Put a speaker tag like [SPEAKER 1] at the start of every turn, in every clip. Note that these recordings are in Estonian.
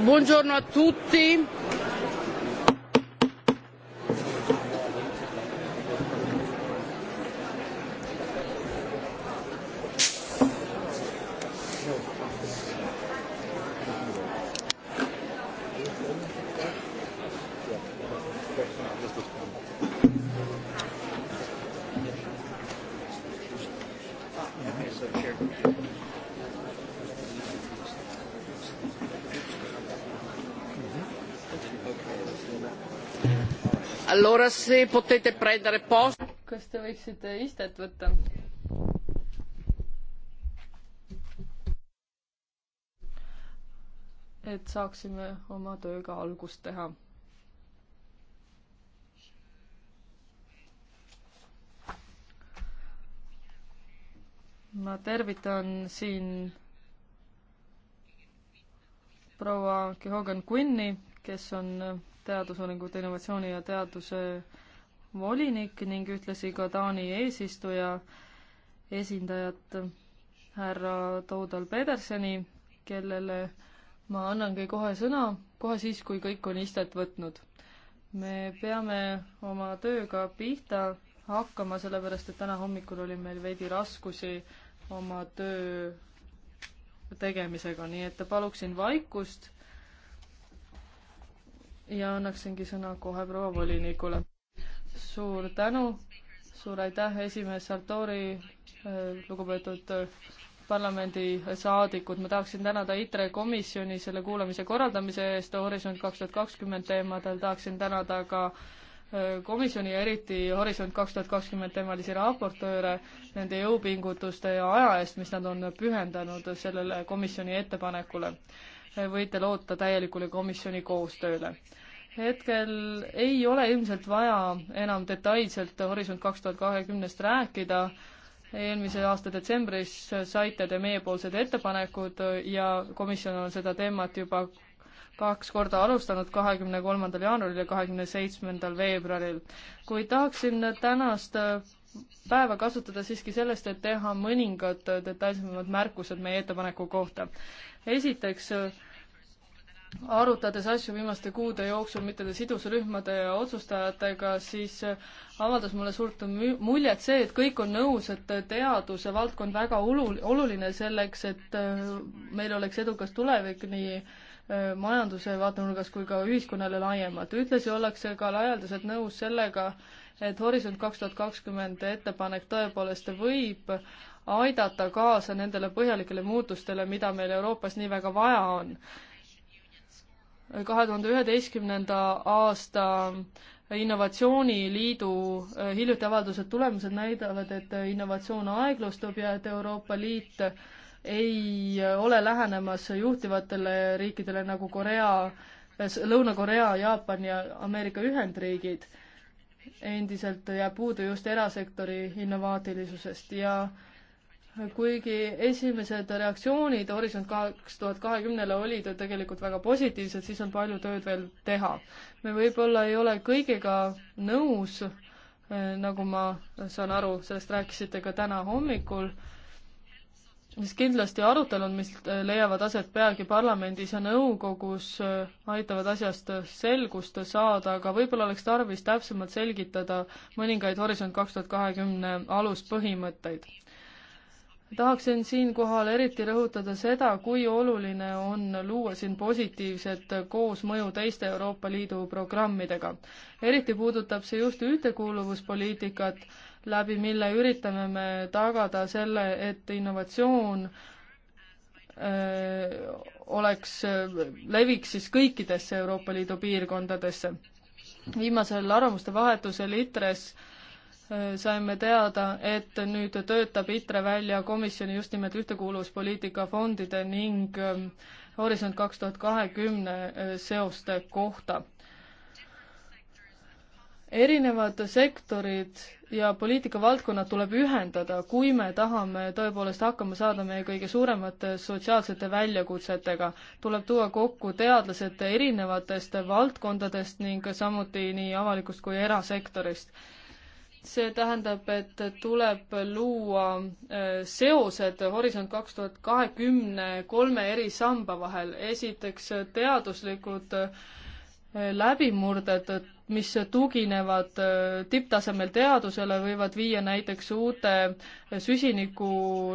[SPEAKER 1] Buongiorno a tutti. Allora se potete prendere posto. Kas te võiksite istet võtta?
[SPEAKER 2] et saaksime oma tööga algust teha. ma tervitan siin proua Kehogan Quinni, kes on teadusuuringute, innovatsiooni ja teaduse volinik ning ühtlasi ka Taani eesistuja esindajat härra Toodal Pederseni, kellele ma annangi kohe sõna, kohe siis, kui kõik on istet võtnud. me peame oma tööga pihta hakkama, sellepärast et täna hommikul oli meil veidi raskusi oma töö tegemisega, nii et paluksin vaikust ja annaksingi sõna kohe proua volinikule. suur tänu, suur aitäh, esimees Sartori, äh, lugupeetud äh, parlamendisaadikud, ma tahaksin tänada ITRE komisjoni selle kuulamise korraldamise eest Horisont kaks tuhat kakskümmend teemadel, tahaksin tänada ka äh, komisjoni ja eriti Horisont kaks tuhat kakskümmend teemalisi raportööre nende jõupingutuste ja aja eest, mis nad on pühendanud sellele komisjoni ettepanekule võite loota täielikule komisjoni koostööle. hetkel ei ole ilmselt vaja enam detailselt Horisont kaks tuhat kahekümnest rääkida, eelmise aasta detsembris saite te meiepoolsed ettepanekud ja komisjon on seda teemat juba kaks korda alustanud, kahekümne kolmandal jaanuaril ja kahekümne seitsmendal veebruaril. kuid tahaksin tänast päeva kasutada siiski sellest, et teha mõningad detailsemad märkused meie ettepaneku kohta. esiteks, arutades asju viimaste kuude jooksul mitmete sidusrühmade ja otsustajatega, siis avaldas mulle suurt muljet see, et kõik on nõus, et teaduse valdkond väga olu-, oluline selleks, et meil oleks edukas tulevik nii äh, majanduse vaatenurgas kui ka ühiskonnale laiemalt. ühtlasi ollakse ka laialdaselt nõus sellega, et Horisont kaks tuhat kakskümmend ettepanek tõepoolest võib aidata kaasa nendele põhjalikele muutustele, mida meil Euroopas nii väga vaja on. kahe tuhande üheteistkümnenda aasta innovatsiooniliidu eh, hiljuti avaldused tulemused näidavad, et innovatsioon aeglustub ja et Euroopa Liit ei ole lähenemas juhtivatele riikidele nagu Korea, eh, Lõuna-Korea, Jaapan ja Ameerika Ühendriigid endiselt jääb puudu just erasektori innovaatilisusest ja kuigi esimesed reaktsioonid Horisont kaks tuhat kahekümnele olid tegelikult väga positiivsed, siis on palju tööd veel teha. me võib-olla ei ole kõigega nõus, nagu ma saan aru, sellest rääkisite ka täna hommikul siis kindlasti arutelud, mis äh, leiavad aset peagi parlamendis ja nõukogus, äh, aitavad asjast äh, selgust saada, aga võib-olla oleks tarvis täpsemalt selgitada mõningaid Horisont kaks tuhat kahekümne aluspõhimõtteid. tahaksin siinkohal eriti rõhutada seda, kui oluline on luua siin positiivset koosmõju teiste Euroopa Liidu programmidega. eriti puudutab see just ühtekuuluvuspoliitikat läbi mille üritame me tagada selle, et innovatsioon öö, äh, oleks, leviks siis kõikidesse Euroopa Liidu piirkondadesse. viimasel arvamuste vahetusel ITRES äh, saime teada, et nüüd töötab ITRE välja komisjoni just nimelt ühtekuuluvuspoliitika fondide ning ähm, Horisont kaks tuhat kahekümne äh, seoste kohta erinevad sektorid ja poliitikavaldkonnad tuleb ühendada, kui me tahame tõepoolest hakkama saada meie kõige suuremate sotsiaalsete väljakutsetega. tuleb tuua kokku teadlased erinevatest valdkondadest ning samuti nii avalikust kui erasektorist. see tähendab, et tuleb luua äh, seosed Horisont kaks tuhat kahekümne kolme eri samba vahel. esiteks teaduslikud äh, läbimurded, mis tuginevad äh, tipptasemel teadusele, võivad viia näiteks uute äh, süsiniku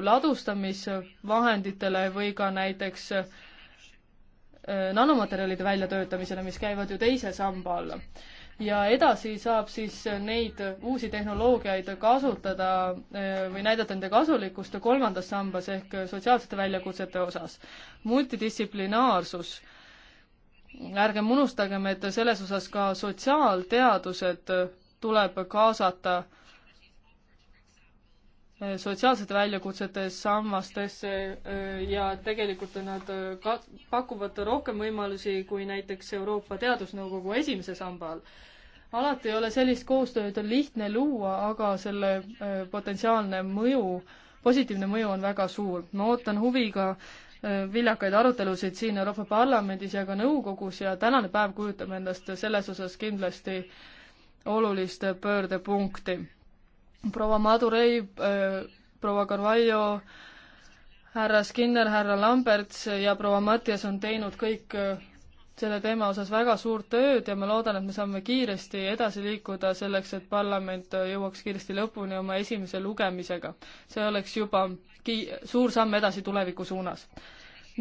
[SPEAKER 2] ladustamisvahenditele või ka näiteks äh, nanomaterjalide väljatöötamisele, mis käivad ju teise samba alla. ja edasi saab siis neid uusi tehnoloogiaid kasutada või näidata nende kasulikkust kolmandas sambas ehk sotsiaalsete väljakutsete osas. multidistsiplinaarsus ärgem unustagem, et selles osas ka sotsiaalteadused tuleb kaasata sotsiaalsete väljakutsete sammastesse äh, ja tegelikult nad äh, ka-, pakuvad rohkem võimalusi kui näiteks Euroopa Teadusnõukogu esimese samba all. alati ei ole sellist koostööd lihtne luua, aga selle äh, potentsiaalne mõju, positiivne mõju on väga suur. ma ootan huviga äh, viljakaid arutelusid siin Euroopa Parlamendis ja ka nõukogus ja tänane päev kujutab endast selles osas kindlasti olulist pöördepunkti. proua Madurei, äh, proua Carvalho, härra Skinner, härra Lamberts ja proua Mattias on teinud kõik äh, selle teema osas väga suurt tööd ja ma loodan, et me saame kiiresti edasi liikuda selleks, et parlament jõuaks kiiresti lõpuni oma esimese lugemisega. see oleks juba suur samm edasi tuleviku suunas.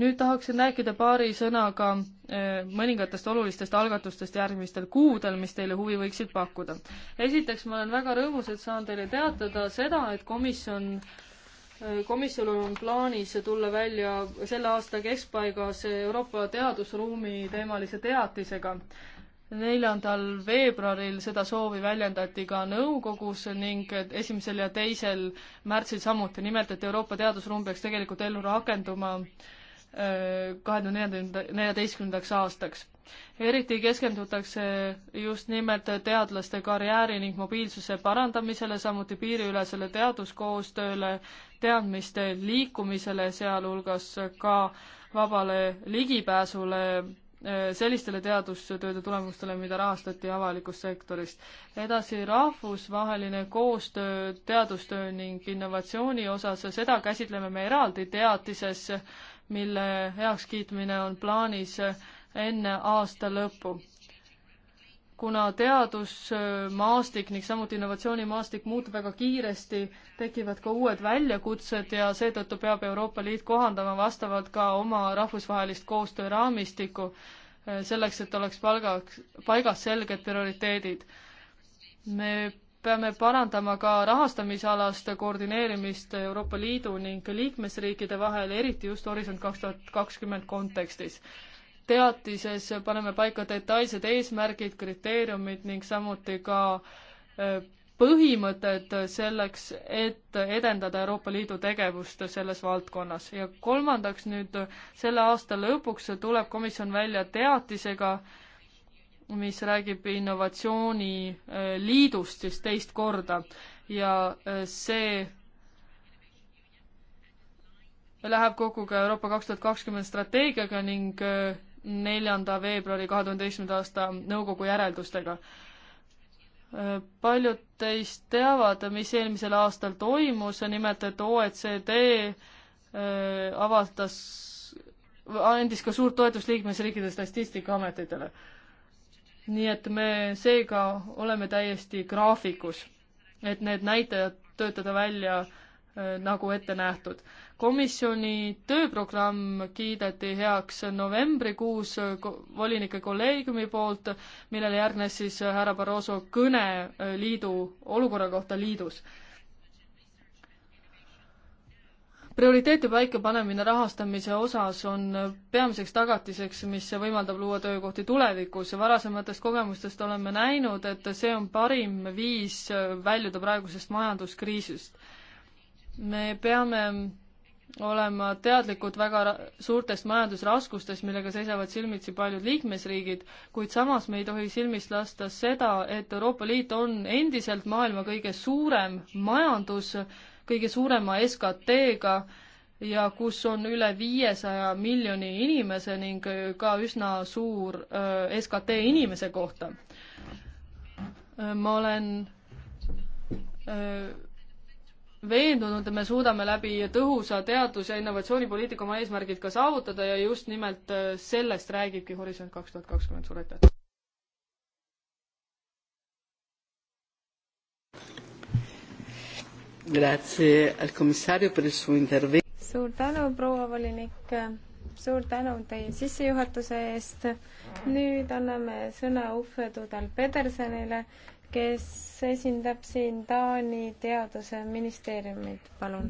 [SPEAKER 2] nüüd tahaksin rääkida paari sõnaga eh, mõningatest olulistest algatustest järgmistel kuudel, mis teile huvi võiksid pakkuda. esiteks, ma olen väga rõõmus, et saan teile teatada seda, et komisjon eh, komisjonil on plaanis tulla välja selle aasta keskpaigas Euroopa teadusruumi teemalise teatisega neljandal veebruaril seda soovi väljendati ka nõukogus ning esimesel ja teisel märtsil samuti, nimelt et Euroopa teadusruum peaks tegelikult ellu rakenduma äh, kahe tuhande neljanda, neljateistkümnendaks aastaks. eriti keskendutakse just nimelt teadlaste karjääri ning mobiilsuse parandamisele, samuti piiriülesele teaduskoostööle, teadmiste liikumisele, sealhulgas ka vabale ligipääsule Äh, sellistele teadustööde tulemustele, mida rahastati avalikust sektorist. edasi rahvusvaheline koostöö teadustöö ning innovatsiooni osas, seda käsitleme me eraldi teatises, mille heakskiitmine on plaanis enne aasta lõppu kuna teadusmaastik ning samuti innovatsioonimaastik muutub väga kiiresti, tekivad ka uued väljakutsed ja seetõttu peab Euroopa Liit kohandama vastavalt ka oma rahvusvahelist koostööraamistikku, eh, selleks, et oleks palgaks, paigas selged prioriteedid. me peame parandama ka rahastamisalast koordineerimist Euroopa Liidu ning liikmesriikide vahel, eriti just Horisont kaks tuhat kakskümmend kontekstis teatises paneme paika detailsed eesmärgid, kriteeriumid ning samuti ka äh, põhimõtted selleks, et edendada Euroopa Liidu tegevust selles valdkonnas. ja kolmandaks nüüd selle aasta lõpuks tuleb komisjon välja teatisega, mis räägib innovatsiooniliidust äh, siis teist korda ja äh, see läheb kokku ka Euroopa kaks tuhat kakskümmend strateegiaga ning neljanda veebruari kahe tuhande seitsmenda aasta nõukogu järeldustega. paljud teist teavad, mis eelmisel aastal toimus, nimelt et OECD äh, avastas, andis ka suurt toetust liikmesriikide statistikaametitele. nii et me seega oleme täiesti graafikus, et need näitajad töötada välja äh, nagu ette nähtud komisjoni tööprogramm kiideti heaks novembrikuus volinike kolleegiumi poolt, millele järgnes siis härra Barroso kõne äh, liidu, olukorra kohta liidus. prioriteete paikapanemine rahastamise osas on peamiseks tagatiseks, mis võimaldab luua töökohti tulevikus. varasematest kogemustest oleme näinud, et see on parim viis väljuda praegusest majanduskriisist. me peame olema teadlikud väga suurtest majandusraskustest, millega seisavad silmitsi paljud liikmesriigid, kuid samas me ei tohi silmist lasta seda, et Euroopa Liit on endiselt maailma kõige suurem majandus, kõige suurema SKT-ga ja kus on üle viiesaja miljoni inimese ning ka üsna suur öö, SKT inimese kohta. ma olen öö, veendunud, et me suudame läbi tõhusa teadus- ja innovatsioonipoliitika oma eesmärgid ka saavutada ja just nimelt äh, sellest räägibki Horisont kaks tuhat kakskümmend, suur aitäh!
[SPEAKER 1] suur tänu, proua
[SPEAKER 3] volinik, suur tänu teie sissejuhatuse eest. nüüd anname sõna Uffe Tudal-Pedersenile, kes esindab siin Taani teadusministeeriumit, palun.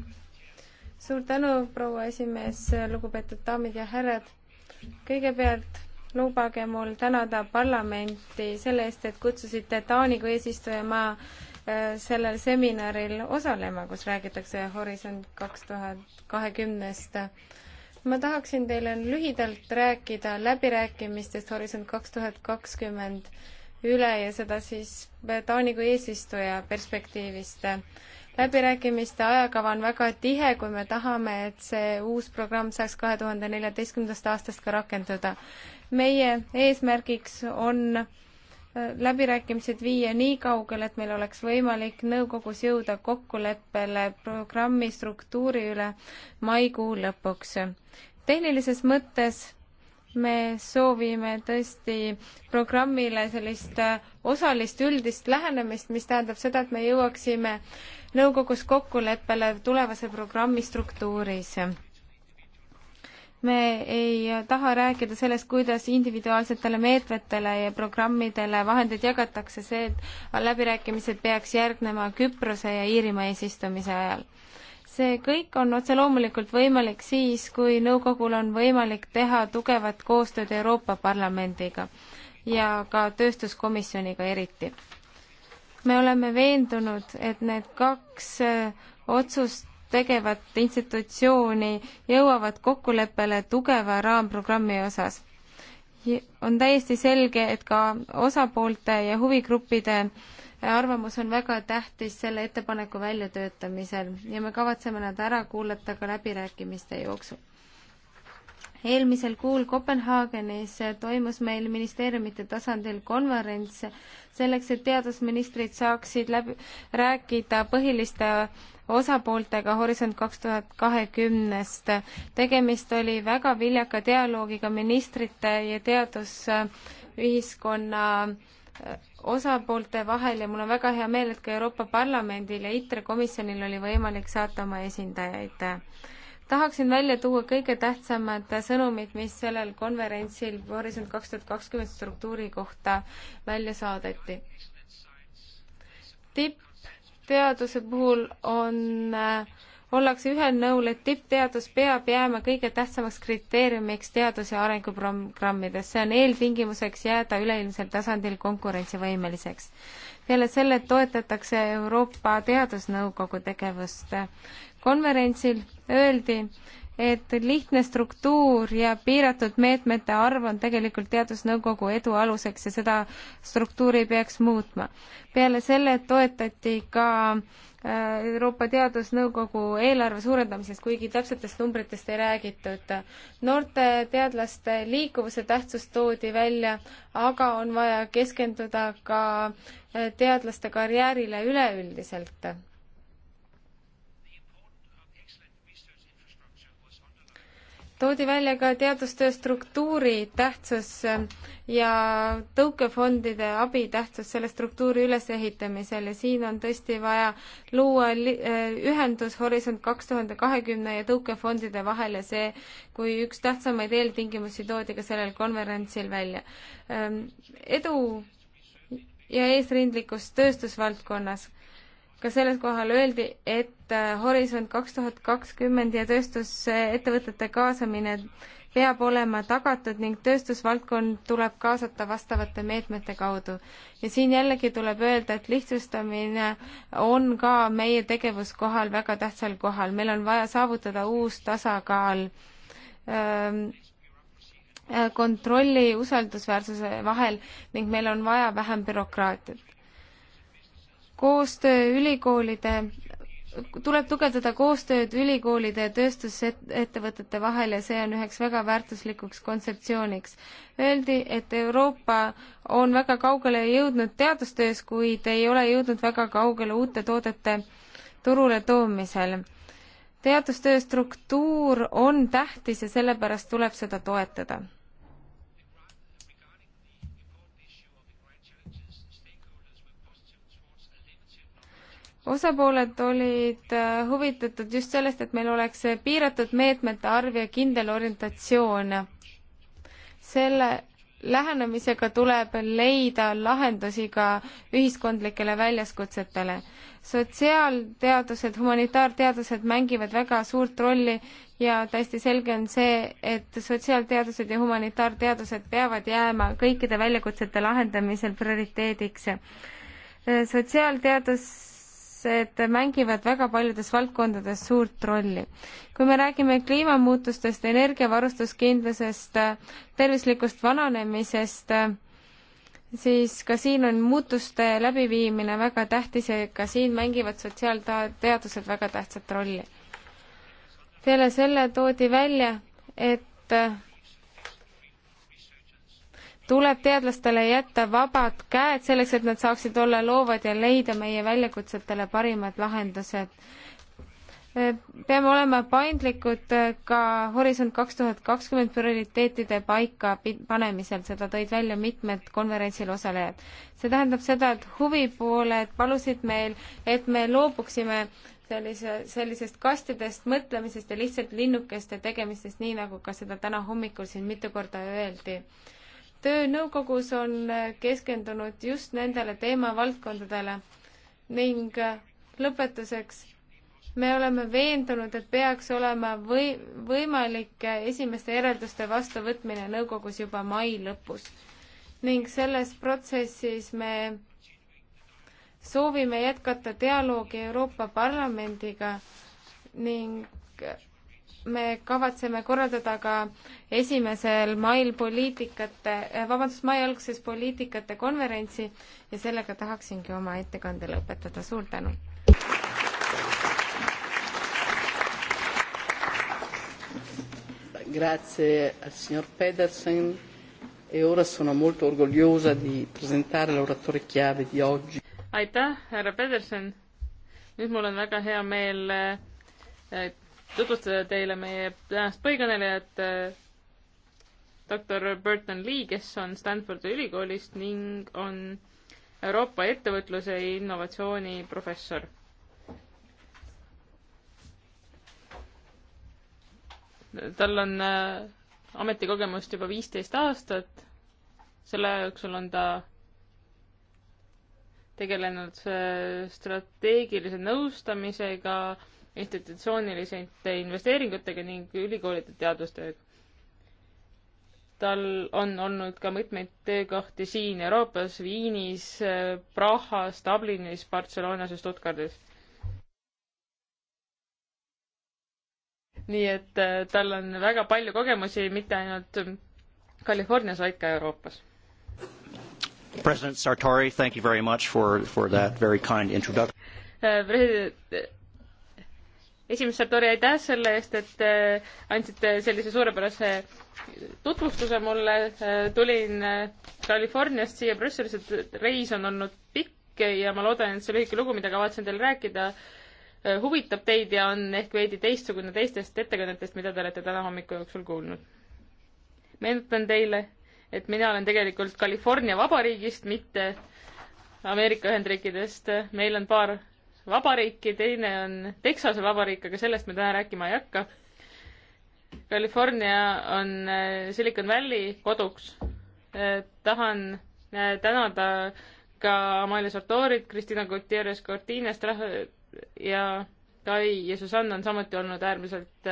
[SPEAKER 3] suur tänu, proua esimees, lugupeetud daamid ja härrad. kõigepealt lubage mul tänada parlamenti selle eest, et kutsusite Taani kui eesistujamaa äh, sellel seminaril osalema, kus räägitakse Horisont kaks tuhat kahekümnest. ma tahaksin teile lühidalt rääkida läbirääkimistest Horisont kaks tuhat kakskümmend üle ja seda siis Taani kui eesistuja perspektiivist. läbirääkimiste ajakava on väga tihe, kui me tahame, et see uus programm saaks kahe tuhande neljateistkümnendast aastast ka rakenduda. meie eesmärgiks on äh, läbirääkimised viia nii kaugele, et meil oleks võimalik nõukogus jõuda kokkuleppele programmi struktuuri üle maikuu lõpuks. tehnilises mõttes me soovime tõesti programmile sellist äh, osalist üldist lähenemist, mis tähendab seda, et me jõuaksime nõukogus kokkuleppele tulevase programmi struktuuris. me ei taha rääkida sellest, kuidas individuaalsetele meetmetele ja programmidele vahendeid jagatakse, see läbirääkimised peaks järgnema Küprose ja Iirimaa eesistumise ajal see kõik on otse loomulikult võimalik siis, kui nõukogul on võimalik teha tugevat koostööd Euroopa Parlamendiga ja ka tööstuskomisjoniga eriti. me oleme veendunud, et need kaks äh, otsust tegevat institutsiooni jõuavad kokkuleppele tugeva raamprogrammi osas. on täiesti selge, et ka osapoolte ja huvigruppide äh, arvamus on väga tähtis selle ettepaneku väljatöötamisel ja me kavatseme nad ära kuulata ka läbirääkimiste jooksul. eelmisel kuul Kopenhaagenis toimus meil ministeeriumite tasandil konverents selleks, et teadusministrid saaksid läbi, rääkida põhiliste osapooltega Horisont kaks tuhat kahekümnest. tegemist oli väga viljaka dialoogiga ministrite ja teadusühiskonna äh, osapoolte vahel ja mul on väga hea meel, et ka Euroopa Parlamendil ja ITRE komisjonil oli võimalik saata oma esindajaid. tahaksin välja tuua kõige tähtsamad sõnumid, mis sellel konverentsil Horisont kaks tuhat kakskümmend struktuuri kohta välja saadeti. tippteaduse puhul on äh, ollakse ühel nõul, et tippteadus peab jääma kõige tähtsamaks kriteeriumiks teadus- ja arenguprogrammides, see on eeltingimuseks jääda üleilmsel tasandil konkurentsivõimeliseks. peale selle toetatakse Euroopa Teadusnõukogu tegevust. konverentsil öeldi, et lihtne struktuur ja piiratud meetmete arv on tegelikult teadusnõukogu edu aluseks ja seda struktuuri ei peaks muutma. peale selle toetati ka äh, Euroopa Teadusnõukogu eelarve suurendamisest, kuigi täpsetest numbritest ei räägitud. noorte teadlaste liikuvuse tähtsus toodi välja, aga on vaja keskenduda ka äh, teadlaste karjäärile üleüldiselt toodi välja ka teadustöö struktuuri tähtsus ja tõukefondide abi tähtsus selle struktuuri ülesehitamisel ja siin on tõesti vaja luua äh, ühendus Horisont kaks tuhande kahekümne ja tõukefondide vahel ja see kui üks tähtsamaid eeltingimusi toodi ka sellel konverentsil välja. Ähm, edu ja eesrindlikkus tööstusvaldkonnas ka sellel kohal öeldi, et äh, Horisont kaks tuhat kakskümmend ja tööstusettevõtete kaasamine peab olema tagatud ning tööstusvaldkond tuleb kaasata vastavate meetmete kaudu. ja siin jällegi tuleb öelda, et lihtsustamine on ka meie tegevuskohal väga tähtsal kohal, meil on vaja saavutada uus tasakaal ähm, äh, kontrolli usaldusväärsuse vahel ning meil on vaja vähem bürokraatiat koostöö ülikoolide tuleb tugevdada koostööd ülikoolide ja tööstusettevõtete vahel ja see on üheks väga väärtuslikuks kontseptsiooniks. Öeldi, et Euroopa on väga kaugele jõudnud teadustöös, kuid ei ole jõudnud väga kaugele uute toodete turule toomisel. teadustöö struktuur on tähtis ja sellepärast tuleb seda toetada osapooled olid äh, huvitatud just sellest, et meil oleks piiratud meetmete arv ja kindel orientatsioon. selle lähenemisega tuleb leida lahendusi ka ühiskondlikele väljaskutsetele. sotsiaalteadused, humanitaarteadused mängivad väga suurt rolli ja täiesti selge on see, et sotsiaalteadused ja humanitaarteadused peavad jääma kõikide väljakutsete lahendamisel prioriteediks. sotsiaalteadus inimesed mängivad väga paljudes valdkondades suurt rolli. kui me räägime kliimamuutustest, energiavarustuskindlusest, tervislikust vananemisest, siis ka siin on muutuste läbiviimine väga tähtis ja ka siin mängivad sotsiaalteadused väga tähtsat rolli. peale selle toodi välja, et tuleb teadlastele jätta vabad käed selleks, et nad saaksid olla loovad ja leida meie väljakutsetele parimad lahendused. peame olema paindlikud ka Horisont kaks tuhat kakskümmend prioriteetide paika panemisel, seda tõid välja mitmed konverentsil osalejad. see tähendab seda, et huvipooled palusid meil, et me loobuksime sellise, sellisest kastidest mõtlemisest ja lihtsalt linnukeste tegemistest, nii nagu ka seda täna hommikul siin mitu korda öeldi töö nõukogus on keskendunud just nendele teemavaldkondadele ning lõpetuseks me oleme veendunud, et peaks olema või-, võimalik esimeste järelduste vastuvõtmine nõukogus juba mai lõpus. ning selles protsessis me soovime jätkata dialoogi Euroopa Parlamendiga ning me kavatseme korraldada ka esimesel mail poliitikate, eh, vabandust, mai alguses poliitikate konverentsi ja sellega tahaksingi oma ettekande lõpetada, suur tänu!
[SPEAKER 1] Grazie al signor Pedersen e ora sono molto orgogliosa di presentare l'oratore chiave di oggi.
[SPEAKER 4] aitäh, härra Pedersen! nüüd mul on väga hea meel eh, tutvustada teile meie tänast põhikõnelejat, äh, doktor Burton Lee, kes on Stanfordi ülikoolist ning on Euroopa ettevõtluse ja innovatsiooni professor. tal on äh, ametikogemust juba viisteist aastat, selle aja jooksul on ta tegelenud äh, strateegilise nõustamisega, institutsiooniliste investeeringutega ning ülikoolide teadustööga. tal on olnud ka mitmeid töökohti siin Euroopas, Viinis, Prahas, Dublinis, Barcelonas ja Stuttgardis. nii et äh, tal on väga palju kogemusi mitte ainult Californias, vaid ka Euroopas.
[SPEAKER 1] President Sartori, thank you very much for, for that very kind introduction
[SPEAKER 4] äh, president esimest Sartori aitäh selle eest, et äh, andsite sellise suurepärase tutvustuse mulle. Äh, tulin äh, Californiast siia Brüsselisse, et reis on olnud pikk ja ma loodan, et see lühike lugu, mida kavatsen teile rääkida, huvitab teid ja on ehk veidi teistsugune teistest ettekannetest, mida te olete täna hommiku jooksul kuulnud. meenutan teile, et mina olen tegelikult California vabariigist, mitte Ameerika Ühendriikidest. meil on paar vabariiki, teine on Texase vabariik, aga sellest me täna rääkima ei hakka. California on äh, Silicon Valley koduks. Äh, tahan äh, tänada ka Amalia Sartorit, Kristina Gutierrez Cortines ja Kai ja Susann on samuti olnud äärmiselt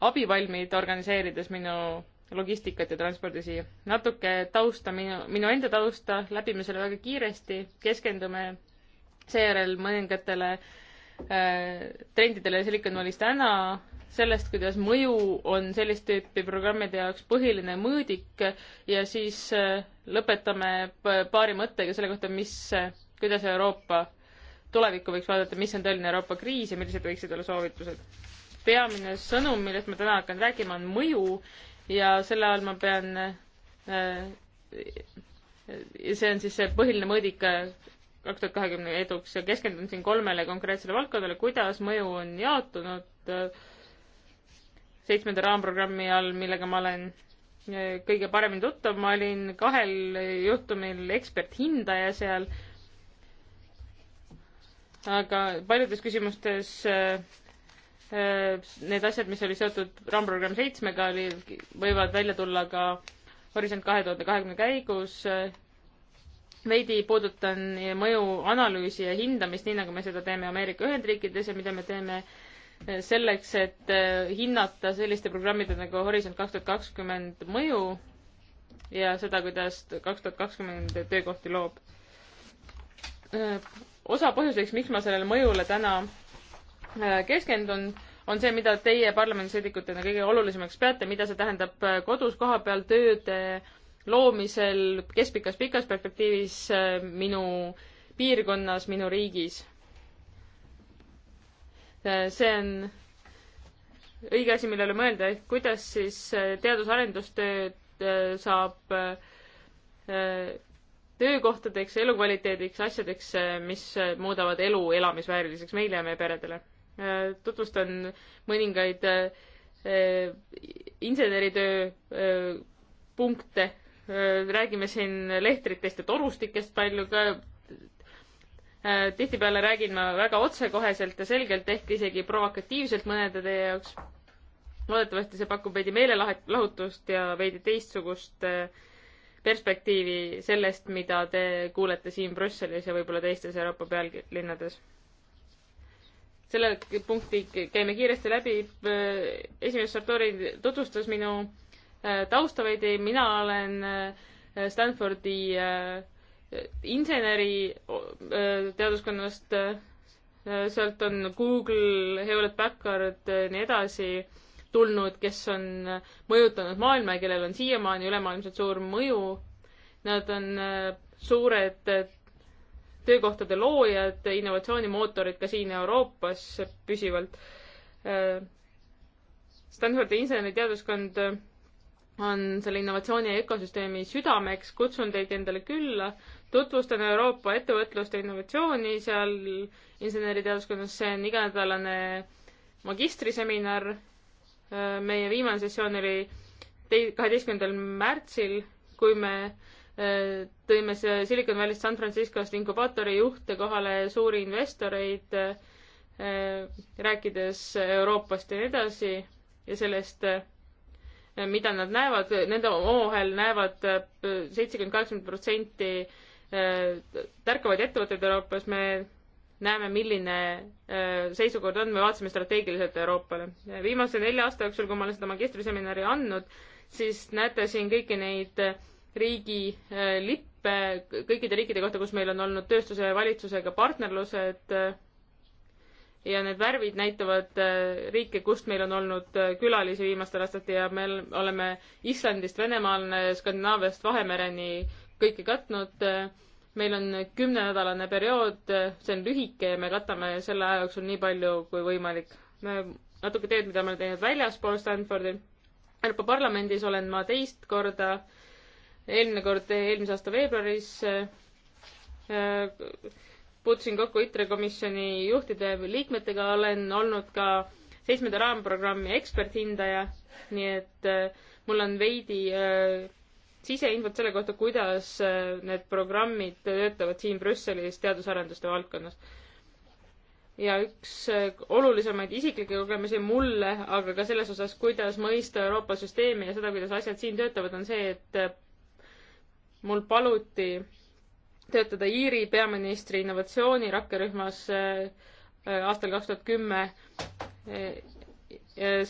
[SPEAKER 4] abivalmid, organiseerides minu logistikat ja transpordi siia. natuke tausta minu, minu enda tausta, läbime selle väga kiiresti, keskendume seejärel mõningatele äh, trendidele Silicon Valley's täna, sellest, kuidas mõju on sellist tüüpi programmide jaoks põhiline mõõdik ja siis äh, lõpetame paari mõttega selle kohta, mis, äh, kuidas Euroopa tulevikku võiks vaadata, mis on tõeline Euroopa kriis ja millised võiksid olla soovitused. peamine sõnum, millest ma täna hakkan rääkima, on mõju ja selle all ma pean äh, see on siis see põhiline mõõdik kaks tuhat kahekümne eduks ja keskendun siin kolmele konkreetsele valdkondadele, kuidas mõju on jaotunud äh, seitsmenda raamprogrammi all, millega ma olen äh, kõige paremini tuttav, ma olin kahel juhtumil eksperthindaja seal, aga paljudes küsimustes äh, need asjad, mis oli seotud raamprogramm seitsmega, oli, võivad välja tulla ka Horisont kahe tuhande kahekümne käigus veidi puudutan mõjuanalüüsi ja hindamist, nii nagu me seda teeme Ameerika Ühendriikides ja mida me teeme eh, selleks, et eh, hinnata selliste programmide nagu Horisont kaks tuhat kakskümmend mõju ja seda, kuidas kaks tuhat kakskümmend töökohti loob. Eh, osa põhjuseks, miks ma sellele mõjule täna keskendun, on see, mida teie parlamendisaadikutena kõige olulisemaks peate, mida see tähendab kodus, kohapeal, tööde äh, loomisel keskpikas-pikas perspektiivis äh, minu piirkonnas, minu riigis. Äh, see on õige asi, millele mõelda, ehk kuidas siis äh, teadus-arendustööd saab töökohtadeks, elukvaliteediks, asjadeks, mis muudavad elu elamisvääriliseks meile ja meie peredele. tutvustan mõningaid inseneritöö punkte Äh, räägime siin lehtritest ja torustikest palju ka. Äh, tihtipeale räägin ma väga otsekoheselt ja selgelt, ehk isegi provokatiivselt mõnede teie jaoks. loodetavasti see pakub veidi meelelahutust ja veidi teistsugust äh, perspektiivi sellest, mida te kuulete siin Brüsselis ja võib-olla teistes Euroopa pealinnades. selle punkti käime kiiresti läbi. esimees Sartori tutvustas minu Äh, tausta veidi, mina olen äh, Stanfordi äh, inseneri teaduskonnast, sealt on Google, Hewlett Packard, nii edasi tulnud, kes on mõjutanud maailma ja kellel on siiamaani ülemaailmselt suur mõju. Nad on suured töökohtade loojad, innovatsioonimootorid ka siin Euroopas püsivalt. Stanfordi inseneriteaduskond on selle innovatsiooni ja ökosüsteemi südameks, kutsun teid endale külla, tutvustan Euroopa ettevõtlust ja innovatsiooni seal inseneriteaduskonnas, see on iganädalane magistriseminar. meie viimane sessioon oli kaheteistkümnendal märtsil, kui me eh, tõime see Silicon Valley'st San Franciscost inkubaatori juhte kohale, suuri investoreid, eh, rääkides Euroopast ja nii edasi ja sellest eh, mida nad näevad, nende omavahel näevad äh, seitsekümmend, kaheksakümmend protsenti äh, tärkavaid ettevõtteid Euroopas, me näeme, milline äh, seisukord on, me vaatasime strateegiliselt Euroopale. viimase nelja aasta jooksul, kui ma olen seda magistriseminari andnud, siis näete siin kõiki neid riigi lippe kõikide riikide kohta, kus meil on olnud tööstuse ja valitsusega partnerlused ja need värvid näitavad äh, riike, kust meil on olnud äh, külalisi viimastel aastatel ja me oleme Islandist Venemaale, Skandinaaviast Vahemereni kõike katnud. Äh, meil on kümnenädalane periood, see on lühike ja me katame selle aja jooksul nii palju kui võimalik. natuke tööd, mida ma olen teinud väljaspool Stanfordi. Euroopa Parlamendis olen ma teist korda, eelmine kord eelmise aasta veebruaris puutusin kokku ITRE komisjoni juhtide või liikmetega, olen olnud ka seitsmenda raamprogrammi eksperthindaja, nii et äh, mul on veidi äh, siseinfot selle kohta, kuidas äh, need programmid töötavad siin Brüsselis teadusarenduste valdkonnas. ja üks olulisemaid isiklikke kogemusi mulle, aga ka selles osas, kuidas mõista Euroopa süsteemi ja seda, kuidas asjad siin töötavad, on see, et mul paluti töötada Iiri peaministri innovatsiooni rakkerühmas äh, äh, aastal kaks tuhat kümme. Äh,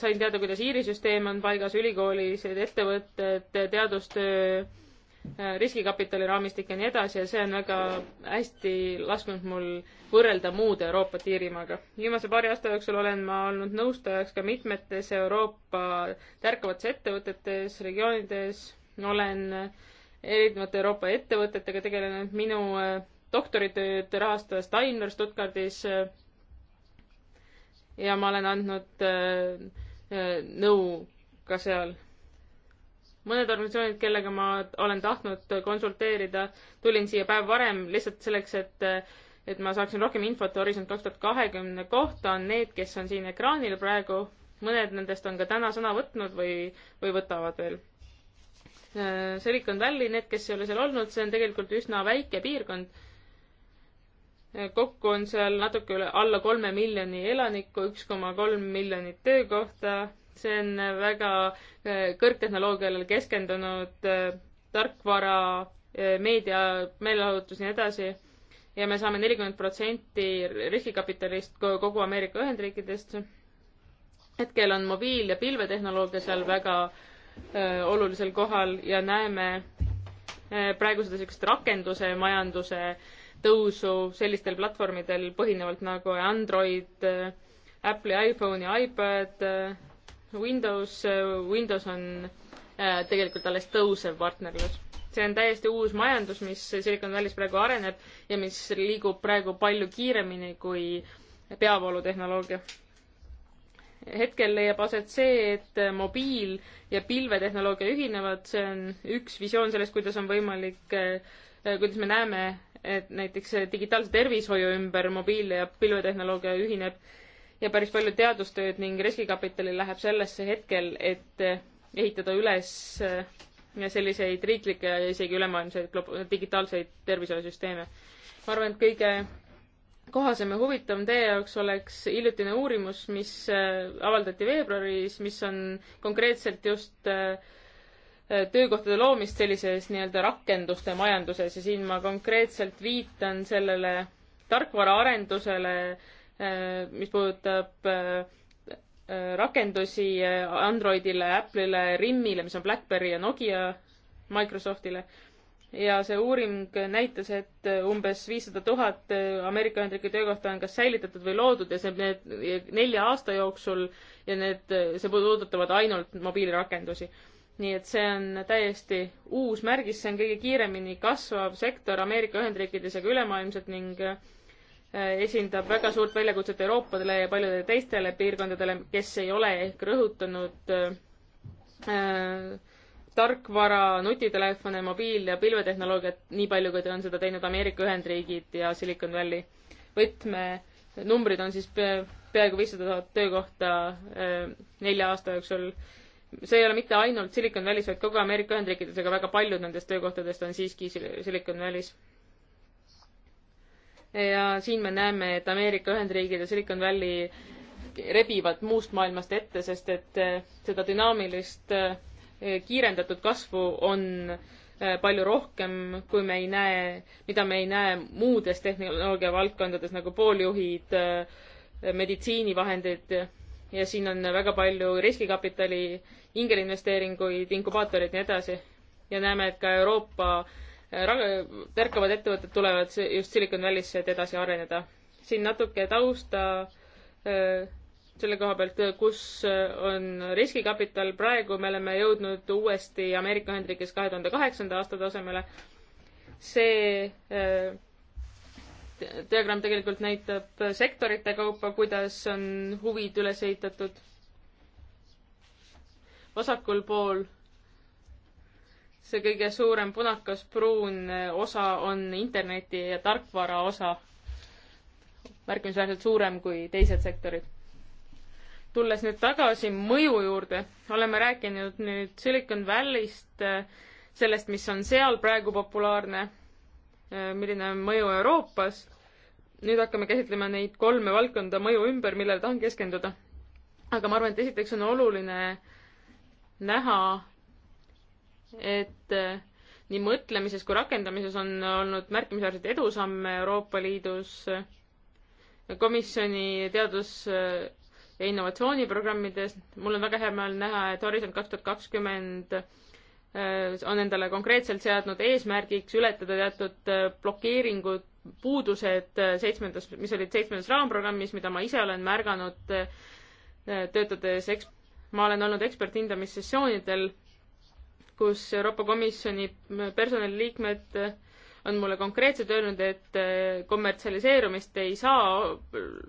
[SPEAKER 4] sain teada, kuidas Iiri süsteem on paigas, ülikoolis, ettevõtted, teadustöö, riskikapitali raamistik ja nii edasi ja see on väga hästi lasknud mul võrrelda muud Euroopat Iirimaaga. viimase paari aasta jooksul olen ma olnud nõustajaks ka mitmetes Euroopa tärkavates ettevõtetes, regioonides, olen äh, erinevate Euroopa ettevõtetega tegelenud, minu äh, doktoritööd rahastas Daimler Stuttgardis äh, ja ma olen andnud äh, nõu ka seal. mõned organisatsioonid, kellega ma olen tahtnud konsulteerida, tulin siia päev varem lihtsalt selleks, et et ma saaksin rohkem infot Horisont kaks tuhat kahekümne kohta, on need, kes on siin ekraanil praegu, mõned nendest on ka täna sõna võtnud või, või võtavad veel Äh, Silicon Valley, need, kes ei ole seal olnud, see on tegelikult üsna väike piirkond. Äh, kokku on seal natuke üle, alla kolme miljoni elaniku, üks koma kolm miljonit töökohta. see on väga äh, kõrgtehnoloogiale keskendunud tarkvara, meedia, meelelahutus, nii edasi. ja me saame nelikümmend protsenti riskikapitalist kogu Ameerika Ühendriikidest. hetkel on mobiil- ja pilvetehnoloogia seal väga äh, Äh, olulisel kohal ja näeme äh, praegu seda niisugust rakenduse majanduse tõusu sellistel platvormidel põhinevalt nagu Android, äh, Apple'i iPhone ja iPad, Windows, Windows on tegelikult alles tõusev partnerlus. see on täiesti uus majandus, mis Silicon Valley's praegu areneb ja mis liigub praegu palju kiiremini kui peavoolutehnoloogia hetkel leiab aset see, et mobiil- ja pilvetehnoloogia ühinevad, see on üks visioon sellest, kuidas on võimalik, äh, kuidas me näeme, et näiteks digitaalse tervishoiu ümber mobiil- ja pilvetehnoloogia ühineb ja päris palju teadustööd ning riskikapitali läheb sellesse hetkel, et äh, ehitada üles äh, selliseid riiklikke ja isegi ülemaailmseid digitaalseid tervishoiusüsteeme. ma arvan, et kõige kohasem ja huvitavam teie jaoks oleks hiljutine uurimus, mis äh, avaldati veebruaris, mis on konkreetselt just äh, töökohtade loomist sellises nii-öelda rakenduste majanduses ja siin ma konkreetselt viitan sellele tarkvaraarendusele, äh, mis puudutab rakendusi Androidile, Apple'ile, RIM-ile, mis on BlackBerry ja Nokia Microsoftile ja see uuring näitas, et umbes viissada tuhat Ameerika Ühendriikide töökohta on kas säilitatud või loodud ja see, need nelja aasta jooksul ja need, see puudutavad ainult mobiilirakendusi. nii et see on täiesti uus märgis, see on kõige kiiremini kasvav sektor Ameerika Ühendriikides ja ka ülemaailmselt ning äh, esindab väga suurt väljakutset Euroopadele ja paljudele teistele piirkondadele, kes ei ole ehk rõhutanud äh, tarkvara, nutitelefone, mobiil- ja pilvetehnoloogiat, nii palju, kui ta on seda teinud Ameerika Ühendriigid ja Silicon Valley. võtmenumbrid on siis peaaegu viissada tuhat töökohta äh, nelja aasta jooksul. see ei ole mitte ainult Silicon Valley's, vaid kogu Ameerika Ühendriikides, aga väga paljud nendest töökohtadest on siiski Silicon Valley's. ja siin me näeme, et Ameerika Ühendriigid ja Silicon Valley rebivad muust maailmast ette, sest et äh, seda dünaamilist äh, kiirendatud kasvu on äh, palju rohkem, kui me ei näe, mida me ei näe muudes tehnoloogia valdkondades nagu pooljuhid, äh, meditsiinivahendid ja siin on väga palju riskikapitali, ingelinvesteeringuid, inkubaatoreid ja nii edasi. ja näeme, et ka Euroopa äh, tärkavad ettevõtted tulevad just Silicon Valley'sse, et edasi areneda. siin natuke tausta selle koha pealt, kus äh, on riskikapital, praegu me oleme jõudnud uuesti Ameerika Ühendriikides kahe tuhande kaheksanda aasta tasemele. see äh, diagramm tegelikult näitab sektorite kaupa, kuidas on huvid üles ehitatud. vasakul pool see kõige suurem punakas pruun äh, osa on interneti ja tarkvara osa, märkimisväärselt suurem kui teised sektorid tulles nüüd tagasi mõju juurde, oleme rääkinud nüüd Silicon Valley'st, äh, sellest, mis on seal praegu populaarne, äh, milline on mõju Euroopas. nüüd hakkame käsitlema neid kolme valdkonda mõju ümber, millele tahan keskenduda. aga ma arvan, et esiteks on oluline näha, et äh, nii mõtlemises kui rakendamises on olnud märkimisväärseid edusamme Euroopa Liidus. komisjoni teadus- ja innovatsiooniprogrammides. mul on väga hea meel näha, et Horisont kaks tuhat kakskümmend äh, on endale konkreetselt seadnud eesmärgiks ületada teatud äh, blokeeringud, puudused äh, seitsmendas, mis olid seitsmendas raamprogrammis, mida ma ise olen märganud töötades eks-, ma olen olnud eksperthindamissessioonidel, kus Euroopa Komisjoni personaliliikmed on mulle konkreetselt öelnud, et kommertsialiseerumist ei saa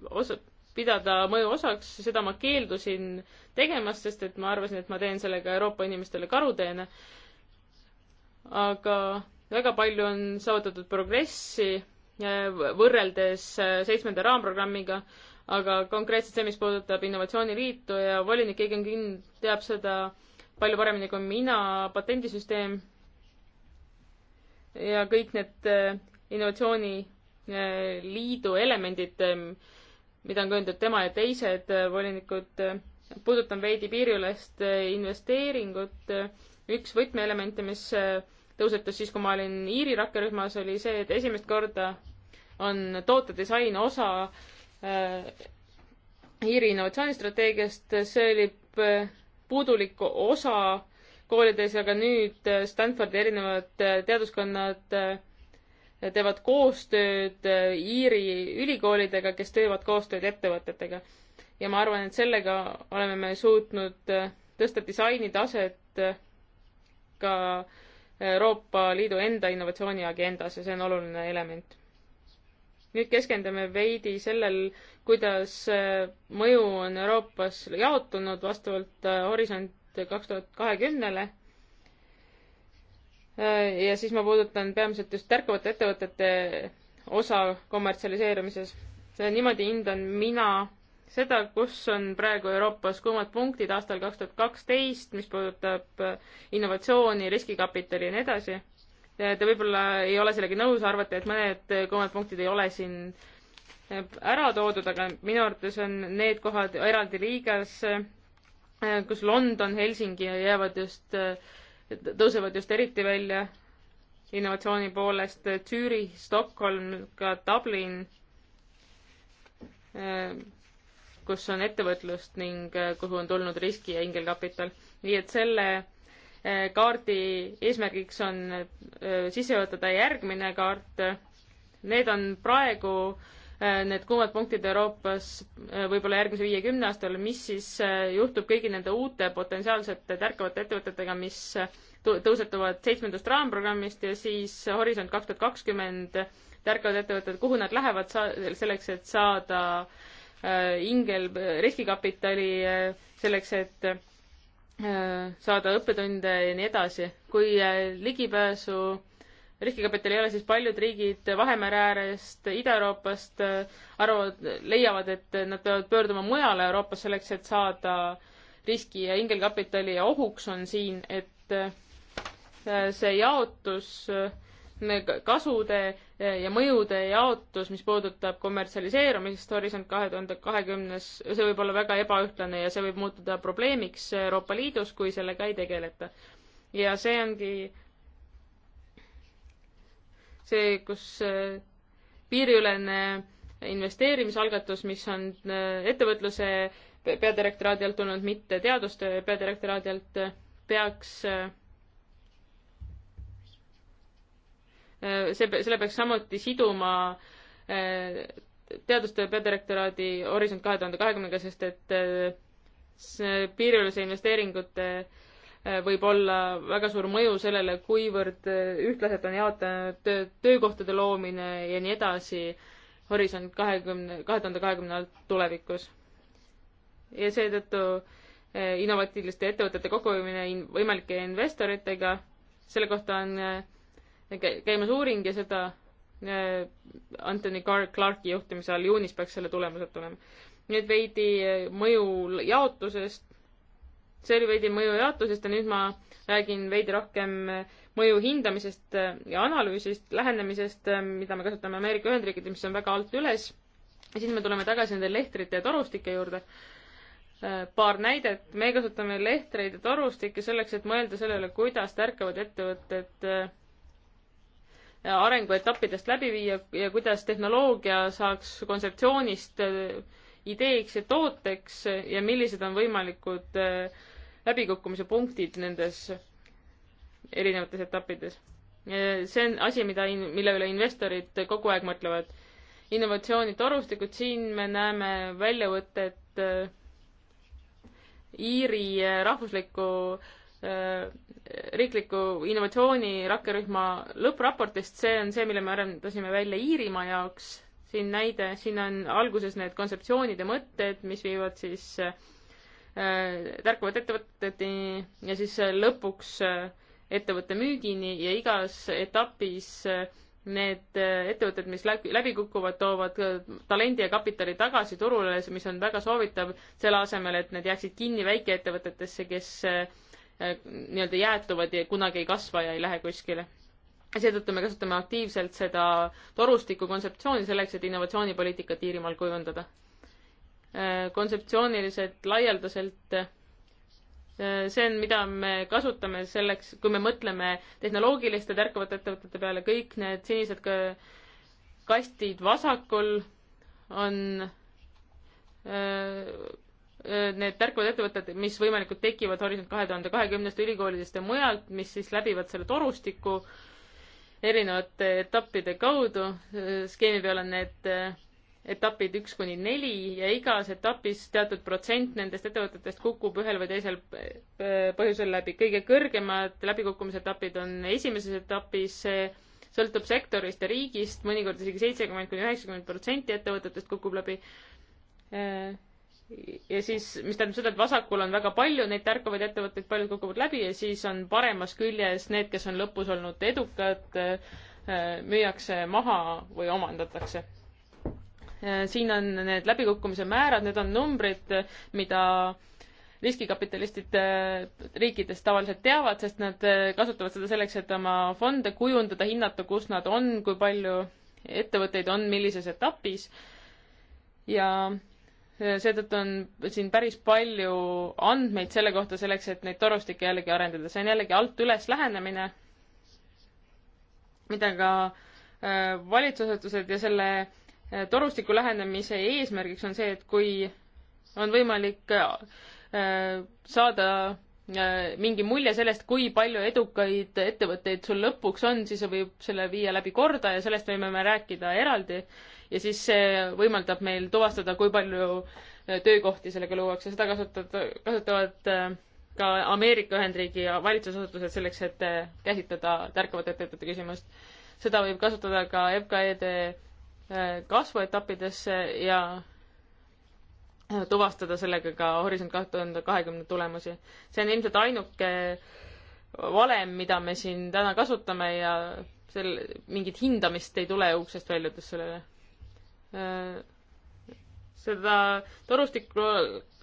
[SPEAKER 4] osa-, pidada mõju osaks, seda ma keeldusin tegemast, sest et ma arvasin, et ma teen sellega Euroopa inimestele karuteene. aga väga palju on saavutatud progressi äh, võrreldes äh, seitsmenda raamprogrammiga, aga konkreetselt see, mis puudutab Innovatsiooniliitu ja volinik Egen Kinn teab seda palju paremini kui mina, patendisüsteem ja kõik need äh, innovatsiooniliidu elemendid, ähm, mida on ka öeldud tema ja teised äh, volinikud, äh, puudutan veidi piiriülest äh, investeeringut. üks võtmeelemente, mis tõusetus siis, kui ma olin Iiri rakkerühmas, oli see, et esimest korda on tootedisain osa äh, Iiri innovatsioonistrateegiast, see oli puudulik osa koolides, aga nüüd Stanfordi erinevad teaduskonnad äh, teevad koostööd äh, Iiri ülikoolidega, kes teevad koostööd ettevõtetega. ja ma arvan, et sellega oleme me suutnud äh, tõsta disaini taset äh, ka Euroopa Liidu enda innovatsiooniagendas ja see on oluline element. nüüd keskendume veidi sellel, kuidas mõju on Euroopas jaotunud vastavalt Horisont kaks tuhat kahekümnele Äh, ja siis ma puudutan peamiselt just tärkavate ettevõtete osa kommertsialiseerumises. niimoodi hindan mina seda, kus on praegu Euroopas kuumad punktid aastal kaks tuhat kaksteist, mis puudutab äh, innovatsiooni, riskikapitali ja nii edasi. Äh, te võib-olla ei ole sellega nõus, arvate, et mõned kuumad punktid ei ole siin ära toodud, aga minu arvates on need kohad eraldi liigas, kus London, Helsingi jäävad just äh, tõusevad just eriti välja innovatsiooni poolest Zürich, Stockholm, ka Dublin, äh, kus on ettevõtlust ning äh, kuhu on tulnud riski ja ingelkapital. nii et selle äh, kaardi eesmärgiks on sisse juhatada järgmine kaart. Need on praegu äh, Äh, need kuumad punktid Euroopas äh, võib-olla järgmise viiekümne aastal, mis siis äh, juhtub kõigi nende uute potentsiaalsete tärkavate ettevõtetega, mis tõusetuvad seitsmendast raamprogrammist ja siis Horisont kaks tuhat kakskümmend tärkavad ettevõtted, kuhu nad lähevad sa-, selleks, et saada ingel riskikapitali, selleks, et saada õppetunde ja nii edasi. kui ligipääsu riskikapitali ei ole, siis paljud riigid Vahemere äärest, Ida-Euroopast äh, arvavad, leiavad, et nad peavad pöörduma mujale Euroopas selleks, et saada riski ja ingelkapitali ja ohuks on siin, et äh, see jaotus, äh, kasude ja mõjude jaotus, mis puudutab kommertsialiseerumist, Horisont kahe tuhande kahekümnes, see võib olla väga ebaühtlane ja see võib muutuda probleemiks Euroopa Liidus, kui sellega ei tegeleta. ja see ongi see, kus äh, piiriülene investeerimisalgatus, mis on äh, ettevõtluse peadirektoraadi alt tulnud, mitte teadustöö peadirektoraadi alt, äh, peaks see, selle peaks samuti siduma teadustöö peadirektoraadi Horisont kahe tuhande kahekümnega, sest et piiriülese investeeringute äh, Äh, võib olla väga suur mõju sellele, kuivõrd äh, ühtlaselt on jaotanud töö, töökohtade loomine ja nii edasi horisont kahekümne, kahe tuhande kahekümne alt tulevikus. ja seetõttu äh, innovatiivsete ettevõtete kokkuhoidmine in, võimalike investoritega, selle kohta on käimas uuring ja seda Anthony Clarke'i juhtimise all juunis peaks selle tulemused tulema. nüüd veidi mõju jaotusest see oli veidi mõjujaotusest ja nüüd ma räägin veidi rohkem mõju hindamisest ja analüüsist, lähenemisest, mida me kasutame Ameerika Ühendriikides, mis on väga alt üles. ja siis me tuleme tagasi nende lehtrite ja torustike juurde. paar näidet, me kasutame lehtreid ja torustikke selleks, et mõelda sellele, kuidas tärkavad ettevõtted äh, arenguetappidest läbi viia ja kuidas tehnoloogia saaks kontseptsioonist äh, ideeks ja tooteks ja millised on võimalikud äh, läbikukkumise punktid nendes erinevates etappides. see on asi, mida, mille üle investorid kogu aeg mõtlevad. innovatsioonitorustikud, siin me näeme väljavõtet äh, Iiri äh, rahvusliku riikliku innovatsiooni rakkerühma lõppraportist, see on see, mille me arendasime välja Iirimaa jaoks siin näide, siin on alguses need kontseptsioonid ja mõtted, mis viivad siis äh, tärkavate ettevõteteni ja siis äh, lõpuks äh, ettevõtte müügini ja igas etapis äh, need äh, ettevõtted, mis läbi, läbi kukuvad, toovad äh, talendi ja kapitali tagasi turule, mis on väga soovitav, selle asemel, et need jääksid kinni väikeettevõtetesse, kes nii-öelda jäätuvad ja kunagi ei kasva ja ei lähe kuskile seetõttu me kasutame aktiivselt seda torustiku kontseptsiooni selleks, et innovatsioonipoliitikat Iirimaal kujundada. Äh, kontseptsiooniliselt, laialdaselt, äh, see on, mida me kasutame selleks, kui me mõtleme tehnoloogiliste tärkavate ettevõtete peale, kõik need sinised kastid vasakul on äh, need tärkavad ettevõtted, mis võimalikult tekivad Horisont kahe tuhande kahekümnest ülikoolidest ja mujalt, mis siis läbivad selle torustiku äh, erinevate etappide kaudu. skeemi peal on need eh, etapid üks kuni neli ja igas etapis teatud protsent nendest ettevõtetest kukub ühel või teisel põhjusel läbi. kõige kõrgemad läbikukkumise etapid on esimeses etapis, see sõltub sektorist ja riigist mõnikord, mõnikord isegi seitsekümmend kuni üheksakümmend protsenti ettevõtetest kukub läbi eh, ja siis, mis tähendab seda, et vasakul on väga palju neid tärkavaid ettevõtteid, paljud kukuvad läbi ja siis on paremas küljes need, kes on lõpus olnud edukad, müüakse maha või omandatakse. siin on need läbikukkumise määrad, need on numbrid, mida riskikapitalistid riikides tavaliselt teavad, sest nad kasutavad seda selleks, et oma fonde kujundada, hinnata, kus nad on, kui palju ettevõtteid on, millises etapis ja seetõttu on siin päris palju andmeid selle kohta, selleks et neid torustikke jällegi arendada. see on jällegi alt üles lähenemine, mida ka äh, valitsusasutused ja selle äh, torustiku lähenemise eesmärgiks on see, et kui on võimalik äh, saada mingi mulje sellest, kui palju edukaid ettevõtteid sul lõpuks on, siis võib selle viia läbi korda ja sellest võime me rääkida eraldi ja siis see võimaldab meil tuvastada, kui palju äh, töökohti sellega luuakse, seda kasutada, kasutavad äh, ka Ameerika Ühendriigi valitsusasutused selleks, et äh, käsitleda tärkavate ettevõtete küsimust. seda võib kasutada ka FKE-de kasvuetappidesse ja tuvastada sellega ka Horisont kahe tuhande kahekümne tulemusi. see on ilmselt ainuke valem, mida me siin täna kasutame ja sel-, mingit hindamist ei tule uksest väljudes sellele Äh, seda torustiku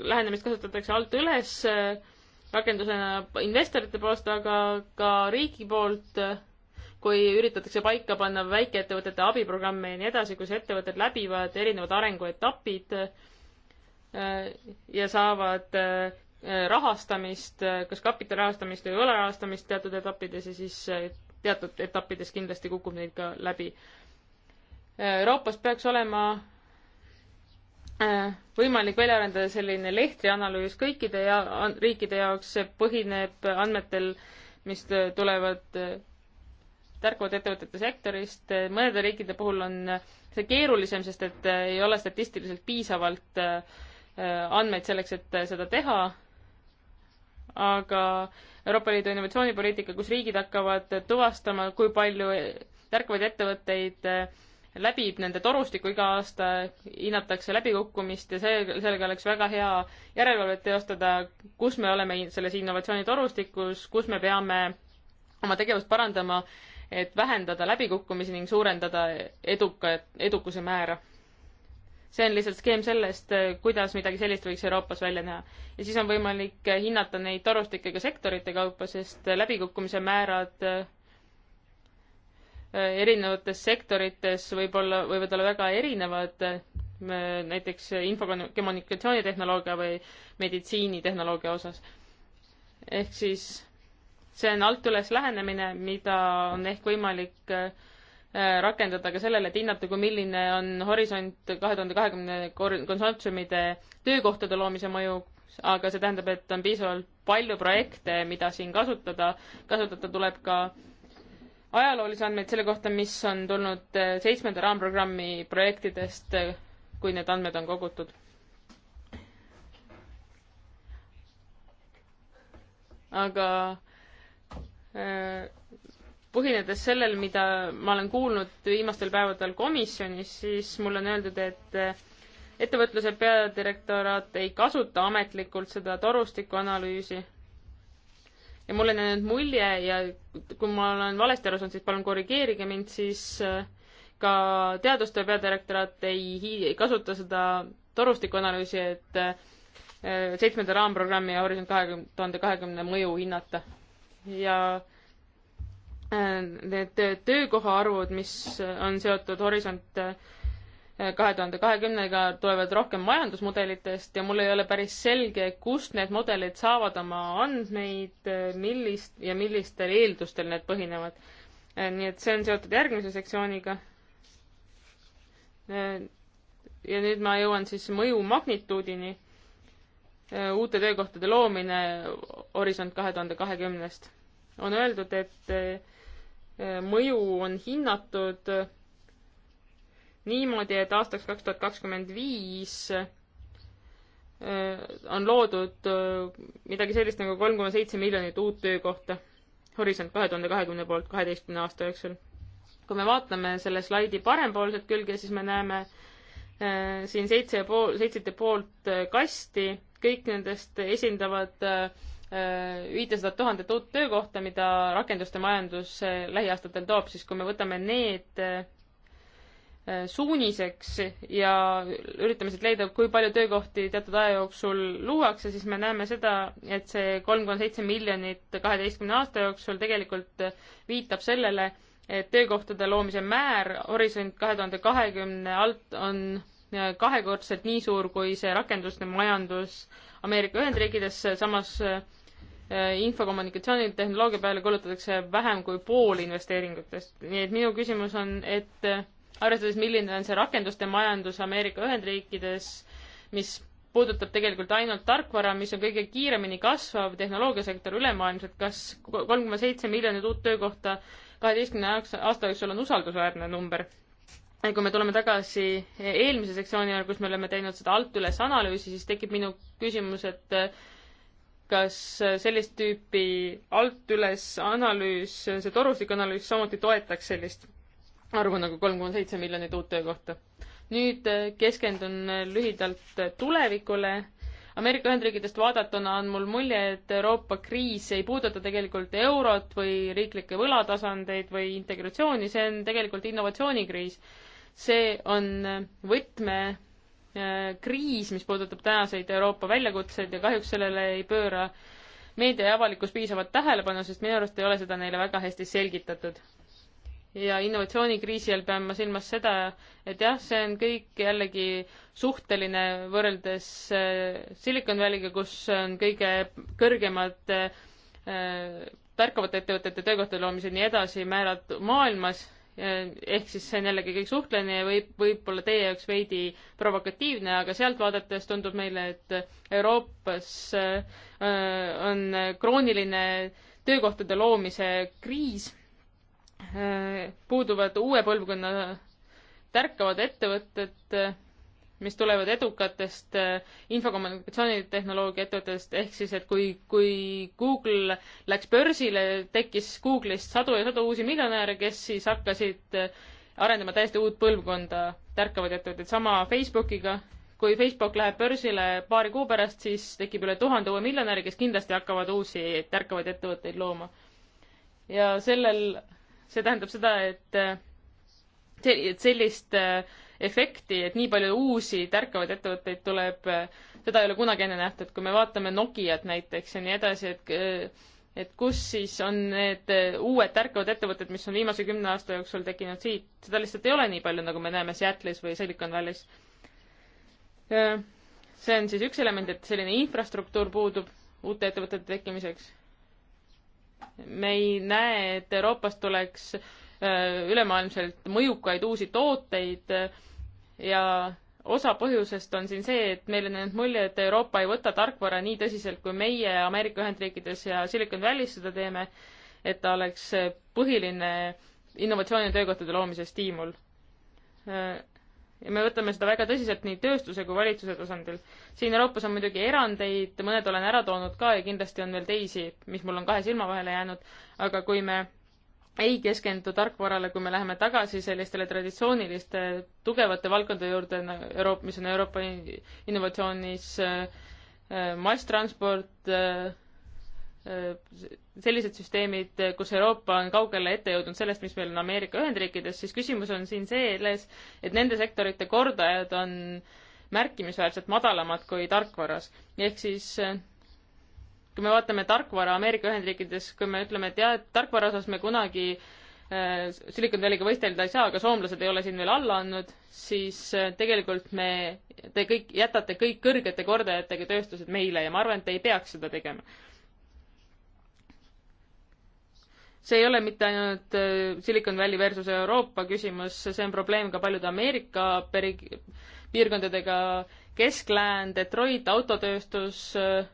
[SPEAKER 4] lähenemist kasutatakse alt üles äh, rakendusena investorite poolt, aga ka riigi poolt, kui üritatakse paika panna väikeettevõtete abiprogramme ja nii edasi, kus ettevõtted läbivad erinevad arenguetapid äh, ja saavad rahastamist, kas kapitali rahastamist või võlarahastamist teatud etappides ja siis teatud etappides kindlasti kukub neid ka läbi Euroopas peaks olema äh, võimalik välja arendada selline lehtrianalüüs kõikide ja riikide jaoks, see põhineb andmetel, mis tulevad äh, tärkavate ettevõtete sektorist, äh, mõnede riikide puhul on see keerulisem, sest et ei ole statistiliselt piisavalt andmeid selleks, et seda teha, aga Euroopa Liidu innovatsioonipoliitika, kus riigid hakkavad tuvastama, kui palju tärkavaid ettevõtteid äh, läbib nende torustiku iga aasta, hinnatakse läbikukkumist ja see, sellega oleks väga hea järelevalvet teostada, kus me oleme selles innovatsioonitorustikus, kus me peame oma tegevust parandama, et vähendada läbikukkumisi ning suurendada eduka, edukuse määra. see on lihtsalt skeem sellest, kuidas midagi sellist võiks Euroopas välja näha. ja siis on võimalik hinnata neid torustikke ka sektorite kaupa, sest läbikukkumise määrad erinevates sektorites võib-olla, võivad olla väga erinevad, näiteks infokommunikatsioonitehnoloogia või meditsiinitehnoloogia osas. ehk siis see on alt üles lähenemine, mida on ehk võimalik äh, rakendada ka sellele, et hinnata, kui milline on horisont kahe tuhande kahekümne konsortsiumide töökohtade loomise mõju, aga see tähendab, et on piisavalt palju projekte, mida siin kasutada, kasutada tuleb ka äh, ajaloolisi andmeid selle kohta, mis on tulnud eh, seitsmenda raamprogrammi projektidest, eh, kui need andmed on kogutud. aga eh, põhinedes sellel, mida ma olen kuulnud viimastel päevadel komisjonis, siis mulle on öeldud, et ettevõtluse peadirektoraat ei kasuta ametlikult seda torustikuanalüüsi ja mulle on jäänud mulje ja kui ma olen valesti aru saanud, siis palun korrigeerige mind, siis äh, ka teadustöö peadirektoraat ei kasuta seda torustikuanalüüsi, et äh, seitsmenda raamprogrammi ja Horisont kahe tuhande kahekümne mõju hinnata. ja äh, need töökoha arvud, mis on seotud Horisont kahe kahe tuhande kahekümnega tulevad rohkem majandusmudelitest ja mul ei ole päris selge, kust need mudelid saavad oma andmeid, millist ja millistel eeldustel need põhinevad. nii et see on seotud järgmise sektsiooniga. ja nüüd ma jõuan siis mõju magnituudini. uute töökohtade loomine Horisont kahe tuhande kahekümnest. on öeldud, et mõju on hinnatud niimoodi, et aastaks kaks tuhat kakskümmend viis äh, on loodud äh, midagi sellist nagu kolm koma seitse miljonit uut töökohta Horisont kahe tuhande kahekümne poolt kaheteistkümne aasta jooksul. kui me vaatame selle slaidi parempoolset külge, siis me näeme äh, siin seitse pool, seitsete poolt äh, kasti, kõik nendest esindavad äh, viitesadat äh, tuhandet uut töökohta, mida rakenduste majandus lähiaastatel toob, siis kui me võtame need suuniseks ja üritame siit leida, kui palju töökohti teatud aja jooksul luuakse, siis me näeme seda, et see kolm koma seitse miljonit kaheteistkümne aasta jooksul tegelikult viitab sellele, et töökohtade loomise määr Horisont kahe tuhande kahekümne alt on kahekordselt nii suur, kui see rakenduste majandus Ameerika Ühendriikides, samas äh, infokommunikatsioonitehnoloogia peale kulutatakse vähem kui pool investeeringutest. nii et minu küsimus on, et arvestades, milline on see rakenduste majandus Ameerika Ühendriikides, mis puudutab tegelikult ainult tarkvara, mis on kõige kiiremini kasvav tehnoloogiasektor ülemaailmselt, kas kolm koma seitse miljonit uut töökohta kaheteistkümne aasta jooksul on usaldusväärne number? kui me tuleme tagasi eelmise sektsiooni juurde, kus me oleme teinud seda alt üles analüüsi, siis tekib minu küsimus, et kas sellist tüüpi alt üles analüüs, see toruslik analüüs samuti toetaks sellist arvunaga kolm koma seitse miljonit uut töökohta. nüüd eh, keskendun eh, lühidalt eh, tulevikule. Ameerika Ühendriikidest vaadatuna on mul mulje, et Euroopa kriis ei puuduta tegelikult eurot või riiklikke võlatasandeid või integratsiooni, see on tegelikult innovatsioonikriis. see on võtme kriis, mis puudutab tänaseid Euroopa väljakutseid ja kahjuks sellele ei pööra meedia ja avalikkus piisavat tähelepanu, sest minu arust ei ole seda neile väga hästi selgitatud ja innovatsioonikriisi all pean ma silmas seda, et jah, see on kõik jällegi suhteline võrreldes äh, Silicon Valley'ga, kus on kõige kõrgemad tärkavate äh, ettevõtete töökohtade loomised ja nii edasi määrad maailmas, ehk siis see on jällegi kõik suhtleline ja võib, võib-olla teie jaoks veidi provokatiivne, aga sealt vaadates tundub meile, et Euroopas äh, on krooniline töökohtade loomise kriis puuduvad uue põlvkonna tärkavad ettevõtted, mis tulevad edukatest äh, infokommunikatsioonitehnoloogia ettevõtetest, ehk siis, et kui, kui Google läks börsile, tekkis Google'ist sadu ja sadu uusi miljonäre, kes siis hakkasid äh, arendama täiesti uut põlvkonda tärkavaid ettevõtteid, sama Facebookiga, kui Facebook läheb börsile paari kuu pärast, siis tekib üle tuhande uue miljonäri, kes kindlasti hakkavad uusi tärkavaid ettevõtteid looma. ja sellel see tähendab seda, et et sellist äh, efekti, et nii palju uusi tärkavaid ettevõtteid tuleb, äh, seda ei ole kunagi enne nähtud, kui me vaatame Nokiat näiteks ja nii edasi, et äh, et kus siis on need uued tärkavad ettevõtted, mis on viimase kümne aasta jooksul tekkinud siit, seda lihtsalt ei ole nii palju, nagu me näeme Seattle'is või Silicon Valley's. see on siis üks element, et selline infrastruktuur puudub uute ettevõtete tekkimiseks me ei näe, et Euroopast tuleks äh, ülemaailmselt mõjukaid uusi tooteid äh, ja osa põhjusest on siin see, et meil on jäänud mulje, et Euroopa ei võta tarkvara nii tõsiselt, kui meie Ameerika Ühendriikides ja Silicon Valley's seda teeme, et ta oleks põhiline innovatsiooni ja töökohtade loomise stiimul. Äh, ja me võtame seda väga tõsiselt nii tööstuse kui valitsuse tasandil. siin Euroopas on muidugi erandeid, mõned olen ära toonud ka ja kindlasti on veel teisi, mis mul on kahe silma vahele jäänud, aga kui me ei keskendu tarkvarale, kui me läheme tagasi sellistele traditsiooniliste tugevate valdkondade juurde, nagu Euroop-, mis on Euroopa innovatsioonis äh, äh, masstransport, äh, sellised süsteemid, kus Euroopa on kaugele ette jõudnud sellest, mis meil on Ameerika Ühendriikides, siis küsimus on siin selles, et nende sektorite kordajad on märkimisväärselt madalamad kui tarkvaras. ehk siis kui me vaatame tarkvara Ameerika Ühendriikides, kui me ütleme, et jah, et tarkvara osas me kunagi äh, Silicon Valley'ga võistelda ei saa, aga soomlased ei ole siin veel alla andnud, siis äh, tegelikult me, te kõik jätate kõik kõrgete kordajatega tööstused meile ja ma arvan, et te ei peaks seda tegema see ei ole mitte ainult äh, Silicon Valley versus Euroopa küsimus, see on probleem ka paljude Ameerika peri-, piirkondadega, kesklään, Detroit, autotööstus, äh,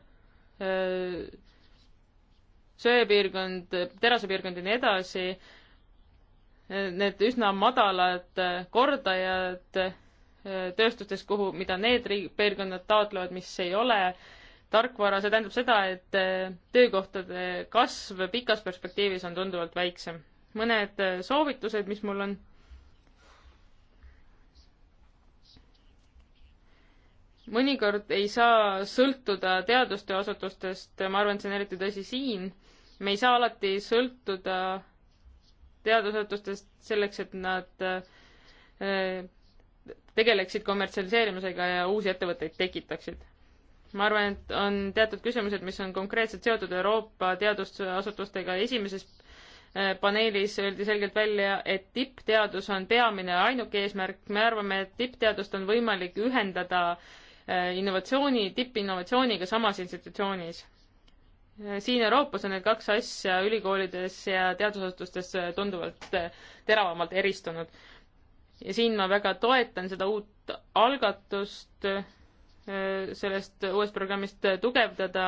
[SPEAKER 4] äh, söepiirkond, terasepiirkond ja nii edasi, need üsna madalad kordajad tööstustes, kuhu, mida need riik-, piirkonnad taotlevad, mis ei ole äh, tarkvara, see tähendab seda, et eh, töökohtade kasv pikas perspektiivis on tunduvalt väiksem. mõned eh, soovitused, mis mul on. mõnikord ei saa sõltuda teadustöö asutustest, ma arvan, et see on eriti tõsi siin, me ei saa alati sõltuda teadusasutustest selleks, et nad eh, tegeleksid kommertsialiseerimisega ja uusi ettevõtteid tekitaksid ma arvan, et on teatud küsimused, mis on konkreetselt seotud Euroopa teadusasutustega. esimeses äh, paneelis öeldi selgelt välja, et tippteadus on peamine ainuke eesmärk. me arvame, et tippteadust on võimalik ühendada äh, innovatsiooni, tippinnovatsiooniga samas institutsioonis. Äh, siin Euroopas on need kaks asja ülikoolides ja teadusasutustes tunduvalt teravamalt eristunud. ja siin ma väga toetan seda uut algatust Äh, sellest uuest programmist tugevdada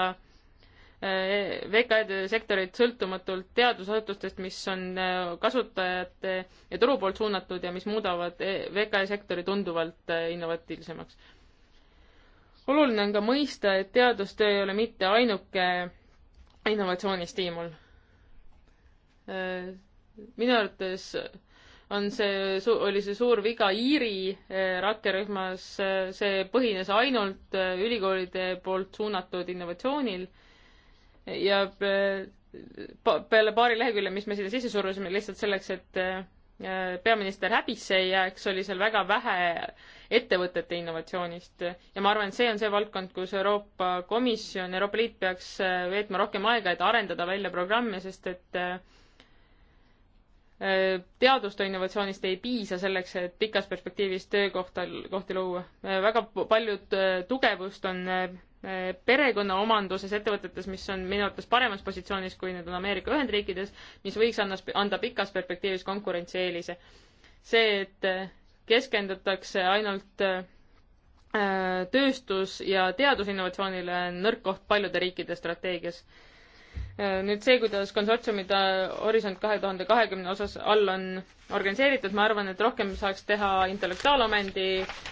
[SPEAKER 4] äh, VKD sektorit sõltumatult teadusasutustest, mis on äh, kasutajate ja turu poolt suunatud ja mis muudavad VKD sektori tunduvalt innovatiivsemaks. oluline on ka mõista, et teadustöö ei ole mitte ainuke innovatsioonistiimul. minu arvates on see, oli see suur viga Iiri eh, rakkerühmas, eh, see põhines ainult eh, ülikoolide poolt suunatud innovatsioonil ja peale paari lehekülje, mis me sinna sisse surusime lihtsalt selleks, et peaminister häbisse ei jääks, oli seal väga vähe ettevõtete innovatsioonist ja ma arvan, et see on see valdkond, kus Euroopa Komisjon, Euroopa Liit peaks veetma rohkem aega, et arendada välja programme, sest et äh, teadust ja innovatsioonist ei piisa selleks, et pikas perspektiivis töökohta, kohti luua. väga paljud äh, tugevust on äh, perekonna omanduses ettevõtetes, mis on minu arvates paremas positsioonis, kui need on Ameerika Ühendriikides, mis võiks anna, anda pikas perspektiivis konkurentsieelise. see, et äh, keskendutakse ainult tööstus- ja teadusinnovatsioonile, on nõrk koht paljude riikide strateegias Äh, nüüd see, kuidas konsortsiumid äh, Horisont kahe tuhande kahekümne osas all on organiseeritud, ma arvan, et rohkem saaks teha intellektuaalomandi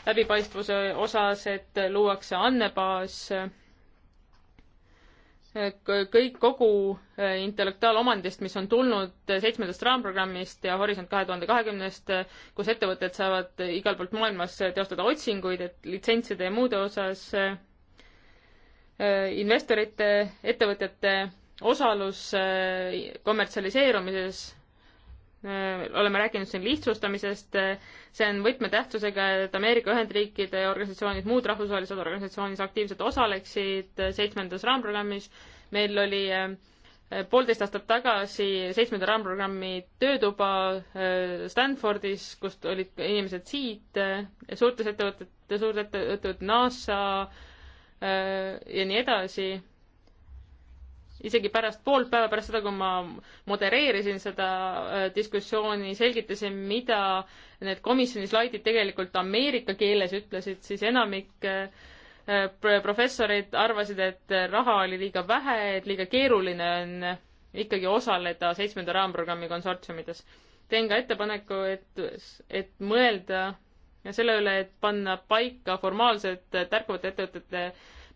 [SPEAKER 4] läbipaistvuse osas, et luuakse andmebaas, äh, kõik kogu intellektuaalomandist, mis on tulnud seitsmendast raamprogrammist ja Horisont kahe tuhande kahekümnest, kus ettevõtted saavad igalt poolt maailmas teostada otsinguid, et litsentside ja muude osas investorite, ettevõtete osalus kommertsialiseerumises, äh, oleme rääkinud siin lihtsustamisest, äh, see on võtmetähtsusega, et Ameerika Ühendriikide organisatsioonid, muud rahvusvahelised organisatsioonid aktiivselt osaleksid äh, seitsmendas raamprogrammis. meil oli poolteist aastat tagasi seitsmenda raamprogrammi töötuba Stanfordis, kust olid inimesed siit, suurtes ettevõtete, suured ettevõtted, NASA ja nii edasi isegi pärast, pool päeva pärast seda, kui ma modereerisin seda äh, diskussiooni, selgitasin, mida need komisjoni slaidid tegelikult ameerika keeles ütlesid, siis enamik äh, professorid arvasid, et raha oli liiga vähe, et liiga keeruline on ikkagi osaleda seitsmenda raamprogrammi konsortsiumides. teen ka ettepaneku, et, et mõelda selle üle, et panna paika formaalsed tärkavate ettevõtete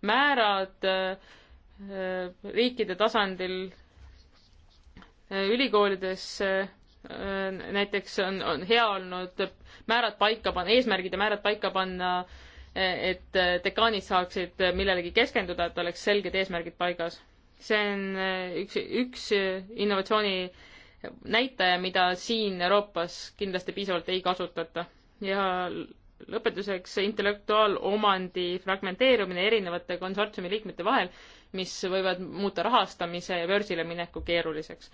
[SPEAKER 4] määrad äh, Äh, riikide tasandil äh, ülikoolides äh, näiteks on, on hea olnud määrad paika panna, eesmärgid ja määrad paika panna, et dekaanid saaksid millelegi keskenduda, et oleks selged eesmärgid paigas. see on üks, üks innovatsiooni näitaja, mida siin Euroopas kindlasti piisavalt ei kasutata. ja lõpetuseks intellektuaalomandi fragmenteerumine erinevate konsortsiumi liikmete vahel mis võivad muuta rahastamise ja börsile mineku keeruliseks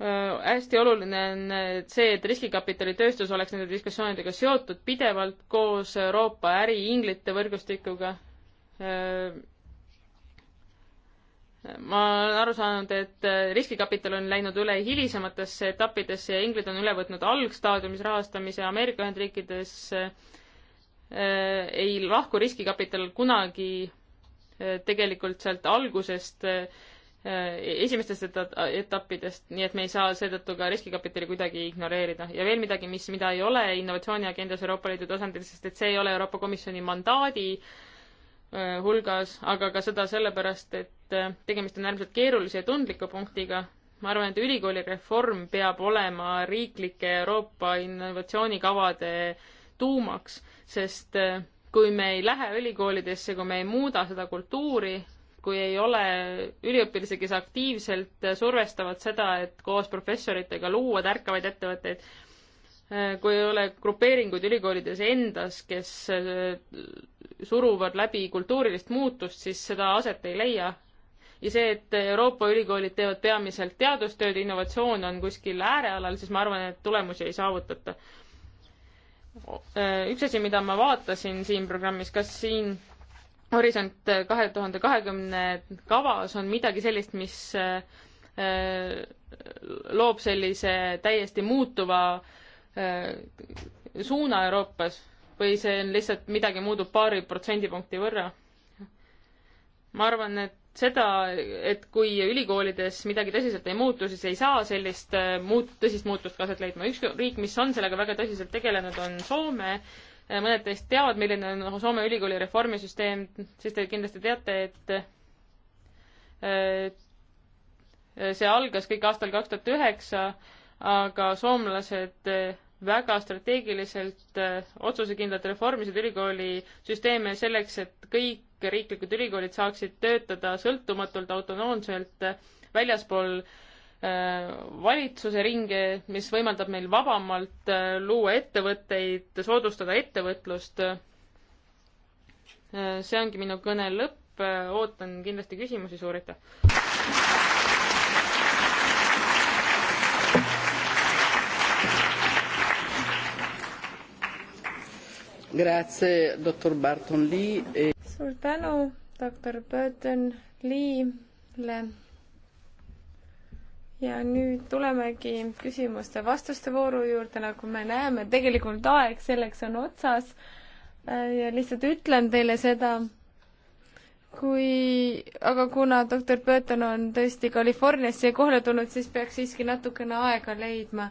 [SPEAKER 4] äh,. hästi oluline on see, et riskikapitalitööstus oleks nende diskussioonidega seotud pidevalt koos Euroopa äriinglite võrgustikuga äh, ma olen aru saanud, et riskikapital on läinud üle hilisematesse etappidesse ja inglid on üle võtnud algstaadiumis rahastamise, Ameerika Ühendriikides äh, ei lahku riskikapital kunagi Äh, tegelikult sealt algusest, äh, äh, esimestest etappidest, nii et me ei saa seetõttu ka riskikapitali kuidagi ignoreerida. ja veel midagi, mis, mida ei ole innovatsiooniagendas Euroopa Liidu tasandil, sest et see ei ole Euroopa Komisjoni mandaadi hulgas, aga ka seda sellepärast, et tegemist on äärmiselt keerulise ja tundliku punktiga. ma arvan, et ülikoolireform peab olema riiklike Euroopa innovatsioonikavade tuumaks, sest kui me ei lähe ülikoolidesse, kui me ei muuda seda kultuuri, kui ei ole üliõpilasi, kes aktiivselt survestavad seda, et koos professoritega luua tärkavaid ettevõtteid, kui ei ole grupeeringuid ülikoolides endas, kes äh, suruvad läbi kultuurilist muutust, siis seda aset ei leia. ja see, et Euroopa ülikoolid teevad peamiselt teadustööd, innovatsioon on kuskil äärealal, siis ma arvan, et tulemusi ei saavutata Äh, üks asi, mida ma vaatasin siin programmis, kas siin Horisont kahe tuhande kahekümne kavas on midagi sellist, mis äh, loob sellise täiesti muutuva äh, suuna Euroopas või see on lihtsalt midagi muutub paari protsendipunkti võrra? ma arvan, et seda, et kui ülikoolides midagi tõsiselt ei muutu, siis ei saa sellist äh, muut-, tõsist muutust ka aset leidma. üks riik, mis on sellega väga tõsiselt tegelenud, on Soome. Äh, mõned teist teavad, milline on nagu Soome ülikooli reformisüsteem, siis te kindlasti teate, et äh, see algas kõik aastal kaks tuhat üheksa, aga soomlased väga strateegiliselt äh, otsusekindlalt reformisid ülikooli süsteeme selleks, et kõik riiklikud ülikoolid saaksid töötada sõltumatult, autonoomselt, äh, väljaspool äh, valitsuse ringe, mis võimaldab meil vabamalt luua ettevõtteid, soodustada ettevõtlust. see ongi minu kõne lõpp, ootan kindlasti küsimusi, suur aitäh!
[SPEAKER 1] Grazie, doktor Barton Lee e....
[SPEAKER 3] suur tänu doktor Burton Lee'le. ja nüüd tulemegi küsimuste-vastuste vooru juurde, nagu me näeme, tegelikult aeg selleks on otsas. ja lihtsalt ütlen teile seda, kui, aga kuna doktor Burton on tõesti Californiasse kohale tulnud, siis peaks siiski natukene aega leidma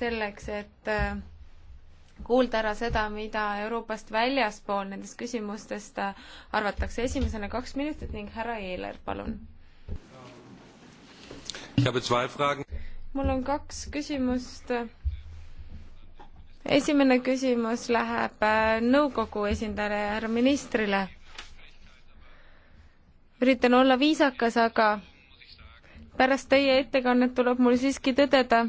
[SPEAKER 3] selleks, et äh, kuulda ära seda, mida Euroopast väljaspool nendest küsimustest arvatakse. esimesena kaks minutit ning härra Eeler, palun. mul on kaks küsimust. esimene küsimus läheb äh, nõukogu esindajale, härra ministrile. üritan olla viisakas, aga pärast teie ettekannet tuleb mul siiski tõdeda,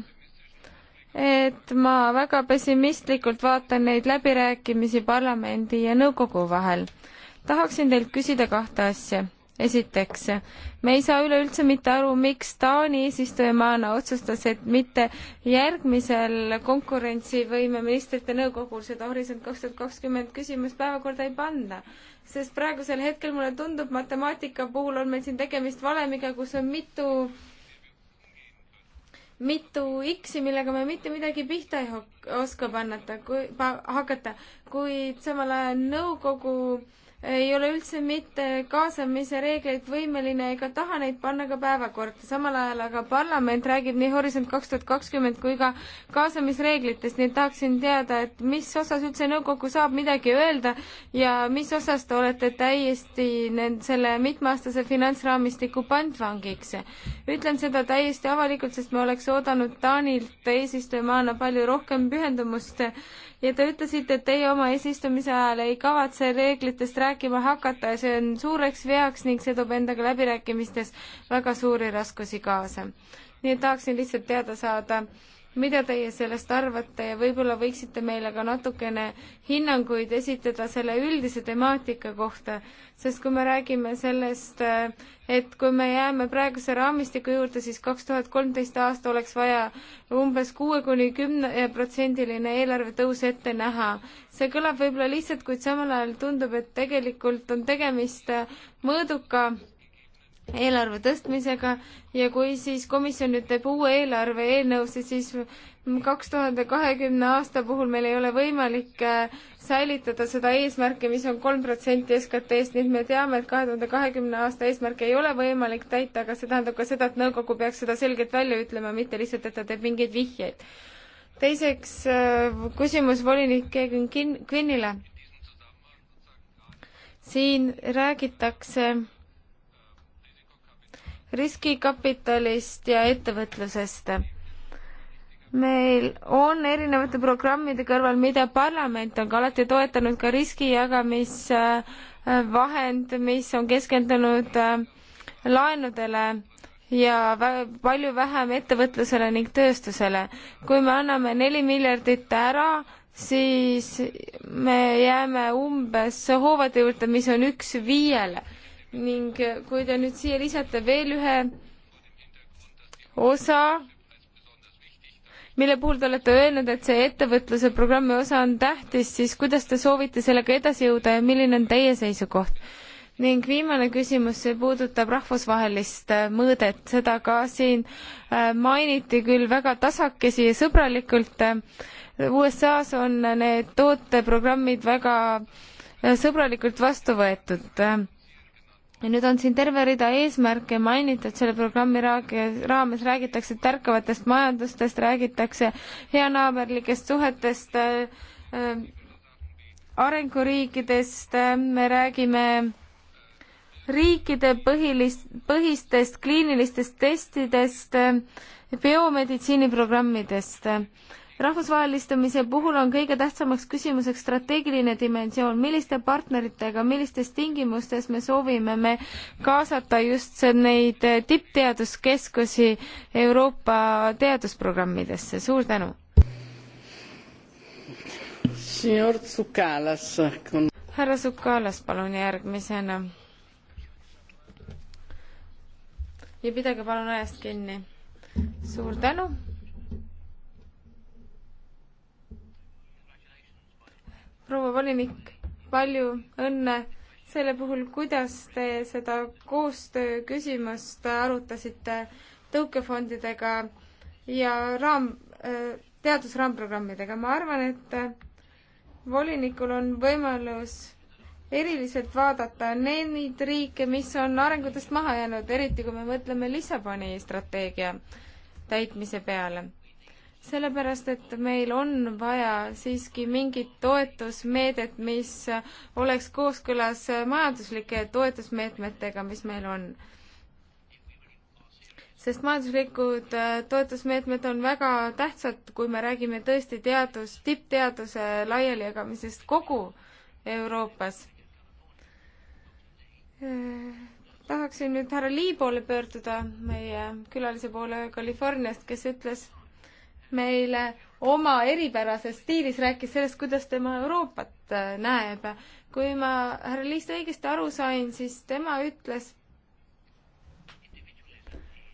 [SPEAKER 3] et ma väga pessimistlikult vaatan neid läbirääkimisi parlamendi ja nõukogu vahel. tahaksin teilt küsida kahte asja. esiteks, me ei saa üleüldse mitte aru, miks Taani eesistujamaana otsustas, et mitte järgmisel konkurentsivõime ministrite nõukogul seda Horisont kaks tuhat kakskümmend küsimust päevakorda ei panda sest praegusel hetkel mulle tundub, matemaatika puhul on meil siin tegemist valemiga, kus on mitu mitu X-i, millega me mitte midagi pihta ei oska pannata, kui, hakata, kuid samal ajal nõukogu no ei ole üldse mitte kaasamise reegleid võimeline ega taha neid panna ka päevakorda. samal ajal aga parlament räägib nii Horisont kaks tuhat kakskümmend kui ka kaasamisreeglitest, nii et tahaksin teada, et mis osas üldse nõukogu saab midagi öelda ja mis osas te olete täiesti nend-, selle mitmeaastase finantsraamistiku pantvangiks. ütlen seda täiesti avalikult, sest ma oleks oodanud Taanilt eesistujamaana palju rohkem pühendumust ja te ütlesite, et teie oma eesistumise ajal ei kavatse reeglitest rääkima hakata ja see on suureks veaks ning see toob endaga läbirääkimistes väga suuri raskusi kaasa. nii et tahaksin lihtsalt teada saada, mida teie sellest arvate ja võib-olla võiksite meile ka natukene hinnanguid esitada selle üldise temaatika kohta, sest kui me räägime sellest, et kui me jääme praeguse raamistiku juurde, siis kaks tuhat kolmteist aasta oleks vaja umbes kuue kuni kümne protsendiline eelarve tõus ette näha. see kõlab võib-olla lihtsalt, kuid samal ajal tundub, et tegelikult on tegemist mõõduka eelarve tõstmisega ja kui siis komisjon nüüd teeb uue eelarve eelnõusse, siis kaks tuhande kahekümne aasta puhul meil ei ole võimalik äh, säilitada seda eesmärki, mis on kolm protsenti SKT-st, nii et me teame, et kahe tuhande kahekümne aasta eesmärki ei ole võimalik täita, aga see tähendab ka seda, et nõukogu peaks seda selgelt välja ütlema, mitte lihtsalt, et ta teeb mingeid vihjeid. teiseks äh, küsimus volinik Kevin Quinnile. siin räägitakse riskikapitalist ja ettevõtlusest. meil on erinevate programmide kõrval, mida parlament on ka alati toetanud, ka riskijagamisvahend, äh, äh, mis on keskendunud äh, laenudele ja vä palju vähem ettevõtlusele ning tööstusele. kui me anname neli miljardit ära, siis me jääme umbes hoovade juurde, mis on üks viiele ning kui te nüüd siia lisate veel ühe osa, mille puhul te olete öelnud, et see ettevõtluse programmi osa on tähtis, siis kuidas te soovite sellega edasi jõuda ja milline on teie seisukoht? ning viimane küsimus, see puudutab rahvusvahelist äh, mõõdet, seda ka siin äh, mainiti küll väga tasakesi ja sõbralikult. Äh, USA-s on need tooteprogrammid väga sõbralikult vastu võetud ja nüüd on siin terve rida eesmärke mainitud selle programmi raames, räägitakse tärkavatest majandustest, räägitakse heanaaberlikest suhetest äh,, äh arenguriikidest äh,, me räägime riikide põhilist, põhistest kliinilistest testidest äh,, biomeditsiiniprogrammidest äh, rahvusvahelistumise puhul on kõige tähtsamaks küsimuseks strateegiline dimensioon, milliste partneritega, millistes tingimustes me soovime me kaasata just neid tippteaduskeskusi Euroopa teadusprogrammidesse, suur tänu! härra Sukalas, palun järgmisena. ja pidage palun ajast kinni. suur tänu! proua volinik, palju õnne selle puhul, kuidas te seda koostöö küsimust arutasite tõukefondidega ja raam, äh, teadusraamprogrammidega. ma arvan, et volinikul on võimalus eriliselt vaadata neid riike, mis on arengutest maha jäänud, eriti kui me mõtleme Lissaboni strateegia täitmise peale sellepärast, et meil on vaja siiski mingit toetusmeedet, mis oleks kooskõlas majanduslike toetusmeetmetega, mis meil on. sest majanduslikud äh, toetusmeetmed on väga tähtsad, kui me räägime tõesti teadus, tippteaduse laialijagamisest kogu Euroopas. tahaksin nüüd härra Lee poole pöörduda, meie külalise poole Californiast, kes ütles meile oma eripärases stiilis rääkis sellest, kuidas tema Euroopat äh, näeb. kui ma härra Liist õigesti aru sain, siis tema ütles,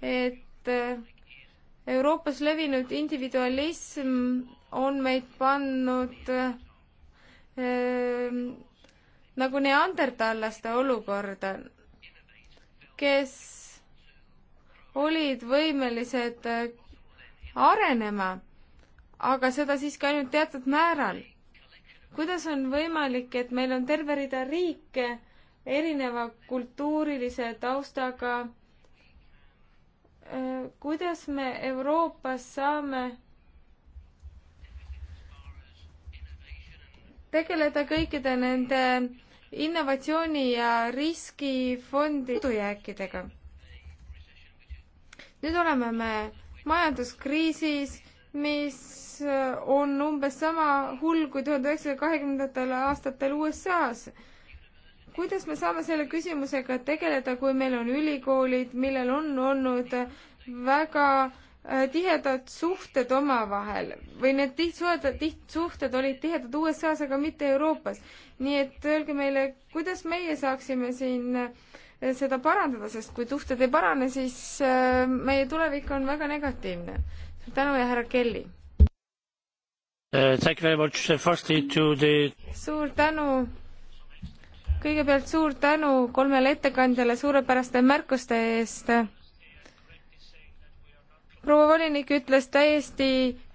[SPEAKER 3] et äh, Euroopas levinud individualism on meid pannud äh, ähm, nagu neandertallaste olukorda, kes olid võimelised äh, arenema, aga seda siiski ainult teatud määral. kuidas on võimalik, et meil on terve rida riike erineva kultuurilise taustaga? Äh, kuidas me Euroopas saame tegeleda kõikide nende innovatsiooni ja riskifondi puudujääkidega. nüüd oleme me majanduskriisis, mis äh, on umbes sama hull kui tuhande üheksasaja kahekümnendatel aastatel USA-s. kuidas me saame selle küsimusega tegeleda, kui meil on ülikoolid, millel on olnud väga äh, tihedad suhted omavahel või need tihtsuhted, tihtsuhted olid tihedad USA-s, aga mitte Euroopas. nii et öelge meile, kuidas meie saaksime siin äh, seda parandada, sest kui tuhted ei parane, siis äh, meie tulevik on väga negatiivne. suur tänu ja härra Kelly uh,! uh the... suur tänu! kõigepealt suur tänu kolmele ettekandjale suurepäraste märkuste eest. proua volinik ütles täiesti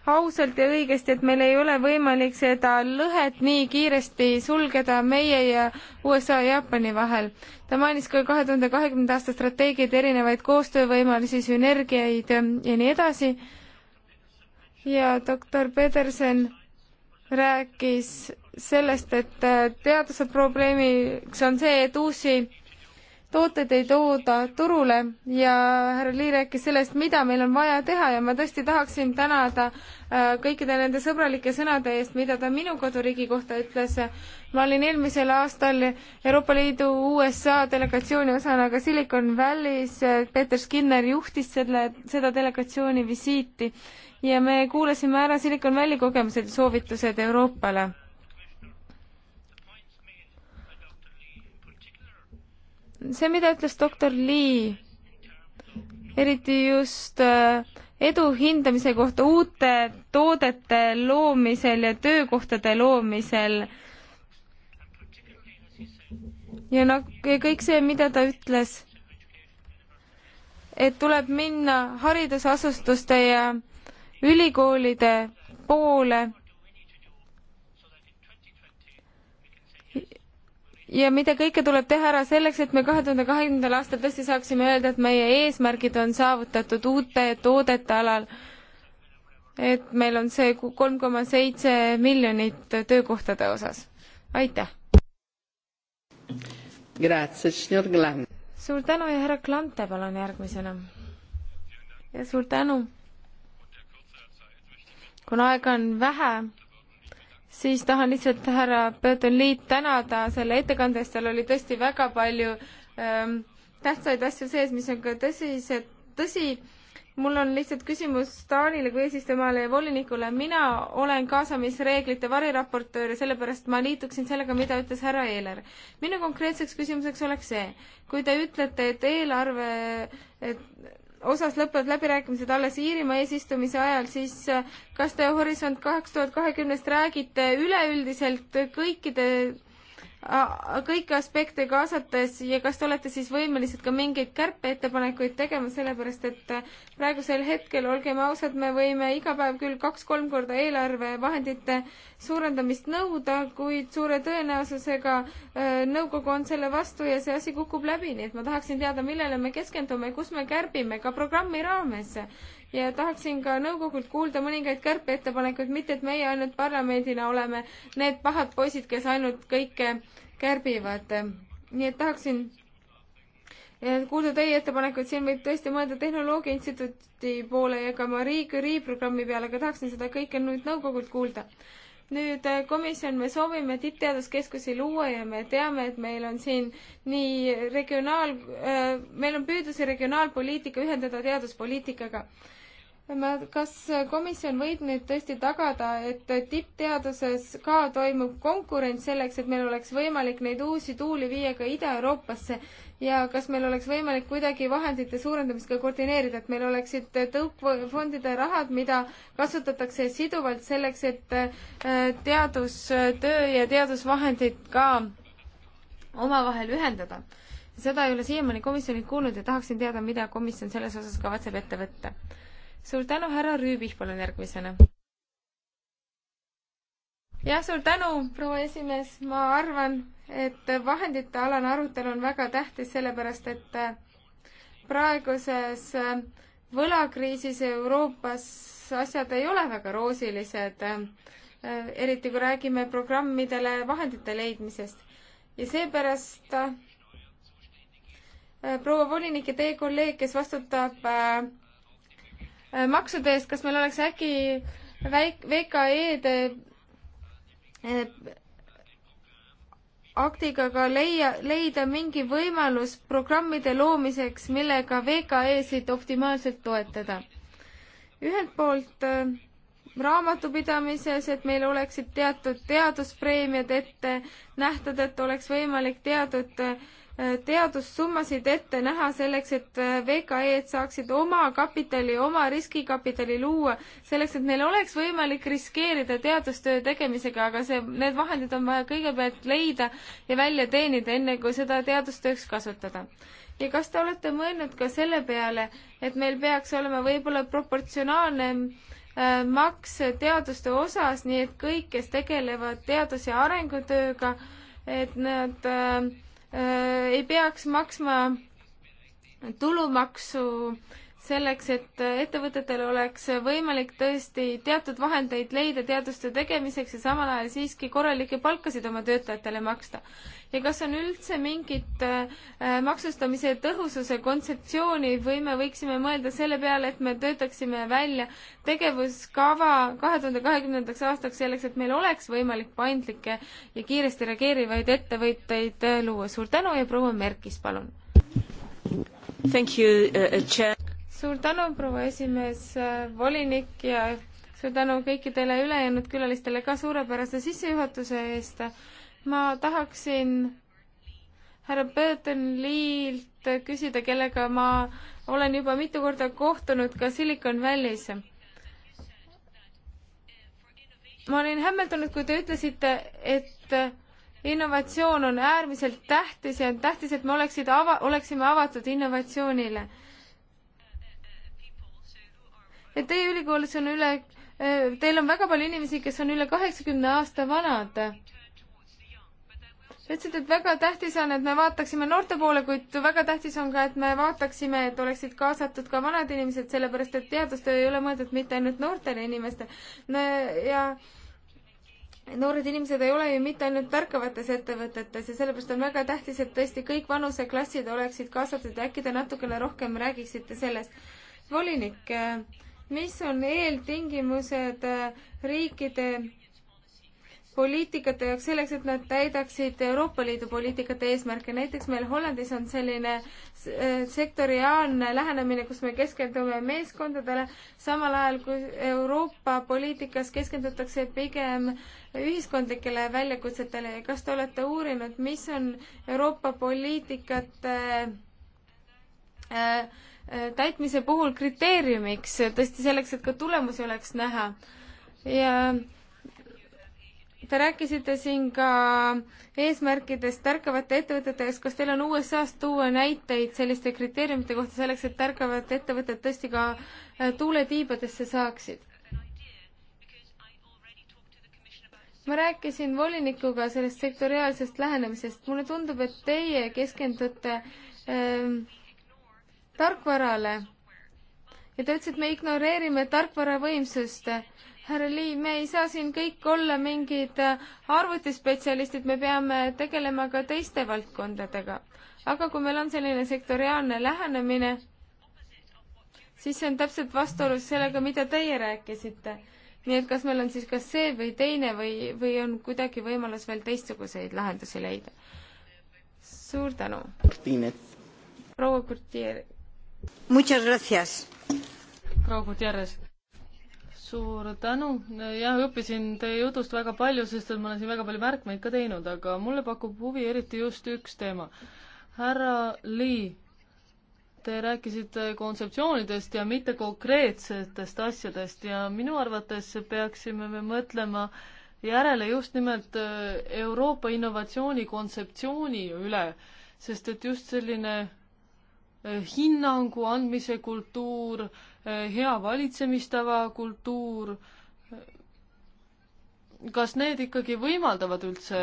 [SPEAKER 3] ausalt ja õigesti, et meil ei ole võimalik seda lõhet nii kiiresti sulgeda meie ja USA ja Jaapani vahel. ta mainis ka kahe tuhande kahekümnenda aasta strateegiaid, erinevaid koostöövõimalusi, sünergiaid ja nii edasi. ja doktor Peterson rääkis sellest, et teaduse probleemiks on see, et uusi tooteid ei tooda turule ja härra Lii rääkis sellest, mida meil on vaja teha ja ma tõesti tahaksin tänada äh, kõikide nende sõbralike sõnade eest, mida ta minu koduriigi kohta ütles. ma olin eelmisel aastal Euroopa Liidu USA delegatsiooni osana ka Silicon Valley's, äh, Peeter Skinner juhtis selle, seda delegatsiooni visiiti ja me kuulasime ära Silicon Valley kogemused ja soovitused Euroopale see, mida ütles doktor Lee, eriti just äh, edu hindamise kohta uute toodete loomisel ja töökohtade loomisel, ja noh, kõik see, mida ta ütles, et tuleb minna haridusasutuste ja ülikoolide poole ja mida kõike tuleb teha ära selleks, et me kahe tuhande kahekümnendal aastal tõesti saaksime öelda, et meie eesmärgid on saavutatud uute toodete alal. et meil on see kolm koma seitse miljonit töökohtade osas. aitäh! suur tänu ja härra Klante, palun järgmisena. ja suur tänu! kuna aega on vähe siis tahan lihtsalt härra Burton Leed tänada selle ettekande eest, seal oli tõesti väga palju ähm, tähtsaid asju sees, mis on ka tõsised, tõsi, mul on lihtsalt küsimus Taanile kui eesistujamaale ja volinikule, mina olen kaasamisreeglite variraportöör ja sellepärast ma liituksin sellega, mida ütles härra Eeler. minu konkreetseks küsimuseks oleks see, kui te ütlete, et eelarve, et osas lõpevad läbirääkimised alles Iirimaa eesistumise ajal, siis äh, kas te Horisont kaks tuhat kahekümnest räägite üleüldiselt kõikide kõiki aspekte kaasates ja kas te olete siis võimelised ka mingeid kärpeettepanekuid tegema, sellepärast et äh, praegusel hetkel, olgem ausad, me võime iga päev küll kaks-kolm korda eelarvevahendite suurendamist nõuda, kuid suure tõenäosusega äh, nõukogu on selle vastu ja see asi kukub läbi, nii et ma tahaksin teada, millele me keskendume, kus me kärbime, ka programmi raames ja tahaksin ka nõukogult kuulda mõningaid kärpeettepanekuid, mitte et meie ainult parlamendina oleme need pahad poisid, kes ainult kõike äh, kärbivad. nii et tahaksin kuulda teie ettepanekuid, siin võib tõesti mõelda Tehnoloogia Instituudi poole ja ka Marie Curie programmi peale, aga tahaksin seda kõike nüüd nõukogult kuulda. nüüd äh, komisjon, me soovime tippteaduskeskusi luua ja me teame, et meil on siin nii regionaal, äh, meil on püüdlusi regionaalpoliitika ühendada teaduspoliitikaga ma, kas komisjon võib nüüd tõesti tagada, et tippteaduses ka toimub konkurents selleks, et meil oleks võimalik neid uusi tuuli viia ka Ida-Euroopasse ja kas meil oleks võimalik kuidagi vahendite suurendamist ka koordineerida, et meil oleksid tõukfondide rahad, mida kasutatakse siduvalt selleks, et äh, teadustöö ja teadusvahendid ka omavahel ühendada seda ei ole siiamaani komisjonilt kuulnud ja tahaksin teada, mida komisjon selles osas kavatseb ette võtta suur tänu, härra Rüübih, palun järgmisena. jah, suur tänu, proua esimees, ma arvan, et vahendite alane arutelu on väga tähtis, sellepärast et äh, praeguses äh, võlakriisis Euroopas asjad ei ole väga roosilised, äh, eriti kui räägime programmidele vahendite leidmisest. ja seepärast proua volinik ja teie kolleeg, kes vastutab Äh, maksude eest, kas meil oleks äkki väik-, VKE-de äh, aktiga ka leia, leida mingi võimalus programmide loomiseks, millega VKE-sid optimaalselt toetada. ühelt poolt äh, raamatupidamises, et meil oleksid teatud teaduspreemiad ette nähtud, et oleks võimalik teatud äh, teadussummasid ette näha selleks, et äh, VKE-d saaksid oma kapitali, oma riskikapitali luua, selleks et neil oleks võimalik riskeerida teadustöö tegemisega, aga see, need vahendid on vaja kõigepealt leida ja välja teenida, enne kui seda teadustööks kasutada ja kas te olete mõelnud ka selle peale, et meil peaks olema võib-olla proportsionaalne äh, maks teaduste osas, nii et kõik, kes tegelevad teadus- ja arengutööga, et nad äh, Äh, ei peaks maksma tulumaksu äh, selleks, et ettevõtetel oleks võimalik tõesti teatud vahendeid leida teaduste tegemiseks ja samal ajal siiski korralikke palkasid oma töötajatele maksta. ja kas on üldse mingit äh, maksustamise tõhususe kontseptsiooni või me võiksime mõelda selle peale, et me töötaksime välja tegevuskava kahe tuhande kahekümnendaks aastaks selleks, et meil oleks võimalik paindlikke ja kiiresti reageerivaid ettevõtteid äh, luua. suur tänu ja proua Merkis, palun! Thank you, uh, uh Chair suur tänu, proua esimees, volinik ja suur tänu kõikidele ülejäänud külalistele ka suurepärase sissejuhatuse eest. ma tahaksin härra Burton Leelt küsida, kellega ma olen juba mitu korda kohtunud ka Silicon Valley's. ma olin hämmeldunud, kui te ütlesite, et innovatsioon on äärmiselt tähtis ja on tähtis, et me oleksid ava-, oleksime avatud innovatsioonile et teie ülikoolis on üle, eh, teil on väga palju inimesi, kes on üle kaheksakümne aasta vanad. ütlesid, et väga tähtis on, et me vaataksime noorte poole, kuid väga tähtis on ka, et me vaataksime, et oleksid kaasatud ka vanad inimesed, sellepärast et teadustöö ei ole mõeldud mitte ainult noortele inimestele no, ja noored inimesed ei ole ju mitte ainult tärkavates ettevõtetes ja sellepärast on väga tähtis, et tõesti kõik vanuseklassid oleksid kaasatud ja äkki te natukene rohkem räägiksite sellest. volinik äh,, mis on eeltingimused äh, riikide poliitikate jaoks selleks, et nad täidaksid Euroopa Liidu poliitikate eesmärke. näiteks meil Hollandis on selline äh, sektoriaalne lähenemine, kus me keskendume meeskondadele, samal ajal kui Euroopa poliitikas keskendutakse pigem ühiskondlikele väljakutsetele. kas te olete uurinud, mis on Euroopa poliitikate äh, täitmise puhul kriteeriumiks, tõesti selleks, et ka tulemusi oleks näha. ja te rääkisite siin ka eesmärkidest ärkavate ettevõtete ees, kas teil on USA-st tuua näiteid selliste kriteeriumite kohta selleks, et ärkavad ettevõtted tõesti ka äh, tuuletiibadesse saaksid? ma rääkisin volinikuga sellest sektoriaalsest lähenemisest, mulle tundub, et teie keskendute ähm, tarkvarale ja ta ütles, et me ignoreerime tarkvara võimsust. härra Lii, me ei saa siin kõik olla mingid arvutispetsialistid, me peame tegelema ka teiste valdkondadega. aga kui meil on selline sektoriaalne lähenemine, siis see on täpselt vastuolus sellega, mida teie rääkisite. nii et kas meil on siis kas see või teine või, või on kuidagi võimalus veel teistsuguseid lahendusi leida? suur tänu! proua Kurtier
[SPEAKER 2] proua Gutierrez, suur tänu, jah, õppisin teie jutust väga palju, sest et ma olen siin väga palju märkmeid ka teinud, aga mulle pakub huvi eriti just üks teema. härra Lee, te rääkisite kontseptsioonidest ja mitte konkreetsetest asjadest ja minu arvates peaksime me mõtlema järele just nimelt äh, Euroopa innovatsiooni kontseptsiooni üle, sest et just selline Eh, hinnangu andmise kultuur, eh, hea valitsemistava kultuur, kas need ikkagi võimaldavad üldse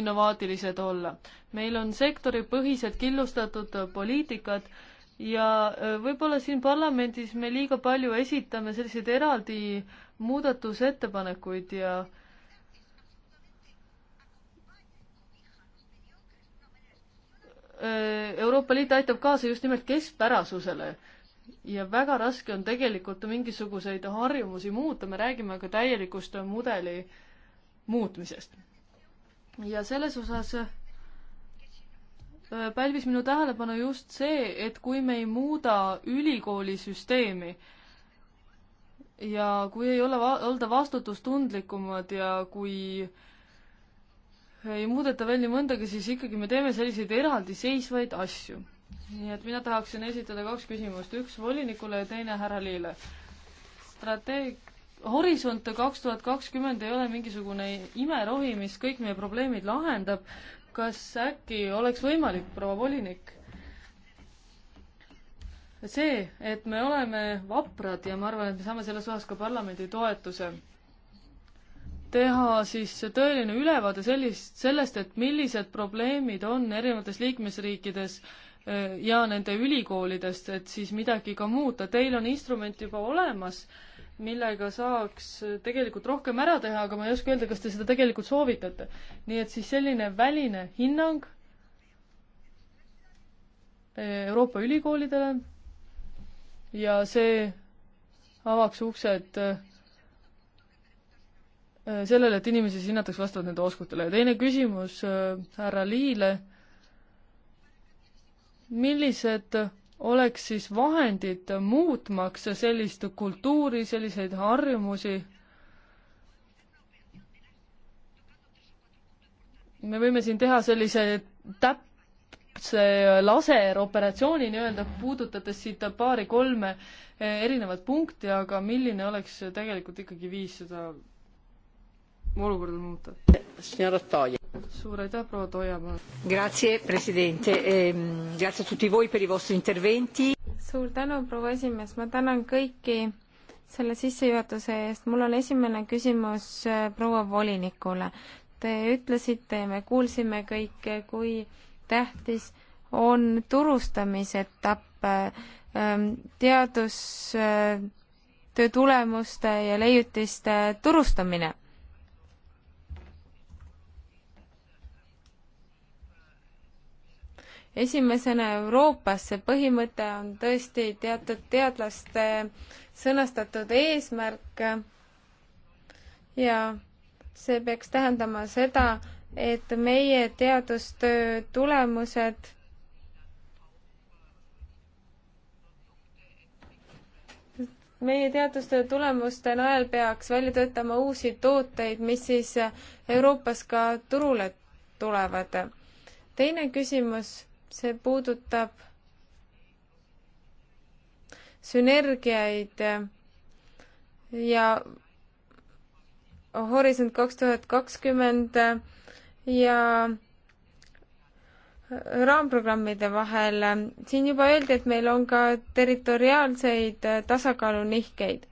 [SPEAKER 2] innovaatilised olla? meil on sektoripõhised killustatud poliitikad ja eh, võib-olla siin parlamendis me liiga palju esitame selliseid eraldi muudatusettepanekuid ja äh, Äh, Euroopa Liit aitab kaasa just nimelt keskpärasusele ja väga raske on tegelikult mingisuguseid harjumusi muuta, me räägime ka täielikust mudeli muutmisest. ja selles osas äh, pälvis minu tähelepanu just see, et kui me ei muuda ülikoolisüsteemi ja kui ei ole, olda vastutustundlikumad ja kui äh, ei muudeta välja mõndagi, siis ikkagi me teeme selliseid eraldiseisvaid asju. nii et mina tahaksin esitada kaks küsimust, üks volinikule ja teine härra Liile. strateeg-, Horisont kaks tuhat kakskümmend ei ole mingisugune imerohi, mis kõik meie probleemid lahendab. kas äkki oleks võimalik, proua volinik? see, et me oleme vaprad ja ma arvan, et me saame selles osas ka parlamendi toetuse teha siis tõeline ülevaade sellist, sellest, et millised probleemid on erinevates liikmesriikides äh, ja nende ülikoolidest, et siis midagi ka muuta. Teil on instrument juba olemas, millega saaks tegelikult rohkem ära teha, aga ma ei oska öelda, kas te seda tegelikult soovitate. nii et siis selline väline hinnang äh, Euroopa ülikoolidele ja see avaks uksed äh, Äh, sellele, et inimesi siis hinnatakse vastavalt nende oskustele ja teine küsimus äh, härra Liile, millised oleks siis vahendid muutmaks sellist kultuuri, selliseid harjumusi, me võime siin teha sellise täpse laseroperatsiooni nii-öelda, puudutades siit paari-kolme erinevat punkti, aga milline oleks tegelikult ikkagi viis seda olukorda
[SPEAKER 1] muuta.
[SPEAKER 3] suur aitäh, proua Toiamaa.
[SPEAKER 1] Grazie, president eh,. Grazie tutti voi per i vostri interventi.
[SPEAKER 3] suur tänu, proua esimees, ma tänan kõiki selle sissejuhatuse eest. mul on esimene küsimus eh, proua volinikule. Te ütlesite ja me kuulsime kõike, kui tähtis on turustamisetapp ehm, teadustöö eh, tulemuste ja leiutiste turustamine esimesena Euroopas, see põhimõte on tõesti teatud teadlaste sõnastatud eesmärk ja see peaks tähendama seda, et meie teadustöö tulemused meie teadustöö tulemuste najal peaks välja töötama uusi tooteid, mis siis Euroopas ka turule tulevad. teine küsimus see puudutab sünergiaid ja Horisont kaks tuhat kakskümmend ja raamprogrammide vahel. siin juba öeldi, et meil on ka territoriaalseid tasakaalunihkeid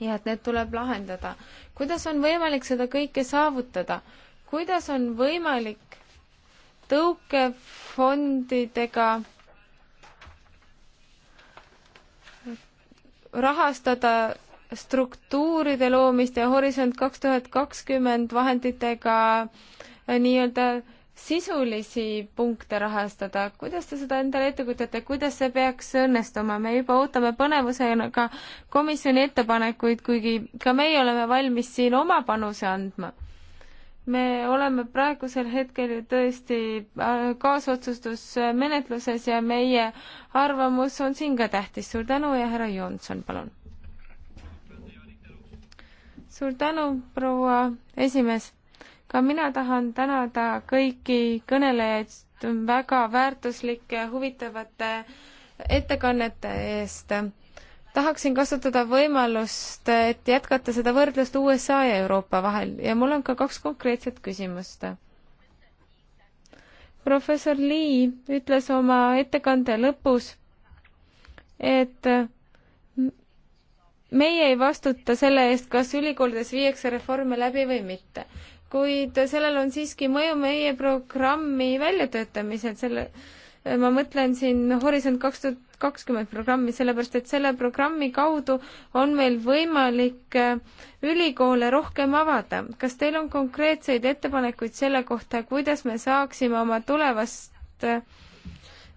[SPEAKER 3] ja et need tuleb lahendada. kuidas on võimalik seda kõike saavutada? kuidas on võimalik tõukefondidega rahastada struktuuride loomist ja Horisont kaks tuhat kakskümmend vahenditega nii-öelda sisulisi punkte rahastada, kuidas te seda endale ette kujutate, kuidas see peaks õnnestuma, me juba ootame põnevusega komisjoni ettepanekuid, kuigi ka meie oleme valmis siin oma panuse andma me oleme praegusel hetkel ju tõesti äh, kaasotsustusmenetluses ja meie arvamus on siin ka tähtis. suur tänu ja härra Johnson, palun. suur tänu, proua esimees. ka mina tahan tänada kõiki kõnelejaid väga väärtuslike, huvitavate ettekannete eest tahaksin kasutada võimalust, et jätkata seda võrdlust USA ja Euroopa vahel ja mul on ka kaks konkreetset küsimust. professor Lee ütles oma ettekande lõpus, et meie ei vastuta selle eest, kas ülikoolides viiakse reforme läbi või mitte, kuid sellel on siiski mõju meie programmi väljatöötamisel, selle ma mõtlen siin Horisont kaks tuhat kakskümmend programmi, sellepärast et selle programmi kaudu on meil võimalik äh, ülikoole rohkem avada. kas teil on konkreetseid ettepanekuid selle kohta, kuidas me saaksime oma tulevast äh,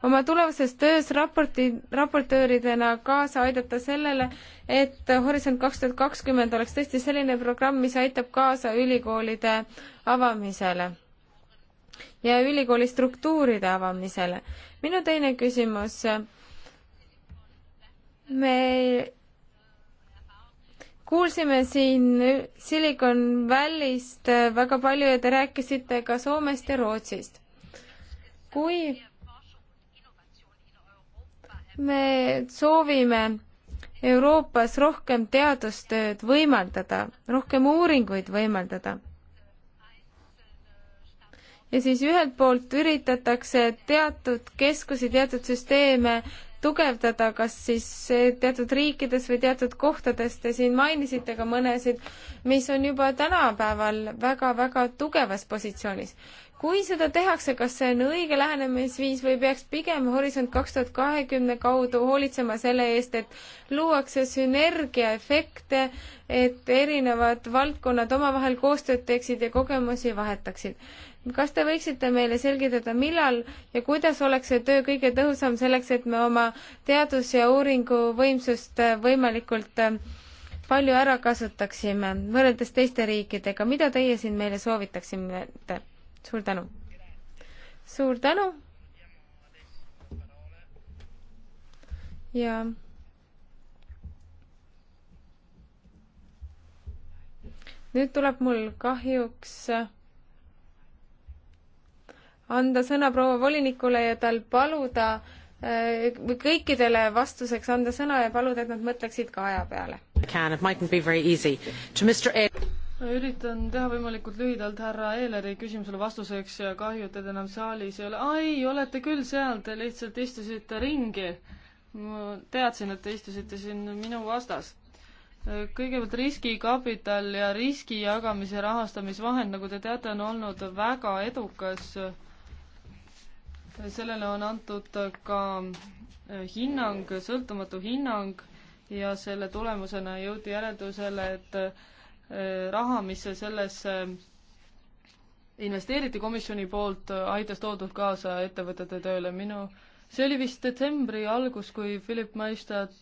[SPEAKER 3] oma tulevases töös raporti, raportööridena kaasa aidata sellele, et Horisont kaks tuhat kakskümmend oleks tõesti selline programm, mis aitab kaasa ülikoolide avamisele ja ülikooli struktuuride avamisele. minu teine küsimus me kuulsime siin Silicon Valley'st väga palju ja te rääkisite ka Soomest ja Rootsist. kui me soovime Euroopas rohkem teadustööd võimaldada, rohkem uuringuid võimaldada, ja siis ühelt poolt üritatakse teatud keskusi, teatud süsteeme tugevdada, kas siis teatud riikides või teatud kohtades, te siin mainisite ka mõnesid, mis on juba tänapäeval väga-väga tugevas positsioonis. kui seda tehakse, kas see on õige lähenemisviis või peaks pigem Horisont kaks tuhat kahekümne kaudu hoolitsema selle eest, et luuakse sünergiaefekte, et erinevad valdkonnad omavahel koostööd teeksid ja kogemusi vahetaksid? kas te võiksite meile selgitada, millal ja kuidas oleks see töö kõige tõhusam selleks, et me oma teadus- ja uuringuvõimsust äh, võimalikult äh, palju ära kasutaksime võrreldes teiste riikidega, mida teie siin meile soovitaksite? suur tänu! suur tänu! ja nüüd tuleb mul kahjuks äh, anda sõna proua volinikule ja tal paluda äh, kõikidele vastuseks anda sõna ja paluda, et nad mõtleksid ka aja peale.
[SPEAKER 4] ma
[SPEAKER 2] üritan teha võimalikult lühidalt härra Eeleri küsimusele vastuseks ja kahju, et teda enam saalis ei ole. ai, olete küll seal, te lihtsalt istusite ringi. ma teadsin, et te istusite siin minu vastas kõigepealt riskikapital ja riski jagamise rahastamisvahend, nagu te teate, on olnud väga edukas äh, sellele on antud ka äh, hinnang, sõltumatu hinnang ja selle tulemusena jõuti järeldusele, et äh, raha, mis sellesse äh, investeeriti komisjoni poolt, aitas toodud kaasa ettevõtete tööle. minu, see oli vist detsembri algus, kui Philip Maistad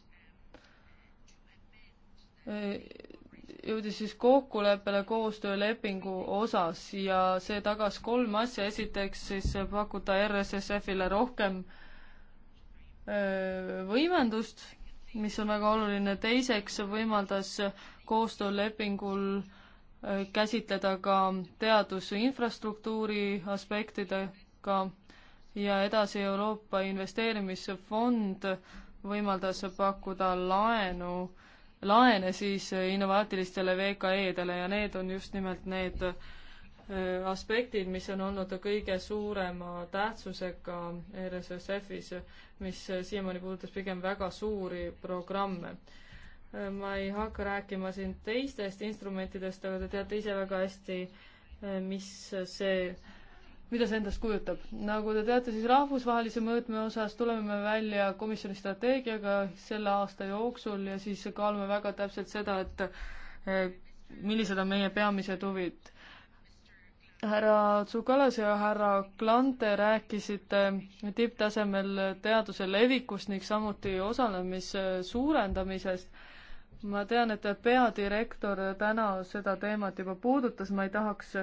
[SPEAKER 2] jõudis siis kokkuleppele koostöölepingu osas ja see tagas kolm asja, esiteks siis pakuta RSSF-ile rohkem võimendust, mis on väga oluline, teiseks võimaldas koostöölepingul käsitleda ka teadusinfrastruktuuri aspektidega ja edasi Euroopa Investeerimisfond võimaldas pakkuda laenu äh, laene siis innovaatilistele VKE-dele ja need on just nimelt need äh, aspektid, mis on olnud kõige suurema tähtsusega RSSF-is, mis siiamaani puudutas pigem väga suuri programme. Äh, ma ei hakka rääkima siin teistest instrumentidest, aga te teate ise väga hästi, äh, mis see mida see endast kujutab. nagu te teate, siis rahvusvahelise mõõtme osas tuleme me välja komisjoni strateegiaga selle aasta jooksul ja siis kaalume väga täpselt seda, et eh, millised on meie peamised huvid. härra Tsukalas ja härra Klante rääkisid tipptasemel teaduse levikust ning samuti osalemise suurendamisest ma tean, et peadirektor täna seda teemat juba puudutas, ma ei tahaks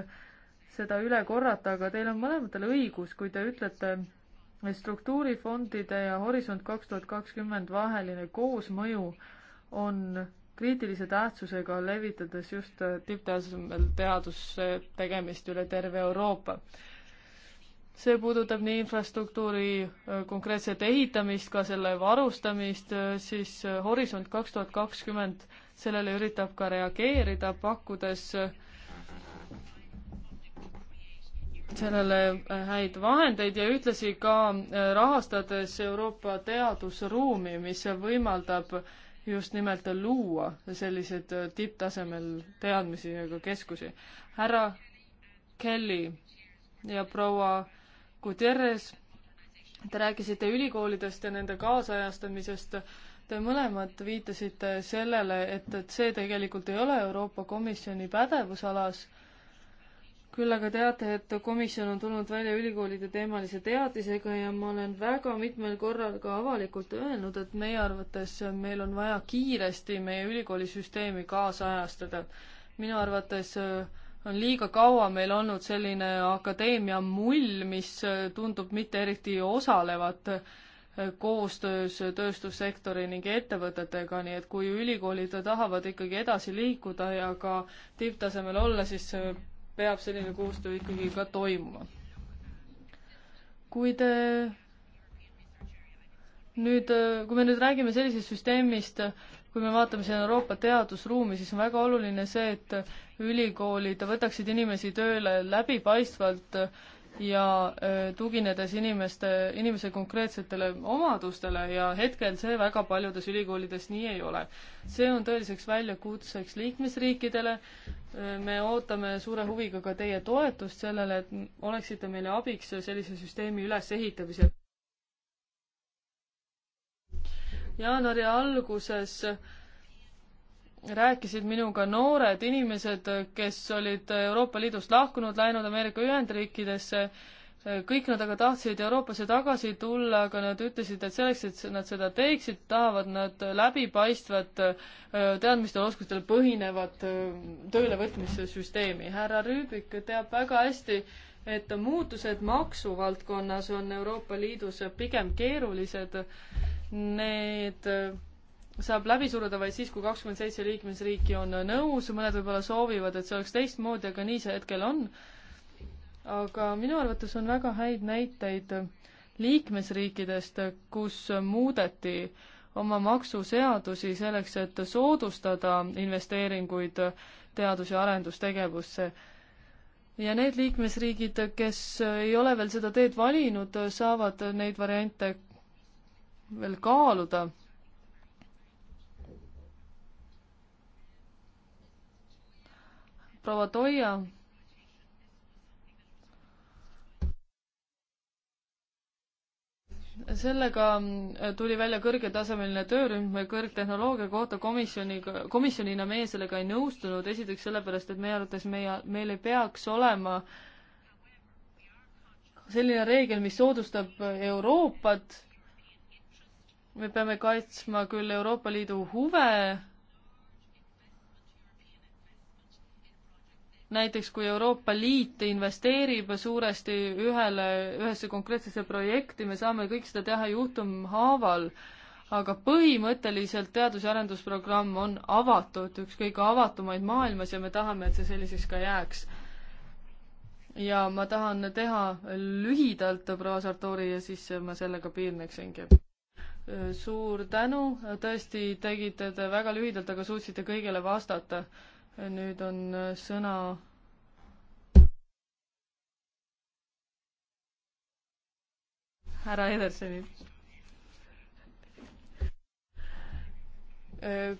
[SPEAKER 2] seda üle korrata, aga teil on mõlematel õigus, kui te ütlete, struktuurifondide ja Horisont kaks tuhat kakskümmend vaheline koosmõju on kriitilise tähtsusega, levitades just tipptasemel teaduse tegemist üle terve Euroopa. see puudutab nii infrastruktuuri äh, konkreetset ehitamist, ka selle varustamist, äh, siis äh, Horisont kaks tuhat kakskümmend sellele üritab ka reageerida, pakkudes äh, sellele äh, häid vahendeid ja ühtlasi ka äh, rahastades Euroopa teadusruumi, mis võimaldab just nimelt luua selliseid äh, tipptasemel teadmisi ja ka keskusi. härra Kelly ja proua Guterres, te rääkisite ülikoolidest ja nende kaasajastamisest. Te mõlemad viitasite sellele, et, et see tegelikult ei ole Euroopa Komisjoni pädevusalas küll aga teate, et komisjon on tulnud välja ülikoolide teemalise teadisega ja ma olen väga mitmel korral ka avalikult öelnud, et meie arvates meil on vaja kiiresti meie ülikoolisüsteemi kaasajastada. minu arvates äh, on liiga kaua meil olnud selline akadeemia mull, mis äh, tundub mitte eriti osalevat äh, koostöös tööstussektori ning ettevõtetega, nii et kui ülikoolid tahavad ikkagi edasi liikuda ja ka tipptasemel olla, siis peab selline koostöö ikkagi ka toimuma. kui te nüüd, kui me nüüd räägime sellisest süsteemist, kui me vaatame siin Euroopa teadusruumi, siis on väga oluline see, et ülikoolid võtaksid inimesi tööle läbipaistvalt ja tuginedes inimeste, inimese konkreetsetele omadustele ja hetkel see väga paljudes ülikoolides nii ei ole. see on tõeliseks väljakutseks liikmesriikidele, me ootame suure huviga ka teie toetust sellele, et oleksite meile abiks sellise süsteemi ülesehitamisel. jaanuari alguses äh, rääkisid minuga noored inimesed, kes olid Euroopa Liidust lahkunud, läinud Ameerika Ühendriikidesse, kõik nad aga tahtsid Euroopasse tagasi tulla, aga nad ütlesid, et selleks, et nad seda teeksid, tahavad nad läbipaistvat teadmistel, oskustel põhinevat töölevõtmise süsteemi. härra Rüübik teab väga hästi, et muutused maksuvaldkonnas on Euroopa Liidus pigem keerulised. Need saab läbi suruda vaid siis, kui kakskümmend seitse liikmesriiki on nõus, mõned võib-olla soovivad, et see oleks teistmoodi, aga nii see hetkel on. aga minu arvates on väga häid näiteid liikmesriikidest, kus muudeti oma maksuseadusi selleks, et soodustada investeeringuid teadus- ja arendustegevusse. ja need liikmesriigid, kes ei ole veel seda teed valinud, saavad neid variante veel kaaluda proua Toia. sellega äh, tuli välja kõrgetasemeline töörühm kõrgtehnoloogia kohta komisjoniga, komisjonina meie sellega ei nõustunud, esiteks sellepärast, et meie arvates meie, meil ei peaks olema selline reegel, mis soodustab Euroopat. me peame kaitsma küll Euroopa Liidu huve näiteks kui Euroopa Liit investeerib suuresti ühele, ühesse konkreetsesse projekti, me saame kõik seda teha juhtumhaaval, aga põhimõtteliselt teadus- ja arendusprogramm on avatud, üks kõige avatumaid maailmas ja me tahame, et see selliseks ka jääks. ja ma tahan teha lühidalt, proua Sartori, ja siis ma sellega piirneksingi suur tänu, tõesti tegite te väga lühidalt, aga suutsite kõigele vastata nüüd on sõna härra Edersonil. Äh,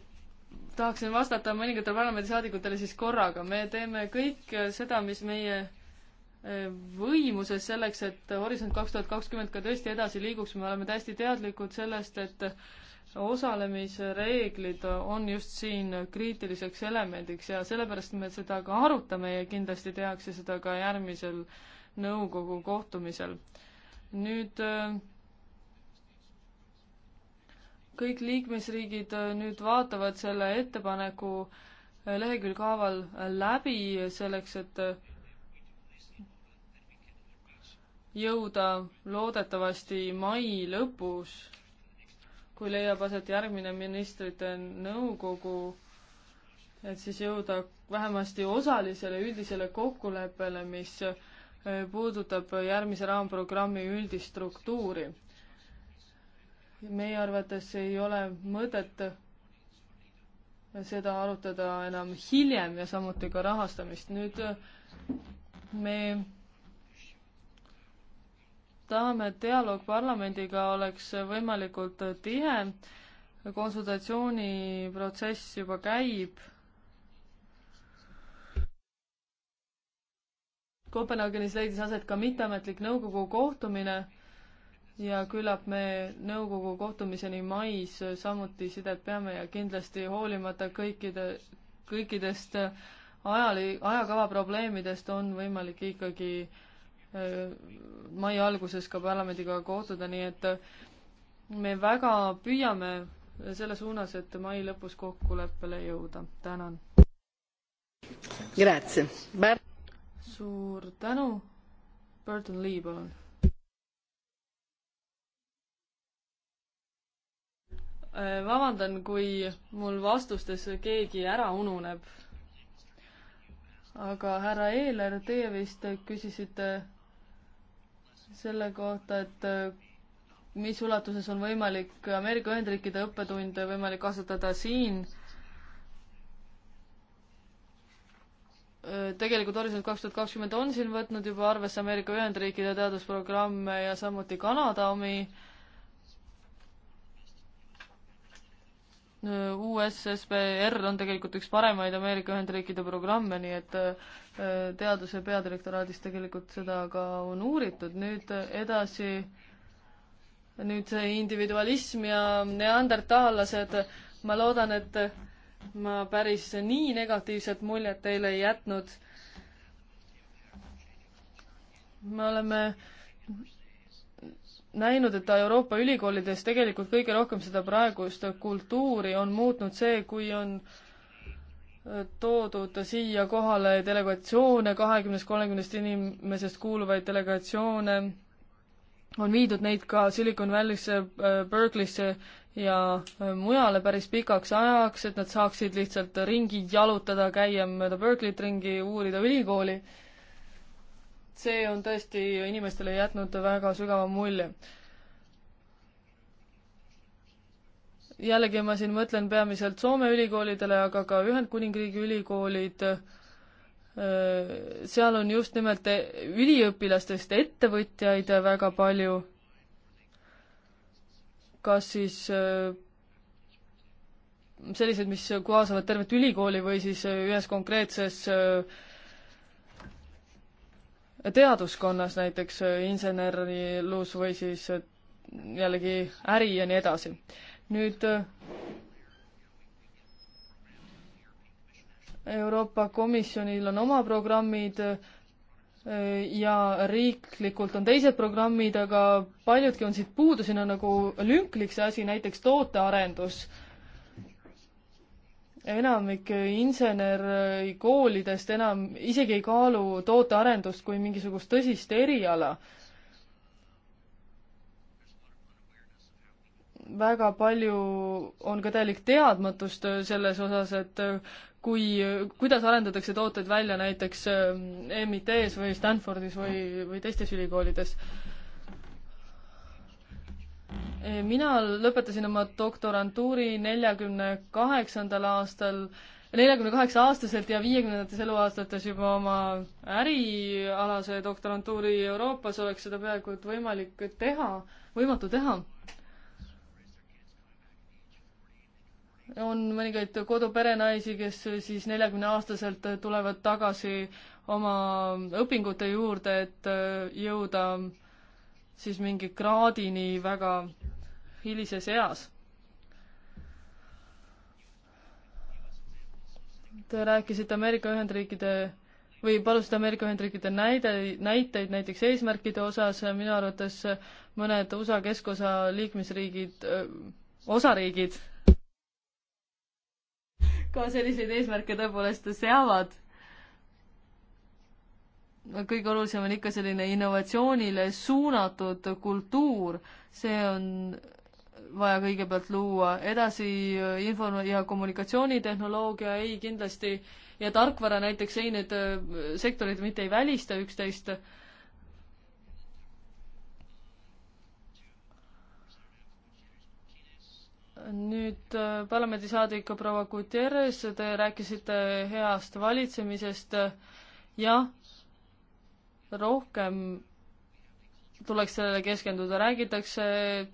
[SPEAKER 2] tahaksin vastata mõningatele parlamendisaadikutele siis korraga. me teeme kõik seda, mis meie äh, võimuses selleks, et Horisont kaks tuhat kakskümmend ka tõesti edasi liiguks. me oleme täiesti teadlikud sellest, et osalemisreeglid on just siin kriitiliseks elemendiks ja sellepärast me seda ka arutame ja kindlasti tehakse seda ka järgmisel nõukogu kohtumisel. nüüd äh, kõik liikmesriigid äh, nüüd vaatavad selle ettepaneku äh, lehekülg haaval läbi selleks, et jõuda loodetavasti mai lõpus kui leiab aset järgmine ministrite nõukogu, et siis jõuda vähemasti osalisele üldisele kokkuleppele, mis eh, puudutab järgmise raamprogrammi üldist struktuuri. meie arvates ei ole mõtet seda arutada enam hiljem ja samuti ka rahastamist. nüüd eh, me tahame, et dialoog parlamendiga oleks võimalikult tihe, konsultatsiooniprotsess juba käib. Kopenhaagenis leidis aset ka mitteametlik nõukogu kohtumine ja küllap me nõukogu kohtumiseni mais samuti sidet peame ja kindlasti hoolimata kõikide, kõikidest ajali, ajakava probleemidest on võimalik ikkagi äh, Äh, mai alguses ka parlamendiga kohtuda, nii et äh, me väga püüame selle suunas, et mai lõpus kokkuleppele jõuda. tänan. suur tänu. Burton Lee, palun. Äh, vabandan, kui mul vastustes keegi ära ununeb. aga härra Eeler, teie vist küsisite selle kohta, et äh, mis ulatuses on võimalik Ameerika Ühendriikide õppetunde võimalik kasutada siin. Äh, tegelikult Horisont kaks tuhat kakskümmend on siin võtnud juba arvesse Ameerika Ühendriikide teadusprogramme ja samuti Kanada omi Äh, USSBR on tegelikult üks paremaid Ameerika Ühendriikide programme, nii et äh, teaduse peadirektoraadis tegelikult seda ka on uuritud. nüüd edasi, nüüd see individualism ja neandertaallased, ma loodan, et ma päris nii negatiivset muljet teile ei jätnud. me oleme näinud, et Euroopa ülikoolides tegelikult kõige rohkem seda praegust kultuuri on muutnud see, kui on äh, toodud siia kohale delegatsioone, kahekümnest, kolmekümnest inimesest kuuluvaid delegatsioone, on viidud neid ka Silicon Valley'sse, äh, Berkeley'sse ja äh, mujale päris pikaks ajaks, et nad saaksid lihtsalt ringi jalutada, käia mööda Berkeley't ringi, uurida ülikooli see on tõesti inimestele jätnud väga sügava mulje. jällegi ma siin mõtlen peamiselt Soome ülikoolidele, aga ka Ühendkuningriigi ülikoolid, seal on just nimelt e-, üliõpilastest ettevõtjaid väga palju, kas siis sellised, mis kaasavad tervet ülikooli või siis ühes konkreetses äh, teaduskonnas, näiteks äh, insenerlus või siis äh, jällegi äri ja nii edasi. nüüd äh, Euroopa Komisjonil on oma programmid ja riiklikult on teised programmid, aga paljudki on siit puudu, siin on nagu lünklik see asi, näiteks tootearendus enamik insenerikoolidest enam isegi ei kaalu tootearendust kui mingisugust tõsist eriala. väga palju on ka täielik teadmatust selles osas, et kui, kuidas arendatakse tooteid välja näiteks MIT-s või Stanfordis või, või teistes ülikoolides mina lõpetasin oma doktorantuuri neljakümne kaheksandal aastal, neljakümne kaheksa aastaselt ja viiekümnendates eluaastates juba oma ärialase doktorantuuri Euroopas oleks seda peaaegu et võimalik teha, võimatu teha. on mõningaid koduperenaisi, kes siis neljakümne aastaselt tulevad tagasi oma õpingute juurde, et jõuda siis mingi kraadini väga hilises eas. Te rääkisite Ameerika Ühendriikide või palusite Ameerika Ühendriikide näide, näiteid näiteks eesmärkide osas, minu arvates mõned USA keskosa liikmesriigid, osariigid ka selliseid eesmärke tõepoolest seavad kõige olulisem on ikka selline innovatsioonile suunatud kultuur, see on vaja kõigepealt luua, edasi info- ja kommunikatsioonitehnoloogia ei kindlasti ja tarkvara näiteks ei, need äh, sektorid mitte ei välista üksteist. nüüd äh, parlamendisaadik proua Guterres, te rääkisite heast valitsemisest. jah rohkem tuleks sellele keskenduda, räägitakse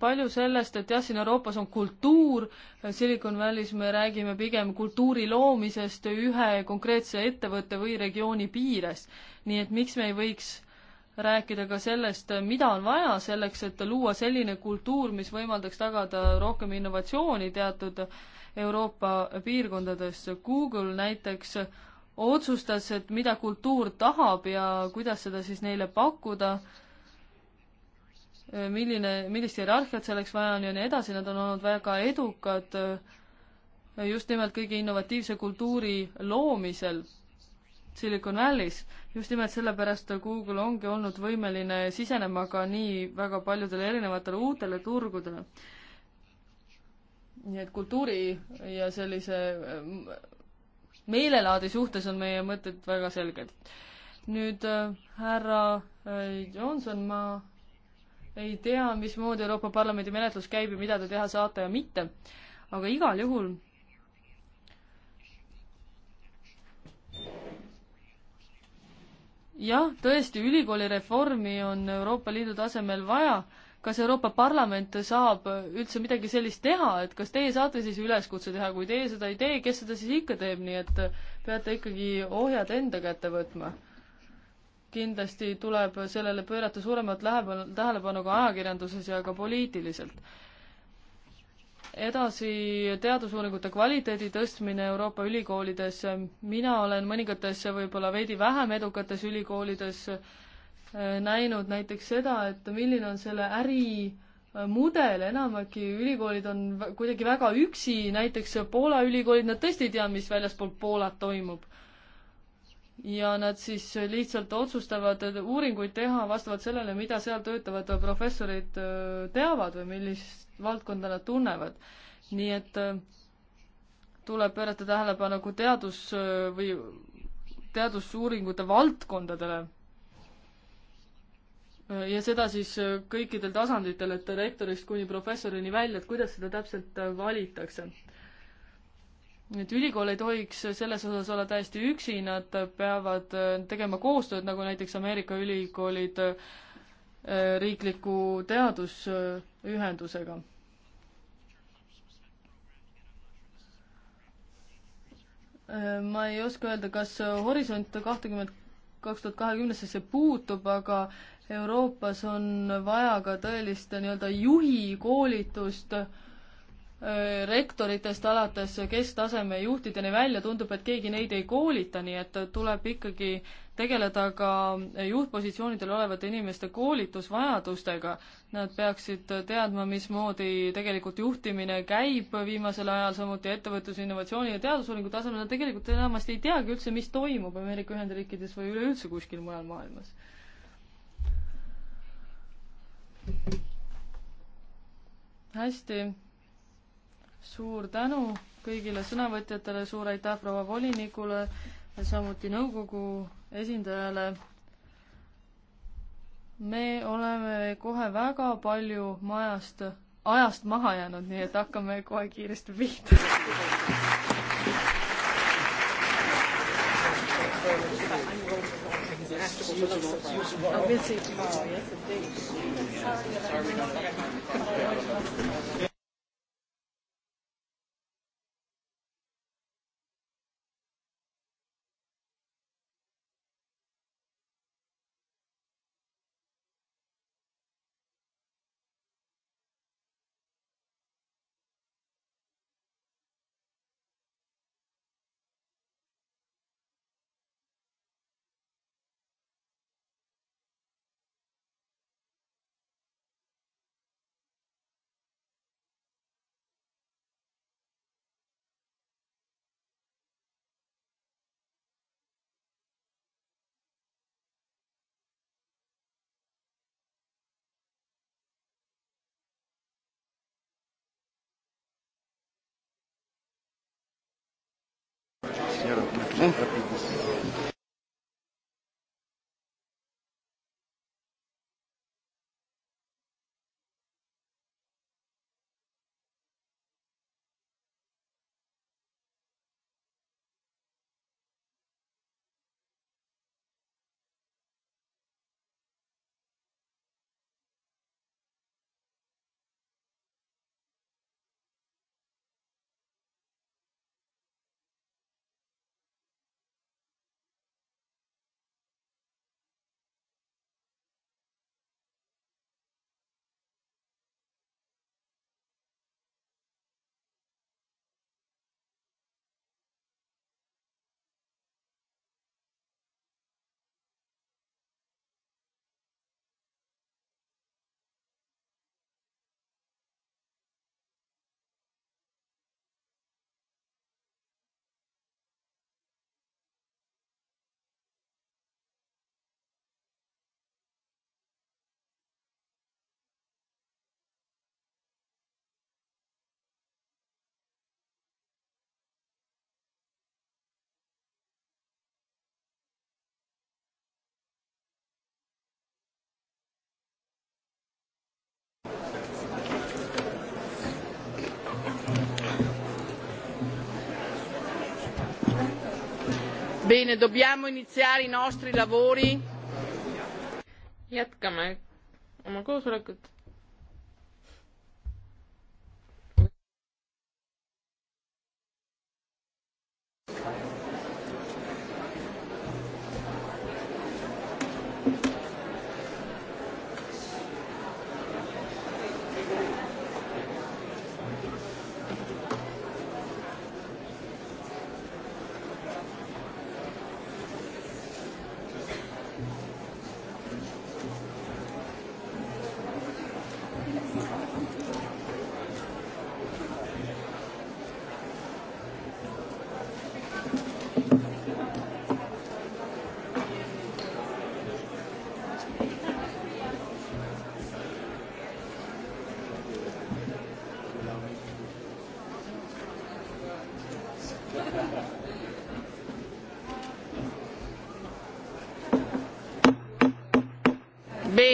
[SPEAKER 2] palju sellest, et jah, siin Euroopas on kultuur, Silicon Valley's me räägime pigem kultuuri loomisest ühe konkreetse ettevõtte või regiooni piires. nii et miks me ei võiks rääkida ka sellest, mida on vaja selleks, et luua selline kultuur, mis võimaldaks tagada rohkem innovatsiooni teatud Euroopa piirkondades. Google näiteks otsustas, et mida kultuur tahab ja kuidas seda siis neile pakkuda, milline, millist hierarhiat selleks vaja on ja nii edasi, nad on olnud väga edukad eh, just nimelt kõige innovatiivse kultuuri loomisel Silicon Valley's. just nimelt sellepärast Google ongi olnud võimeline sisenema ka nii väga paljudele erinevatele uutele turgudele. nii et kultuuri ja sellise meelelaadi suhtes on meie mõtted väga selged. nüüd äh, härra äh, Johnson, ma ei tea, mismoodi Euroopa Parlamendi menetlus käib ja mida te teha saate ja mitte, aga igal juhul jah, tõesti, ülikoolireformi on Euroopa Liidu tasemel vaja kas Euroopa Parlament saab üldse midagi sellist teha, et kas teie saate siis üleskutse teha, kui teie seda ei tee, kes seda siis ikka teeb, nii et peate ikkagi ohjad enda kätte võtma? kindlasti tuleb sellele pöörata suuremat tähelepanu ka ajakirjanduses ja ka poliitiliselt edasi teadusuuringute kvaliteedi tõstmine Euroopa ülikoolides. mina olen mõningates võib-olla veidi vähem edukates ülikoolides Äh, näinud näiteks seda, et milline on selle äri äh, mudel, enamagi ülikoolid on kuidagi väga üksi, näiteks Poola ülikoolid, nad tõesti ei tea, mis väljaspool Poolat toimub. ja nad siis lihtsalt otsustavad uuringuid teha vastavalt sellele, mida seal töötavad professorid äh, teavad või millist valdkonda nad tunnevad. nii et tuleb pöörata tähelepanu nagu teadus või teadusuuringute valdkondadele ja seda siis äh, kõikidel tasanditel, et rektorist kuni professorini välja, et kuidas seda täpselt äh, valitakse. et ülikool ei tohiks selles osas olla täiesti üksi, nad peavad äh, tegema koostööd, nagu näiteks Ameerika ülikoolid riikliku teadusühendusega ma ei oska öelda, kas Horisont kahtekümmend, kaks tuhat kahekümnesse see puutub, aga Euroopas on vaja ka tõelist nii-öelda juhi koolitust äh, rektoritest alates kesktaseme juhtideni välja, tundub, et keegi neid ei koolita, nii et tuleb ikkagi tegeleda ka juhtpositsioonidel olevate inimeste koolitusvajadustega. Nad peaksid teadma, mismoodi tegelikult juhtimine käib viimasel ajal, samuti ettevõtluse, innovatsiooni ja teadusuuringu tasemel, nad tegelikult enamasti ei teagi üldse, mis toimub Ameerika Ühendriikides või üleüldse kuskil mujal maailmas hästi, suur tänu kõigile sõnavõtjatele, suur aitäh proua volinikule, samuti nõukogu esindajale me oleme kohe väga palju majast, ajast maha jäänud, nii et hakkame kohe kiiresti pihta.
[SPEAKER 1] Thank you you to I will see tomorrow, yes, indeed. Sorry, Sorry we don't Europa. Eh. Bene, dobbiamo iniziare i nostri lavori. jätkame oma koosolekut. Thank you.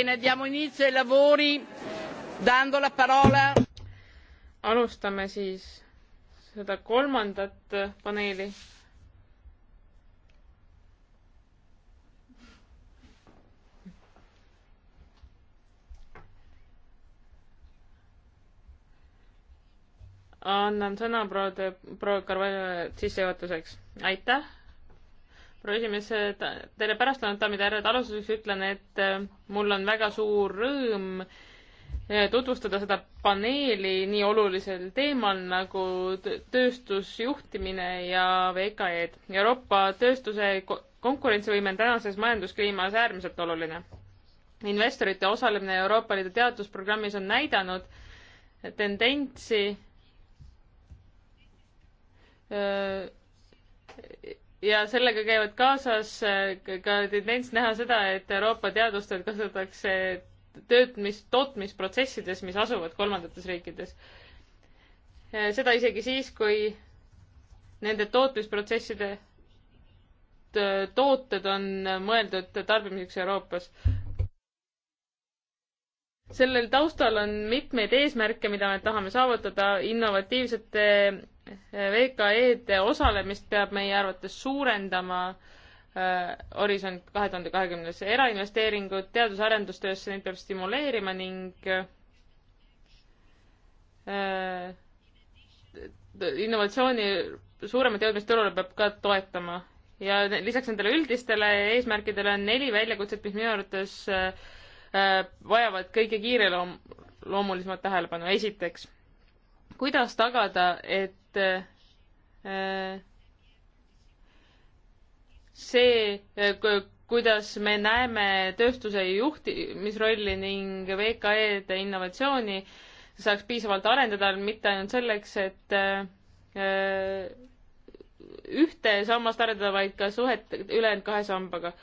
[SPEAKER 1] Bene, diamo inizio ai lavori dando la
[SPEAKER 4] parola. alustame siis seda kolmandat paneeli. annan sõna proua, proua Carvalho sissejuhatuseks. aitäh proua esimees, tere pärastlõunat, daamid ja härrad, alustuseks ütlen, et äh, mul on väga suur rõõm äh, tutvustada seda paneeli nii olulisel teemal nagu tööstusjuhtimine ja VKE-d. Euroopa tööstuse konkurentsivõime on tänases majanduskliimas äärmiselt oluline. investorite osalemine Euroopa Liidu teadusprogrammis on näidanud tendentsi öö, äh, ja sellega käivad kaasas ka tendents näha seda, et Euroopa teadustööd kasutatakse töötmis, tootmisprotsessides, mis asuvad kolmandates riikides. seda isegi siis, kui nende tootmisprotsesside tooted on mõeldud tarbimiseks Euroopas. sellel taustal on mitmeid eesmärke, mida me tahame saavutada innovatiivsete VKE-de osalemist peab meie arvates suurendama äh, Horisont kahe tuhande kahekümnes. erainvesteeringud teadus-arendustöösse, neid peab stimuleerima ning äh, innovatsiooni suuremat jõudmist turule peab ka toetama. ja lisaks nendele üldistele eesmärkidele on neli väljakutset, mis minu arvates äh, vajavad kõige kiireloomulisemat tähelepanu. esiteks kuidas tagada, et äh, see, äh, kuidas me näeme tööstuse juhtimisrolli ning VKE-de innovatsiooni, saaks piisavalt arendada, mitte ainult selleks, et äh, ühte sammast arendada, vaid ka suhet ülejäänud kahe sambaga.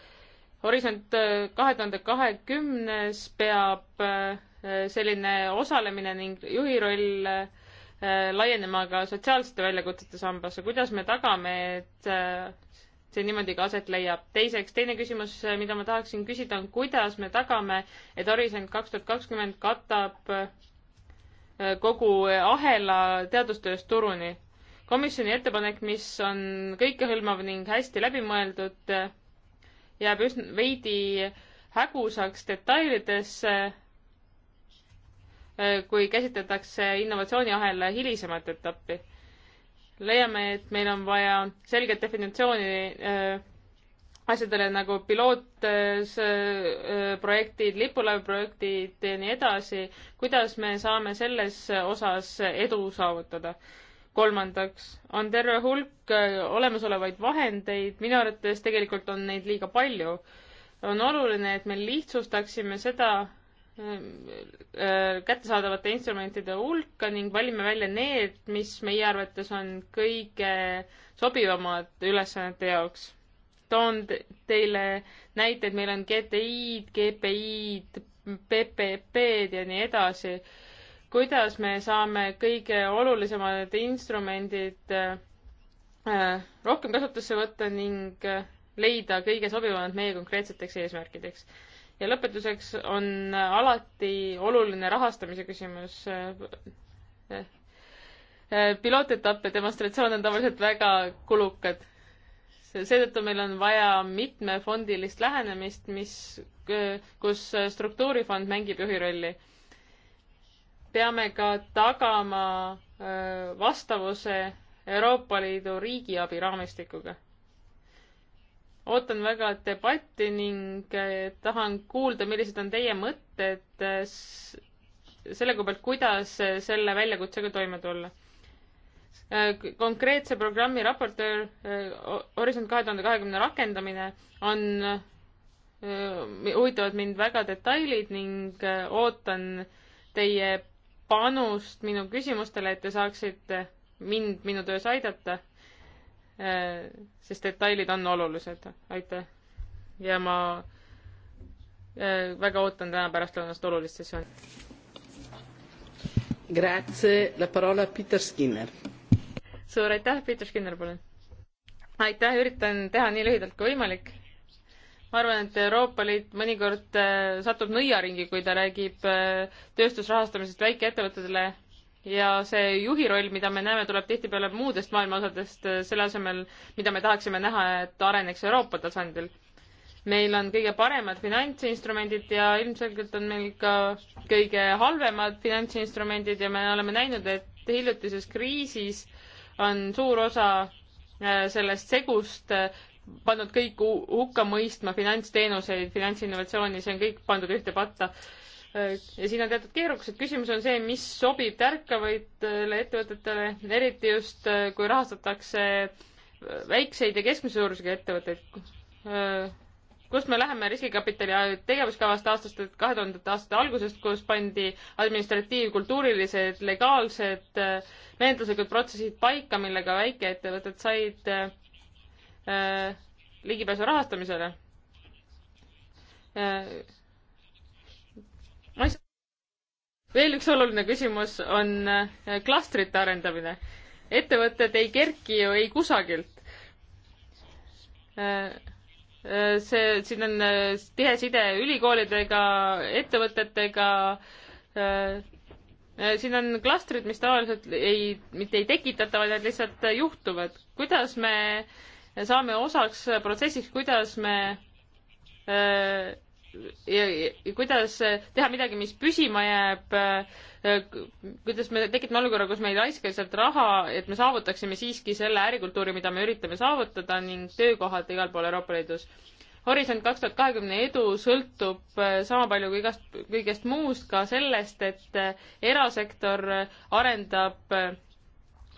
[SPEAKER 4] Horisont kahe tuhande kahekümnes peab selline osalemine ning juhi roll Äh, laienema ka sotsiaalsete väljakutsete sambasse, kuidas me tagame, et äh, see niimoodi ka aset leiab. teiseks, teine küsimus, äh, mida ma tahaksin küsida, on kuidas me tagame, et Horisont kaks tuhat kakskümmend katab kogu ahela teadustööst turuni. komisjoni ettepanek, mis on kõikehõlmav ning hästi läbimõeldud, jääb üsna veidi hägusaks detailidesse Äh, kui käsitletakse innovatsiooniahela hilisemat etappi. leiame, et meil on vaja selget definitsiooni äh, asjadele nagu pilootprojektid, äh, lipulaevaprojektid ja nii edasi, kuidas me saame selles osas edu saavutada. kolmandaks, on terve hulk olemasolevaid vahendeid, minu arvates tegelikult on neid liiga palju. on oluline, et me lihtsustaksime seda, Äh, äh, kättesaadavate instrumentide hulka ning valime välja need, mis meie arvates on kõige sobivamad ülesannete jaoks. toon teile näiteid, meil on GTI-d, GPI-d, PPP-d ja nii edasi. kuidas me saame kõige olulisemad instrumendid äh, rohkem kasutusse võtta ning leida kõige sobivamad meie konkreetseteks eesmärkideks ja lõpetuseks on alati oluline rahastamise küsimus. pilootetappe demonstratsioon on tavaliselt väga kulukad. seetõttu meil on vaja mitmefondilist lähenemist, mis, kus struktuurifond mängib juhi rolli. peame ka tagama äh, vastavuse Euroopa Liidu riigiabi raamistikuga ootan väga debatti ning eh, tahan kuulda, millised on teie mõtted eh, selle koha pealt, kuidas eh, selle väljakutsega toime tulla. konkreetse programmi raportöör Horisont kahe tuhande kahekümne rakendamine on, huvitavad mind väga detailid ning ootan teie panust minu küsimustele, et te saaksite mind minu töös aidata Äh, sest detailid on olulised. aitäh! ja ma äh, väga ootan täna pärastlõunast olulist sessiooni.
[SPEAKER 1] Grazie, la parola Peter Skinner.
[SPEAKER 4] suur aitäh, Peter Skinner, palun. aitäh, üritan teha nii lühidalt kui võimalik. ma arvan, et Euroopa Liit mõnikord äh, satub nõiaringi, kui ta räägib äh, tööstusrahastamisest väikeettevõtetele ja see juhi roll, mida me näeme, tuleb tihtipeale muudest maailma osadest, äh, selle asemel, mida me tahaksime näha, et areneks Euroopa tasandil. meil on kõige paremad finantsinstrumendid ja ilmselgelt on meil ka kõige halvemad finantsinstrumendid ja me oleme näinud, et hiljutises kriisis on suur osa äh, sellest segust äh, pannud kõik hukka mõistma finantsteenuseid, finantsinnovatsiooni, see on kõik pandud ühte patta ja siin on teatud keerukused. küsimus on see, mis sobib tärkavatele ettevõtetele, eriti just äh, kui rahastatakse äh, väikseid ja keskmise suurusega ettevõtteid. Äh, kust me läheme riskikapitali tegevuskavast aastast, kahe tuhandete aastate algusest, kus pandi administratiivkultuurilised, legaalsed, menetluslikud protsessid paika, millega väikeettevõtted said ligipääsu rahastamisele veel üks oluline küsimus on äh, klastrite arendamine. ettevõtted ei kerki ju ei kusagilt. Äh, äh, see, siin on tihe side ülikoolidega, ettevõtetega. siin on klastrid, mis tavaliselt ei, mitte ei tekitata, vaid nad lihtsalt juhtuvad. kuidas me saame osaks protsessiks, kuidas me ja, ja kuidas äh, teha midagi, mis püsima jääb, äh, kuidas me tekitame olukorra, kus me ei raiska lihtsalt raha, et me saavutaksime siiski selle ärikultuuri, mida me üritame saavutada ning töökohad igal pool Euroopa Liidus. Horisont kaks tuhat kahekümne edu sõltub äh, sama palju kui igast, kõigest muust ka sellest, et erasektor arendab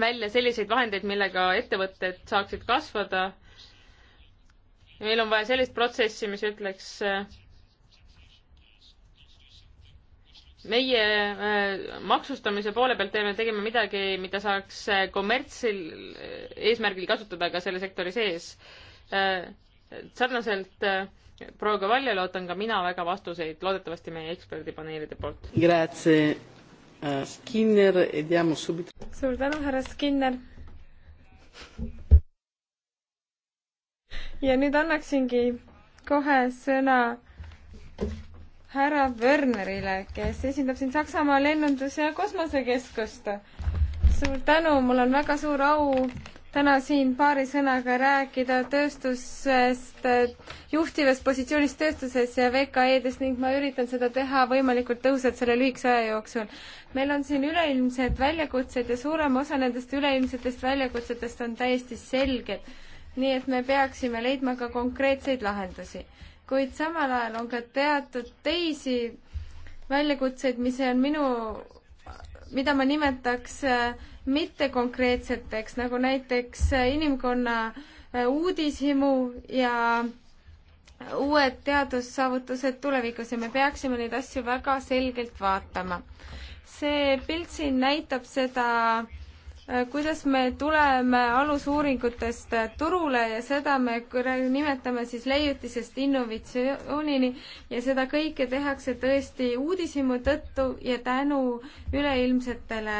[SPEAKER 4] välja selliseid vahendeid, millega ettevõtted saaksid kasvada. meil on vaja sellist protsessi, mis ütleks meie äh, maksustamise poole pealt teeme, tegime midagi, mida saaks äh, kommertsil äh, eesmärgil kasutada ka selle sektori sees. Äh, sarnaselt äh, proua Kavaljale ootan ka mina väga vastuseid, loodetavasti meie eksperdipaneelide poolt.
[SPEAKER 1] Äh, e
[SPEAKER 4] suur tänu, härra Skinner.
[SPEAKER 3] ja nüüd annaksingi kohe sõna härra Wernerile, kes esindab siin Saksamaa Lennundus- ja Kosmosekeskust. suur tänu, mul on väga suur au täna siin paari sõnaga rääkida tööstusest, juhtivast positsioonist tööstuses ja VKE-des ning ma üritan seda teha võimalikult tõhusalt selle lühikese aja jooksul. meil on siin üleilmsed väljakutsed ja suurem osa nendest üleilmsetest väljakutsetest on täiesti selged. nii et me peaksime leidma ka konkreetseid lahendusi kuid samal ajal on ka teatud teisi väljakutseid, mis on minu, mida ma nimetaks äh, mittekonkreetseteks, nagu näiteks äh, inimkonna äh, uudishimu ja uued teadussaavutused tulevikus ja me peaksime neid asju väga selgelt vaatama. see pilt siin näitab seda äh, kuidas me tuleme alusuuringutest turule ja seda me nimetame siis leiutisest innovatsioonini ja seda kõike tehakse tõesti uudishimu tõttu ja tänu üleilmsetele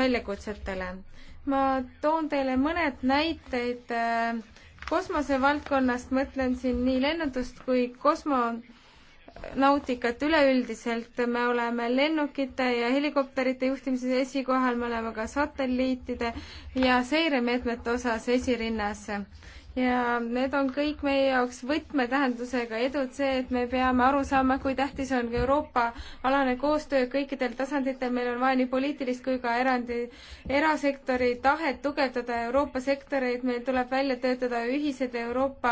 [SPEAKER 3] väljakutsetele. ma toon teile mõned näited kosmosevaldkonnast, mõtlen siin nii lennundust kui kosmo- nautikat üleüldiselt, me oleme lennukite ja helikopterite juhtimises esikohal, me oleme ka satelliitide ja seiremeetmete osas esirinnas ja need on kõik meie jaoks võtmetähendusega edud, see, et me peame aru saama, kui tähtis on Euroopa alane koostöö kõikidel tasanditel, meil on vaja nii poliitilist kui ka erandi, erasektori tahet tugevdada Euroopa sektoreid, meil tuleb välja töötada ühised Euroopa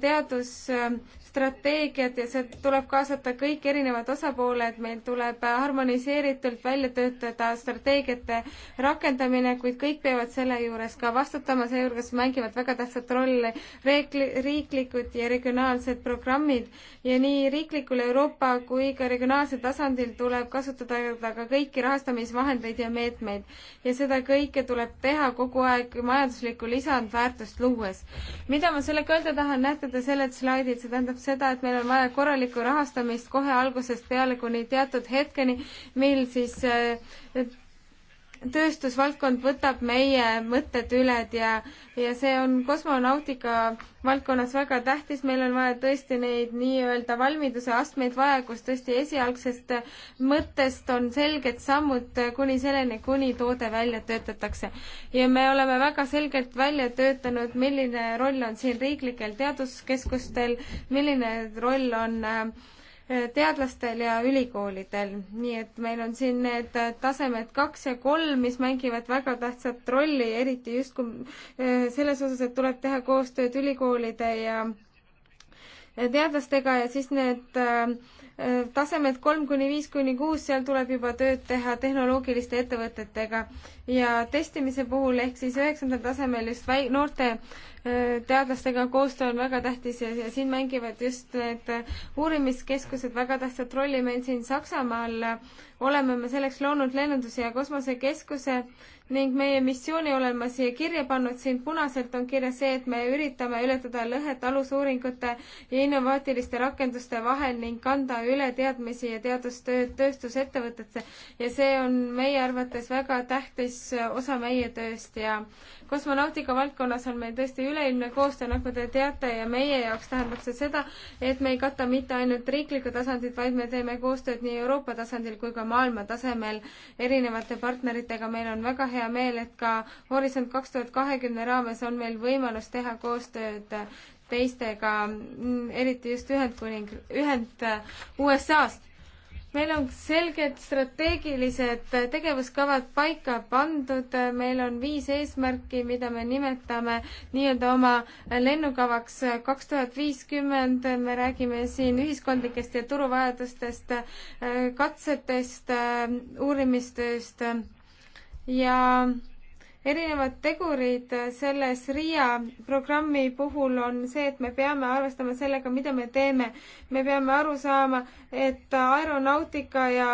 [SPEAKER 3] teadusstrateegiad ja see tuleb kaasata kõik erinevad osapooled, meil tuleb harmoniseeritult välja töötada strateegiate rakendamine, kuid kõik peavad selle juures ka vastutama, seejuures mängivad väga tähtsat rolli rolle, riiklikud ja regionaalsed programmid ja nii riiklikul Euroopa kui ka regionaalsel tasandil tuleb kasutada ka kõiki rahastamisvahendeid ja meetmeid ja seda kõike tuleb teha kogu aeg majanduslikku lisandväärtust luues. mida ma sellega öelda tahan, näete te sellelt slaidilt, see tähendab seda, et meil on vaja korralikku rahastamist kohe algusest peale kuni teatud hetkeni, mil siis äh, tööstusvaldkond võtab meie mõtted üled ja, ja see on kosmonautika valdkonnas väga tähtis, meil on vaja tõesti neid nii-öelda valmiduse astmeid vaja, kus tõesti esialgsest mõttest on selged sammud kuni selleni, kuni toode välja töötatakse. ja me oleme väga selgelt välja töötanud, milline roll on siin riiklikel teaduskeskustel, milline roll on äh, teadlastel ja ülikoolidel, nii et meil on siin need tasemed kaks ja kolm, mis mängivad väga tähtsat rolli, eriti just kui äh, selles osas, et tuleb teha koostööd ülikoolide ja teadlastega ja siis need äh, tasemed kolm kuni viis kuni kuus, seal tuleb juba tööd teha tehnoloogiliste ettevõtetega ja testimise puhul ehk siis üheksandal tasemel just väi-, noorte teadlastega koostöö on väga tähtis ja, ja siin mängivad just need uurimiskeskused väga tähtsat rolli. meil siin Saksamaal oleme me selleks loonud lennunduse ja kosmosekeskuse ning meie missiooni olen ma siia kirja pannud. siin punaselt on kirjas see, et me üritame ületada lõhet alusuuringute ja innovaatiliste rakenduste vahel ning kanda üle teadmisi ja teadustööd tööstusettevõtetesse. ja see on meie arvates väga tähtis osa meie tööst ja kosmonautika valdkonnas on meil tõesti üle üleilmne koostöö, nagu te teate, ja meie jaoks tähendab see seda, et me ei kata mitte ainult riiklikku tasandit, vaid me teeme koostööd nii Euroopa tasandil kui ka maailma tasemel erinevate partneritega. meil on väga hea meel, et ka Horisont kaks tuhat kahekümne raames on meil võimalus teha koostööd teistega, eriti just Ühendkuning, Ühend USA-st meil on selged strateegilised tegevuskavad paika pandud, meil on viis eesmärki, mida me nimetame nii-öelda oma lennukavaks kaks tuhat viiskümmend, me räägime siin ühiskondlikest ja turuvajadustest, katsetest, uurimistööst ja erinevad tegurid selles RIA programmi puhul on see, et me peame arvestama sellega, mida me teeme. me peame aru saama, et aeronautika ja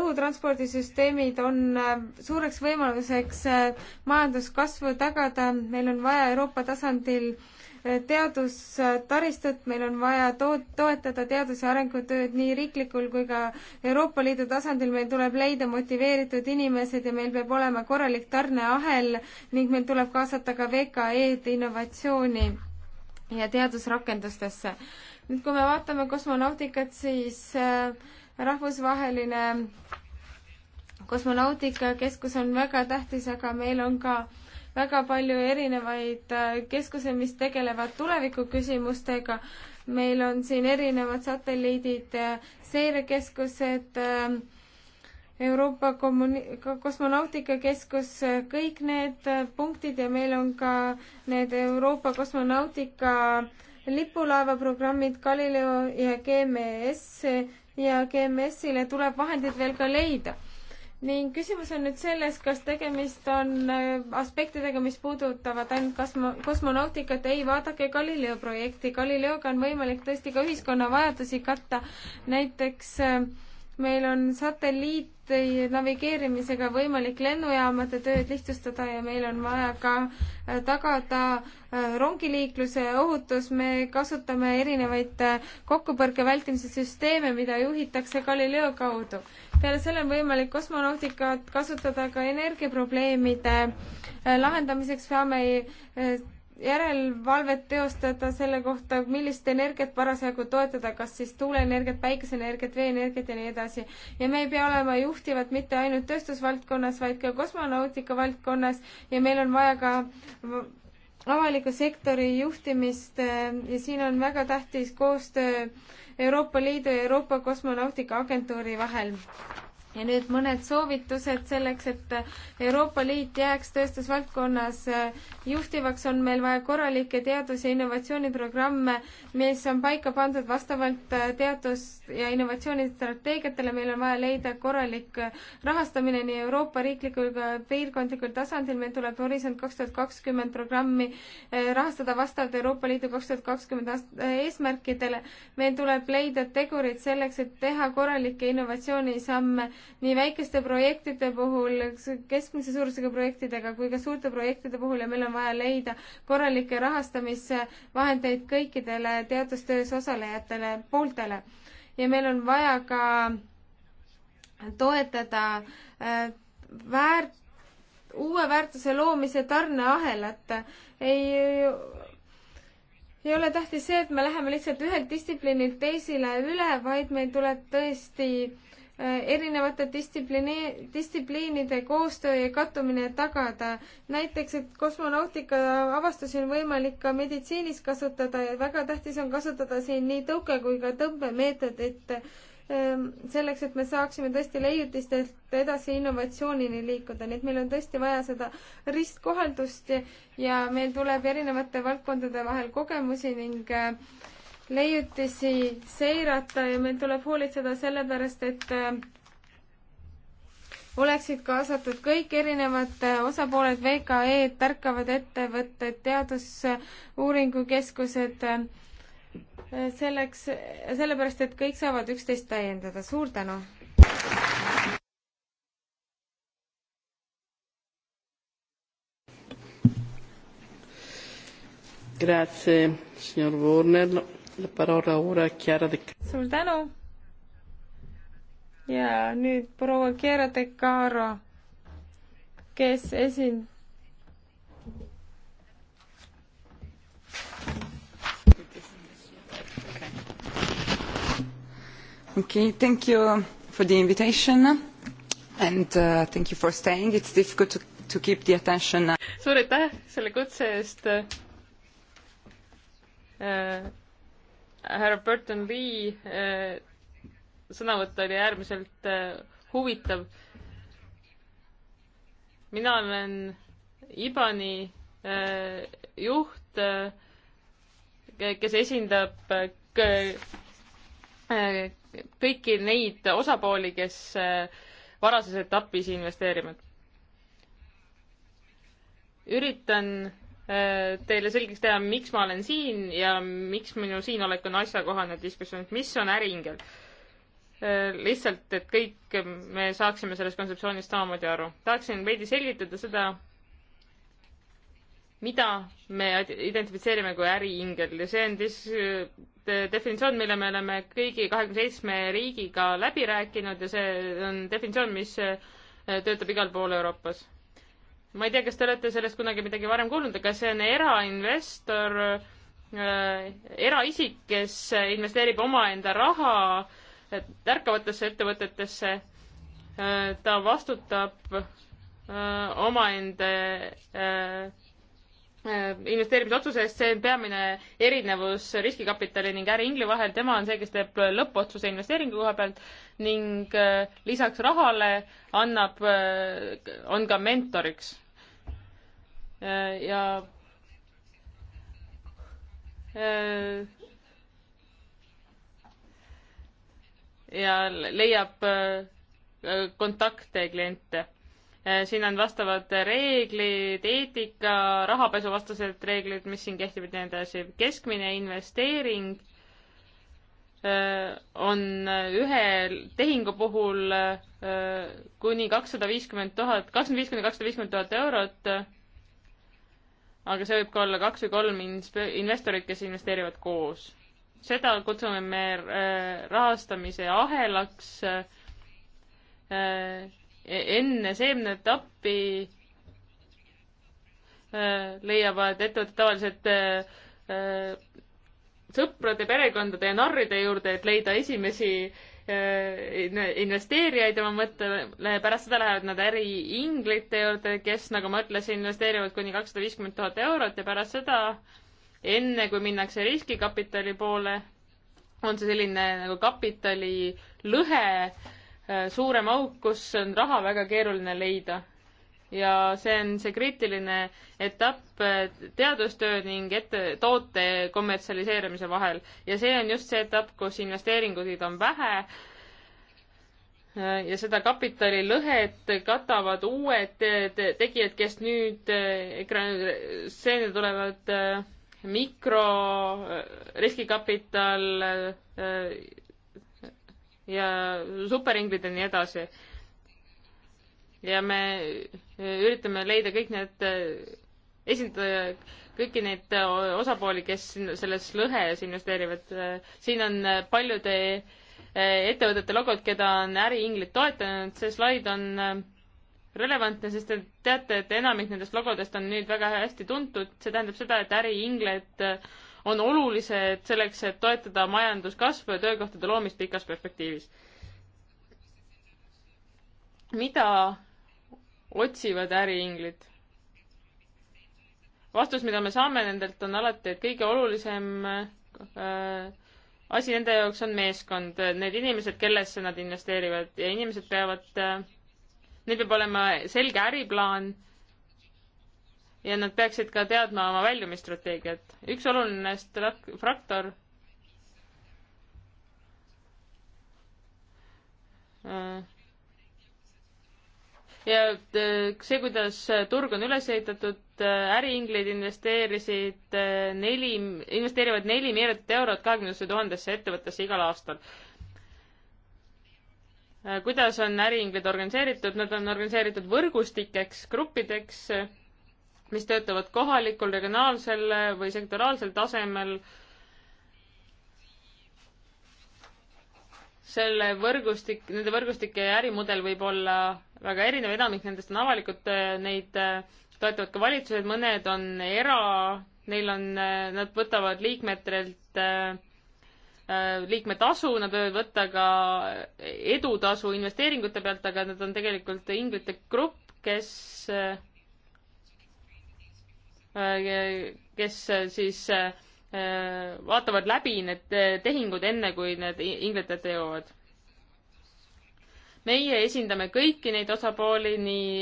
[SPEAKER 3] õhutranspordisüsteemid on äh, suureks võimaluseks äh, majanduskasvu tagada. meil on vaja Euroopa tasandil äh, teadustaristut, meil on vaja to-, toetada teadus- ja arengutööd nii riiklikul kui ka Euroopa Liidu tasandil, meil tuleb leida motiveeritud inimesed ja meil peab olema korralik tarneahel ning meil tuleb kaasata ka VKE-d innovatsiooni ja teadusrakendustesse. nüüd, kui me vaatame kosmonautikat, siis äh, rahvusvaheline kosmonautikakeskus on väga tähtis, aga meil on ka äh, väga palju erinevaid äh, keskuseid, mis tegelevad tulevikuküsimustega. meil on siin erinevad satelliidid, seirekeskused, äh, Euroopa kommuni-, kosmonautikakeskus, äh, kõik need punktid ja meil on ka need Euroopa kosmonautika lipulaevaprogrammid Galileo ja GMS ja GMS-ile tuleb vahendid veel ka leida ning küsimus on nüüd selles, kas tegemist on äh, aspektidega, mis puudutavad ainult kasmo-, kosmonautikat, ei, vaadake Galileo projekti. Galileoga on võimalik tõesti ka ühiskonna vajadusi katta, näiteks äh, meil on satelliiti navigeerimisega võimalik lennujaamade tööd lihtsustada ja meil on vaja ka äh, tagada äh, rongiliikluse ohutus. me kasutame erinevaid äh, kokkupõrke vältimise süsteeme, mida juhitakse Galileo kaudu. peale selle on võimalik kosmonautikat kasutada ka energiaprobleemide lahendamiseks. peame järelevalvet teostada selle kohta, millist energiat parasjagu toetada, kas siis tuuleenergiat, päikeseenergiat, veeenergiat ja nii edasi. ja me ei pea olema juhtivad mitte ainult tööstusvaldkonnas, vaid ka kosmonautika valdkonnas ja meil on vaja ka avaliku sektori juhtimist eh, ja siin on väga tähtis koostöö Euroopa Liidu ja Euroopa Kosmonautika Agentuuri vahel ja nüüd mõned soovitused selleks, et Euroopa Liit jääks tööstusvaldkonnas äh, juhtivaks, on meil vaja korralikke teadus- ja innovatsiooniprogramme, mis on paika pandud vastavalt äh, teadus- ja innovatsioonistrateegiatele. meil on vaja leida korralik äh, rahastamine nii Euroopa riiklikul kui piirkondlikul tasandil. meil tuleb Horisont kaks tuhat kakskümmend programmi rahastada vastavalt Euroopa Liidu kaks tuhat kakskümmend eesmärkidele. meil tuleb leida tegurid selleks, et teha korralikke innovatsioonisamme nii väikeste projektide puhul, keskmise suurusega projektidega kui ka suurte projektide puhul ja meil on vaja leida korralikke rahastamisvahendeid kõikidele teadustöös osalejatele, pooltele. ja meil on vaja ka toetada äh, väärt-, uue väärtuse loomise tarneahelat. ei, ei ole tähtis see, et me läheme lihtsalt ühelt distsipliinilt teisele üle, vaid meil tuleb tõesti Äh, erinevate distsipliini, distsipliinide koostöö ja kattumine tagada. näiteks, et kosmonautika avastusi on võimalik ka meditsiinis kasutada ja väga tähtis on kasutada siin nii tõuke kui ka tõmbemeetodit ähm, selleks, et me saaksime tõesti leiutistelt edasi innovatsioonini liikuda, nii et meil on tõesti vaja seda ristkohaldust ja meil tuleb erinevate valdkondade vahel kogemusi ning äh, leiutisi seirata ja meil tuleb hoolitseda sellepärast, et äh, oleksid kaasatud kõik erinevad äh, osapooled, VKE-d, tärkavad ettevõtted, teadusuuringukeskused, äh, selleks, sellepärast, et kõik saavad üksteist täiendada. suur tänu!
[SPEAKER 1] Grazie, signor Warner
[SPEAKER 3] suur tänu. ja nüüd proua Chiara De Caro, kes esind-. Okay, thank you for the invitation and uh, thank you for staying. It's difficult to, to keep the attention.
[SPEAKER 4] suur aitäh selle kutse eest äh, härra Burton Lee eh, sõnavõtt oli äärmiselt eh, huvitav. mina olen IBAN-i eh, juht, kes esindab kõiki neid osapooli, kes varases etapis investeerivad. üritan teile selgeks teha, miks ma olen siin ja miks minu siinolek on asjakohane diskussioon, mis on äriingel. lihtsalt, et kõik me saaksime sellest kontseptsioonist samamoodi aru. tahaksin veidi selgitada seda, mida me identifitseerime kui äriingel ja see on siis definitsioon, mille me oleme kõigi kahekümne seitsme riigiga läbi rääkinud ja see on definitsioon, mis töötab igal pool Euroopas ma ei tea, kas te olete sellest kunagi midagi varem kuulnud, aga see on erainvestor äh,, eraisik, kes investeerib omaenda raha äh, ärkavatesse ettevõtetesse äh,. ta vastutab äh, omaenda äh, Äh, investeerimisotsuse eest, see on peamine erinevus riskikapitali ning äriingli vahel, tema on see, kes teeb lõppotsuse investeeringu koha pealt ning äh, lisaks rahale annab, äh, on ka mentoriks. ja ja leiab kontakte, kliente Äh, siin on vastavad reeglid, eetika, rahapesuvastased reeglid, mis siin kehtivad ja nii edasi. keskmine investeering äh, on äh, ühe tehingu puhul kuni kakssada viiskümmend tuhat, kakskümmend viis kuni kakssada viiskümmend tuhat eurot. aga see võib ka olla kaks või kolm investorit, kes investeerivad koos. seda kutsume me rahastamise ahelaks enne seemnetappi äh, leiavad ettevõtted tavaliselt äh, äh, sõprade, perekondade ja narride juurde, et leida esimesi investeerijaid oma mõttele, pärast seda lähevad nad äriinglite juurde, kes, nagu ma ütlesin, investeerivad kuni kakssada viiskümmend tuhat eurot ja pärast seda, enne kui minnakse riskikapitali poole, on see selline nagu kapitali lõhe Äh, suurem auk, kus on raha väga keeruline leida. ja see on see kriitiline etapp äh, teadustöö ning ette, toote kommertsialiseerimise vahel ja see on just see etapp, kus investeeringuid on vähe äh, ja seda kapitalilõhet katavad uued te te tegijad, kes nüüd ekraanile tulevad mikro riskikapital, ja superinglid ja nii edasi. ja me e, üritame leida kõik need e, esindaja, kõiki neid e, osapooli, kes selles lõhes investeerivad. siin on paljude ettevõtete logod, keda on äriinglid toetanud, see slaid on relevantne, sest te teate, et enamik nendest logodest on nüüd väga hästi tuntud, see tähendab seda, et äriingled äh, on olulised selleks, et toetada majanduskasvu ja töökohtade loomist pikas perspektiivis. mida otsivad äriinglid? vastus, mida me saame nendelt, on alati, et kõige olulisem äh, asi nende jaoks on meeskond, need inimesed, kellesse nad investeerivad ja inimesed peavad äh,, neil peab olema selge äriplaan äh, ja nad peaksid ka teadma oma väljumisstrateegiat. üks oluline fraktor äh, ja äh, see, kuidas turg on üles ehitatud, äh, äriinglid investeerisid neli, investeerivad neli miljardit eurot kahekümnendasse tuhandesse ettevõttesse igal aastal. kuidas on äriinglid organiseeritud, nad on organiseeritud võrgustikeks, gruppideks mis töötavad kohalikul, regionaalsel või sektoraalsel tasemel. selle võrgustik, nende võrgustike ärimudel võib olla väga erinev, enamik nendest on avalikud, neid äh, toetavad ka valitsused, mõned on era, neil on, äh, nad võtavad liikmetelt äh, liikmetasu, nad võivad võtta ka edutasu investeeringute pealt, aga nad on tegelikult inglite grupp, kes kes eh, siis eh, vaatavad läbi need eh, tehingud, enne kui need inglatelt jõuavad. meie esindame kõiki neid osapooli, nii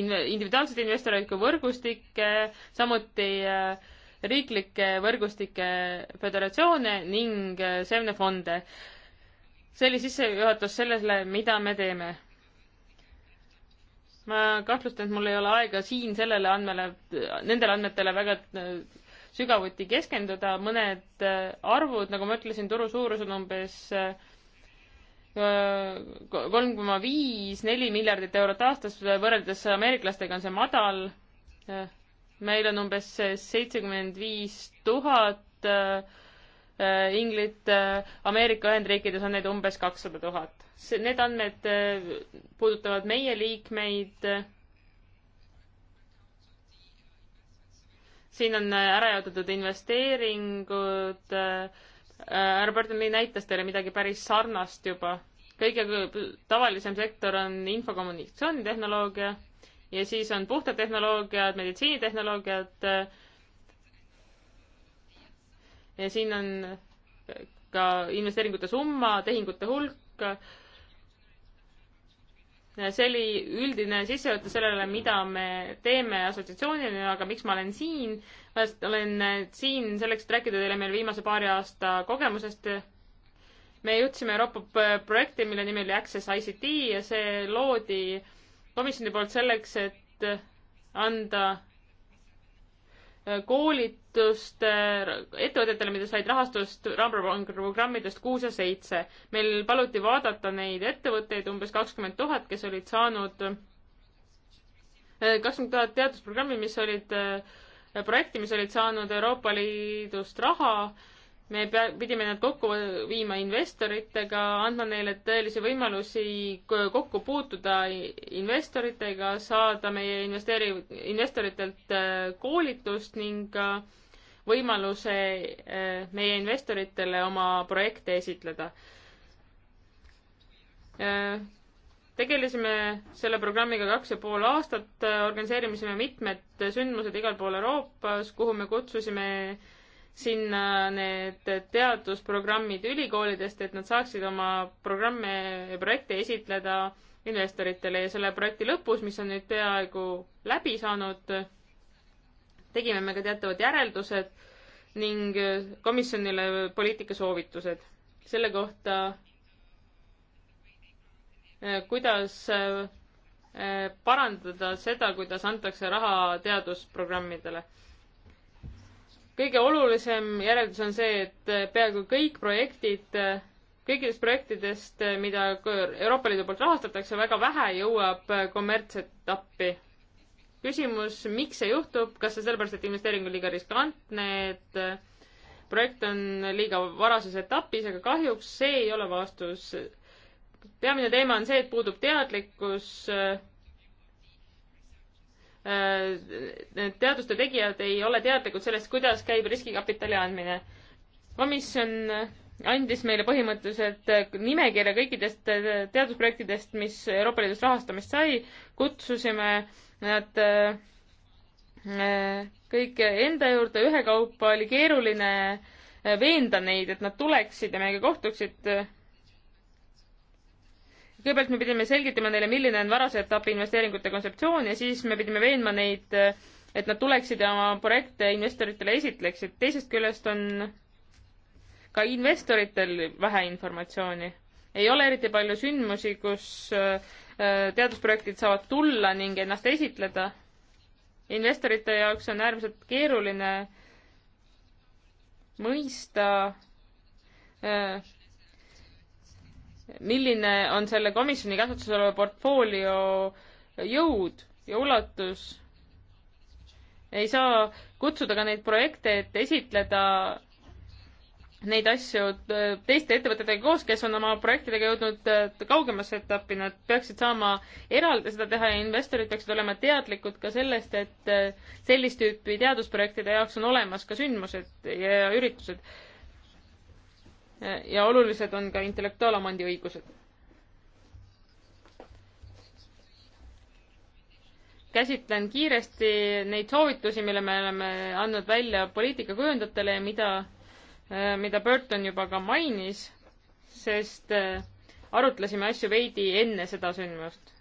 [SPEAKER 4] individuaalseid investoreid kui võrgustikke, samuti riiklikke võrgustike föderatsioone ning seemnefonde. see oli sissejuhatus sellele, mida me teeme ma kahtlustan, et mul ei ole aega siin sellele andmele, nendele andmetele väga äh, sügavuti keskenduda, mõned äh, arvud, nagu ma ütlesin, turu suurus on umbes äh, kolm koma viis, neli miljardit eurot aastas, võrreldes ameeriklastega on see madal. meil on umbes seitsekümmend viis tuhat inglit, Ameerika Ühendriikides on neid umbes kakssada tuhat see, need andmed äh, puudutavad meie liikmeid. siin on äh, ära jaotatud investeeringud. Äh, Roberto, me näitas teile midagi päris sarnast juba. kõige tavalisem sektor on infokommunikatsioonitehnoloogia ja siis on puhtad tehnoloogiad, meditsiinitehnoloogiad. ja siin on ka investeeringute summa, tehingute hulk, see oli üldine sissejuhatus sellele, mida me teeme assotsiatsioonina, aga miks ma olen siin, olen äh, siin selleks, et rääkida teile meil viimase paari aasta kogemusest. me juhtisime Euroopa projekti, mille nimi oli Access ICT ja see loodi komisjoni poolt selleks, et anda koolitust ettevõtetele, mida said rahastust raamprogrammidest kuus ja seitse. meil paluti vaadata neid ettevõtteid, umbes kakskümmend tuhat, kes olid saanud eh, kakskümmend tuhat teadusprogrammi, mis olid eh, projekti, mis olid saanud Euroopa Liidust raha me pea, pidime nad kokku viima investoritega, andma neile tõelisi võimalusi kokku puutuda investoritega, saada meie investeeri-, investoritelt äh, koolitust ning ka äh, võimaluse äh, meie investoritele oma projekte esitleda. tegelesime selle programmiga kaks ja pool aastat, organiseerimisime mitmed sündmused igal pool Euroopas, kuhu me kutsusime sinna need teadusprogrammid ülikoolidest, et nad saaksid oma programme ja projekte esitleda investoritele ja selle projekti lõpus, mis on nüüd peaaegu läbi saanud, tegime me ka teatavad järeldused ning komisjonile poliitikasoovitused selle kohta, kuidas eh, parandada seda, kuidas antakse raha teadusprogrammidele kõige olulisem järeldus on see, et äh, peaaegu kõik projektid, äh, kõikidest projektidest, äh, mida Euroopa Liidu poolt rahastatakse, väga vähe jõuab kommertsetappi. küsimus, miks see juhtub, kas see sellepärast, et investeering on liiga riskantne, et projekt on liiga varases etapis, aga kahjuks see ei ole vastus. peamine teema on see, et puudub teadlikkus äh, Äh, teaduste tegijad ei ole teadlikud sellest, kuidas käib riskikapitali andmine. komisjon andis meile põhimõtteliselt äh, nimekirja kõikidest äh, teadusprojektidest, mis Euroopa Liidust rahastamist sai, kutsusime nad kõik enda juurde ühekaupa, oli keeruline veenda neid, et nad tuleksid ja meiega kohtuksid kõigepealt me pidime selgitama neile, milline on varase etapi investeeringute kontseptsioon ja siis me pidime veenma neid, et nad tuleksid ja oma projekte investoritele esitleksid. teisest küljest on ka investoritel vähe informatsiooni. ei ole eriti palju sündmusi, kus äh, teadusprojektid saavad tulla ning ennast esitleda. investorite jaoks on äärmiselt keeruline mõista äh, milline on selle komisjoni käsutuses oleva portfoolio jõud ja ulatus. ei saa kutsuda ka neid projekte, et esitleda neid asju äh, teiste ettevõtetega koos, kes on oma projektidega jõudnud äh, kaugemasse etappi, nad peaksid saama eraldi seda teha ja investorid peaksid olema teadlikud ka sellest, et äh, sellist tüüpi teadusprojektide jaoks on olemas ka sündmused ja üritused ja olulised on ka intellektuaalomandi õigused. käsitlen kiiresti neid soovitusi, mille me oleme andnud välja poliitikakujundajatele ja mida, mida Burton juba ka mainis, sest äh, arutlesime asju veidi enne seda sündmust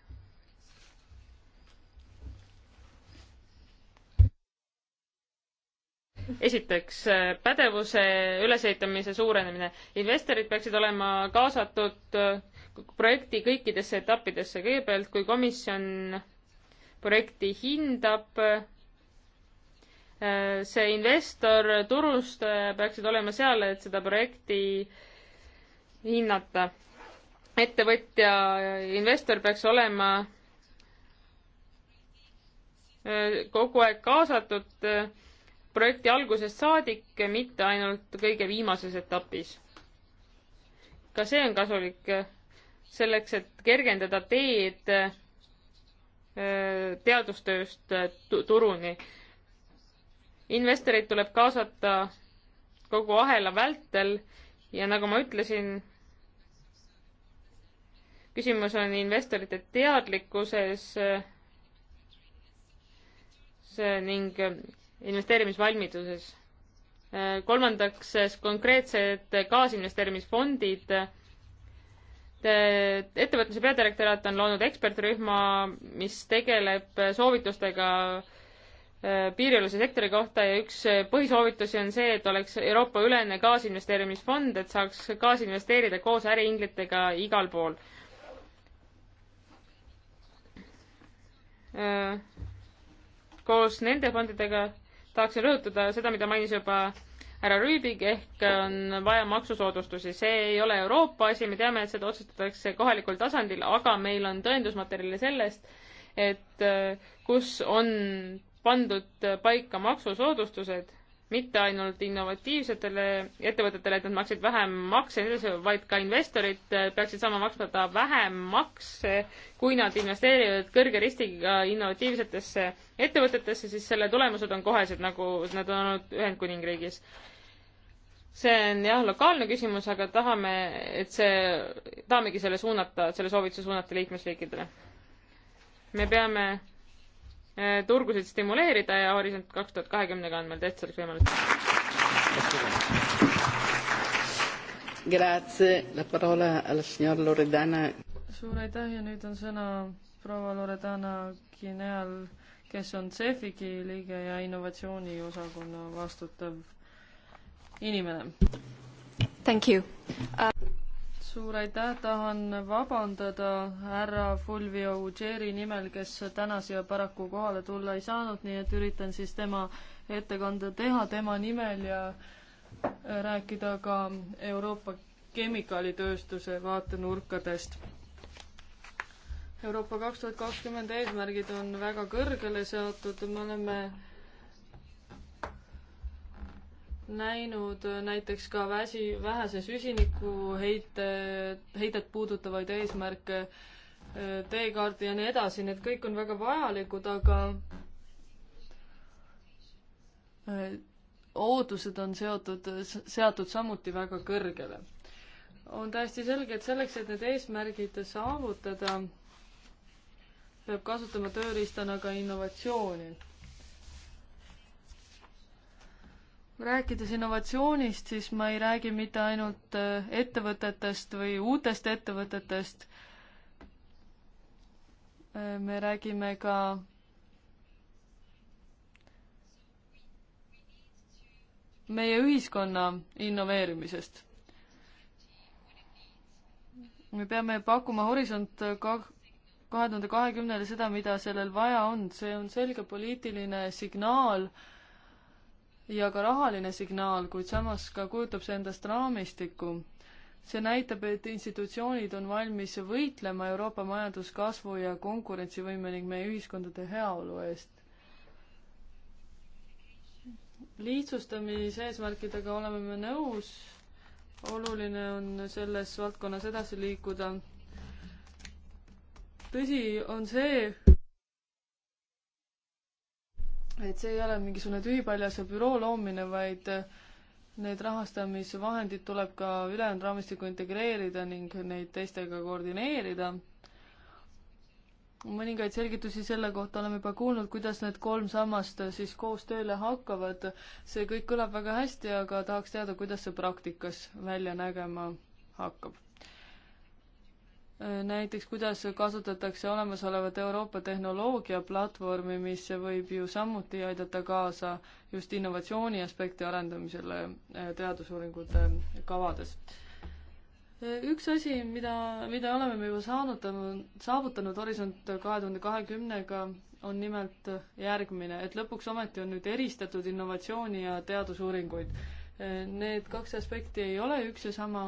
[SPEAKER 4] esiteks äh, pädevuse ülesehitamise suurenemine. investorid peaksid olema kaasatud äh, projekti kõikidesse etappidesse. kõigepealt, kui komisjon projekti hindab, äh, see investor, turustaja peaksid olema seal, et seda projekti hinnata. ettevõtja, investor peaks olema kogu aeg kaasatud projekti algusest saadik, mitte ainult kõige viimases etapis. ka see on kasulik selleks, et kergendada teed äh, teadustööst äh, turuni. investoreid tuleb kaasata kogu ahela vältel ja nagu ma ütlesin, küsimus on investorite teadlikkuses äh, ning investeerimisvalmiduses. kolmandaks, konkreetsed kaasinvesteerimisfondid. ettevõtluse peadirektoraat on loonud ekspertrühma, mis tegeleb soovitustega eh, piiriülese sektori kohta ja üks põhisoovitusi on see, et oleks Euroopa-ülene kaasinvesteerimisfond, et saaks kaasinvesteerida koos äriinglitega igal pool. Eh, koos nende fondidega tahaksin rõhutada seda, mida mainis juba härra Rüübig, ehk on vaja maksusoodustusi. see ei ole Euroopa asi, me teame, et seda otsustatakse kohalikul tasandil, aga meil on tõendusmaterjali sellest, et eh, kus on pandud paika maksusoodustused, mitte ainult innovatiivsetele ettevõtetele, et nad maksid vähem makse, vaid ka investorid äh, peaksid saama maksma vähem makse, kui nad investeerivad kõrge ristiga innovatiivsetesse ettevõtetesse, siis selle tulemused on kohesed, nagu nad on olnud Ühendkuningriigis. see on jah, lokaalne küsimus, aga tahame, et see, tahamegi selle suunata, selle soovituse suunata liikmesriikidele. me peame Eh, turgusid stimuleerida ja Horisont kaks tuhat kahekümnega on meil tõesti selleks võimalus.
[SPEAKER 2] suur aitäh ja nüüd on sõna proua Loredana Kineal, kes on CEFIC-i liige ja innovatsiooniosakonna vastutav inimene. Thank you uh suur aitäh, tahan vabandada härra Fulvio Ugeri nimel, kes täna siia paraku kohale tulla ei saanud, nii et üritan siis tema ettekande teha tema nimel ja äh, rääkida ka Euroopa kemikaalitööstuse vaatenurkadest. Euroopa kaks tuhat kakskümmend eesmärgid on väga kõrgele seatud, me oleme näinud näiteks ka väsi, vähese süsinikuheite, heidet puudutavaid eesmärke, teekaarti ja nii edasi, need kõik on väga vajalikud, aga äh, ootused on seotud, seatud samuti väga kõrgele. on täiesti selge, et selleks, et need eesmärgid saavutada, peab kasutama tööriistana ka innovatsiooni rääkides innovatsioonist, siis ma ei räägi mitte ainult äh, ettevõtetest või uutest ettevõtetest, äh, me räägime ka meie ühiskonna innoveerimisest. me peame pakkuma Horisont kahe tuhande kahekümnele seda, mida sellel vaja on, see on selge poliitiline signaal äh, ja ka rahaline signaal, kuid samas ka kujutab see endast raamistikku. see näitab, et institutsioonid on valmis võitlema Euroopa majanduskasvu ja konkurentsivõime ning meie ühiskondade heaolu eest. lihtsustamise eesmärkidega oleme me nõus, oluline on selles valdkonnas edasi liikuda. tõsi on see, et see ei ole mingisugune tühipaljas büroo loomine, vaid äh, need rahastamisvahendid tuleb ka ülejäänud raamistikku integreerida ning neid teistega koordineerida. mõningaid selgitusi selle kohta oleme juba kuulnud, kuidas need kolm sammast äh, siis koos tööle hakkavad. see kõik kõlab väga hästi, aga tahaks teada, kuidas see praktikas välja nägema hakkab näiteks kuidas kasutatakse olemasolevat Euroopa tehnoloogiaplatvormi, mis võib ju samuti aidata kaasa just innovatsiooni aspekti arendamisele äh, teadusuuringute kavades. üks asi, mida, mida oleme me juba saavutanud, saavutanud Horisont kahe tuhande kahekümnega, on nimelt järgmine, et lõpuks ometi on nüüd eristatud innovatsiooni ja teadusuuringuid. Need kaks aspekti ei ole üks ja sama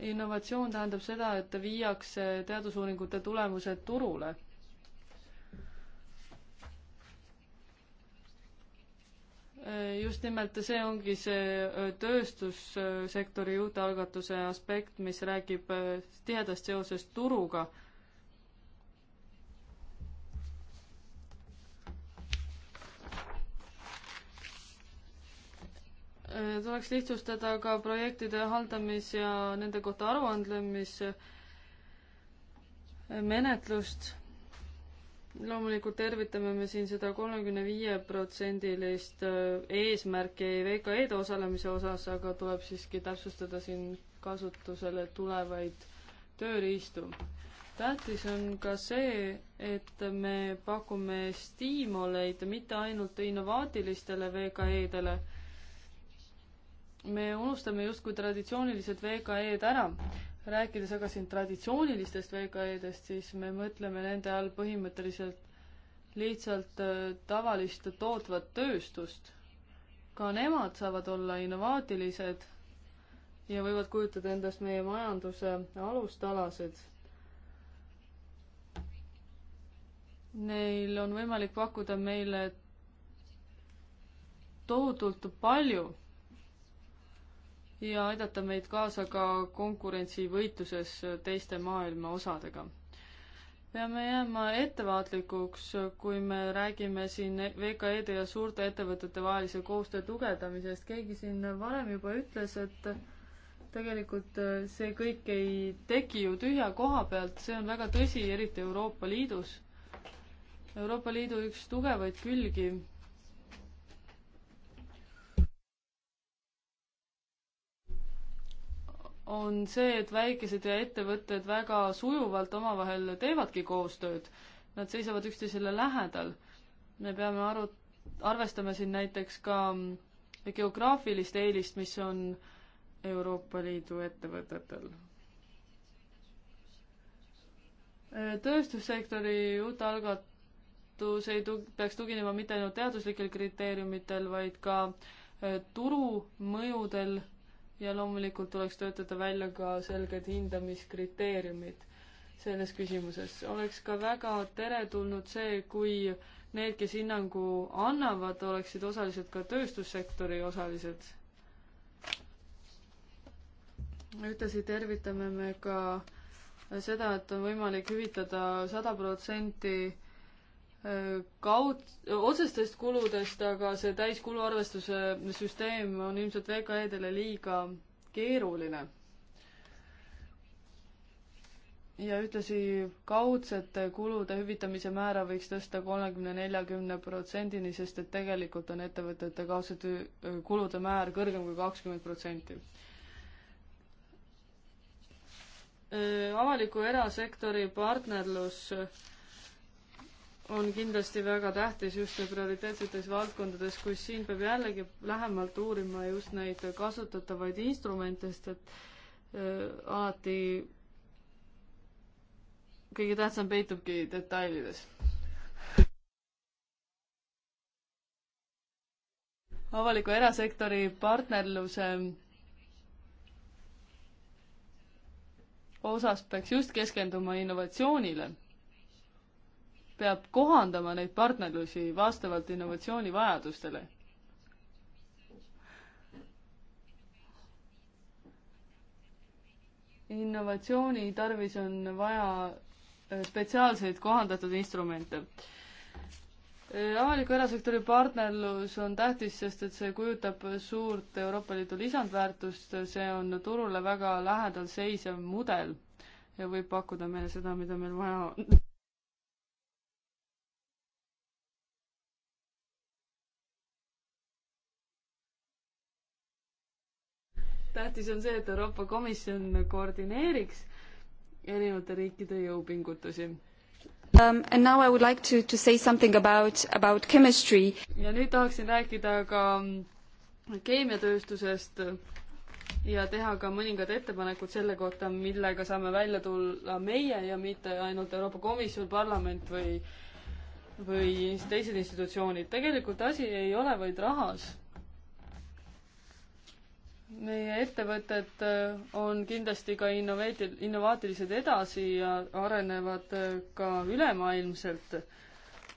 [SPEAKER 2] innovatsioon tähendab seda, et viiakse teadusuuringute tulemused turule. just nimelt see ongi see äh, tööstussektori uute algatuse aspekt, mis räägib äh, tihedast seosest turuga tuleks lihtsustada ka projektide haldamis- ja nende kohta aruandlemismenetlust. loomulikult tervitame me siin seda kolmekümne viie protsendilist äh, eesmärki VKE-de osalemise osas, aga tuleb siiski täpsustada siin kasutusele tulevaid tööriistu. tähtis on ka see, et me pakume stiimuleid mitte ainult innovaatilistele VKE-dele me unustame justkui traditsioonilised VKE-d ära. rääkides aga siin traditsioonilistest VKE-dest, siis me mõtleme nende all põhimõtteliselt lihtsalt äh, tavalist tootvat tööstust. ka nemad saavad olla innovaatilised ja võivad kujutada endast meie majanduse alustalasid. Neil on võimalik pakkuda meile tohutult palju ja aidata meid kaasa ka konkurentsivõitluses teiste maailma osadega. peame jääma ettevaatlikuks, kui me räägime siin VKE-de ja suurte ettevõtete vahelise koostöö tugevdamisest. keegi siin varem juba ütles, et tegelikult see kõik ei teki ju tühja koha pealt, see on väga tõsi, eriti Euroopa Liidus. Euroopa Liidu üks tugevaid külgi on see, et väikesed ja ettevõtted väga sujuvalt omavahel teevadki koostööd. Nad seisavad üksteisele lähedal. me peame aru, arvestama siin näiteks ka mm, geograafilist eelist, mis on Euroopa Liidu ettevõtetel. Äh, tööstussektori uut algatus ei tu-, peaks tuginema mitte ainult teaduslikel kriteeriumitel, vaid ka äh, turumõjudel ja loomulikult tuleks töötada välja ka selged hindamiskriteeriumid selles küsimuses. oleks ka väga teretulnud see, kui need, kes hinnangu annavad, oleksid osaliselt ka tööstussektori osalised. ühtlasi tervitame me ka seda, et on võimalik hüvitada sada protsenti kaud-, otsestest kuludest, aga see täiskuluarvestuse süsteem on ilmselt VKE-dele liiga keeruline. ja ühtlasi kaudsete kulude hüvitamise määra võiks tõsta kolmekümne, neljakümne protsendini, sest et tegelikult on ettevõtete kaudsete kulude määr kõrgem kui kakskümmend protsenti avaliku erasektori partnerlus on kindlasti väga tähtis just prioriteetsetes valdkondades, kus siin peab jällegi lähemalt uurima just neid kasutatavaid instrumente, sest et äh, alati kõige tähtsam peitubki detailides. avaliku erasektori partnerluse osas peaks just keskenduma innovatsioonile peab kohandama neid partnerlusi vastavalt innovatsiooni vajadustele. innovatsiooni tarvis on vaja äh, spetsiaalseid kohandatud instrumente äh, avaliku erasektori partnerlus on tähtis, sest et see kujutab suurt Euroopa Liidu lisandväärtust, see on turule väga lähedal seisev mudel ja võib pakkuda meile seda, mida meil vaja on. tähtis on see, et Euroopa Komisjon koordineeriks erinevate riikide jõupingutusi.
[SPEAKER 3] Um, and now I would like to, to say something about, about chemistry.
[SPEAKER 2] ja nüüd tahaksin rääkida ka mm, keemiatööstusest ja teha ka mõningad ettepanekud selle kohta, millega saame välja tulla meie ja mitte ainult Euroopa Komisjon, parlament või, või teised institutsioonid. tegelikult asi ei ole vaid rahas meie ettevõtted äh, on kindlasti ka innoveetil-, innovaatilised edasi ja arenevad äh, ka ülemaailmselt.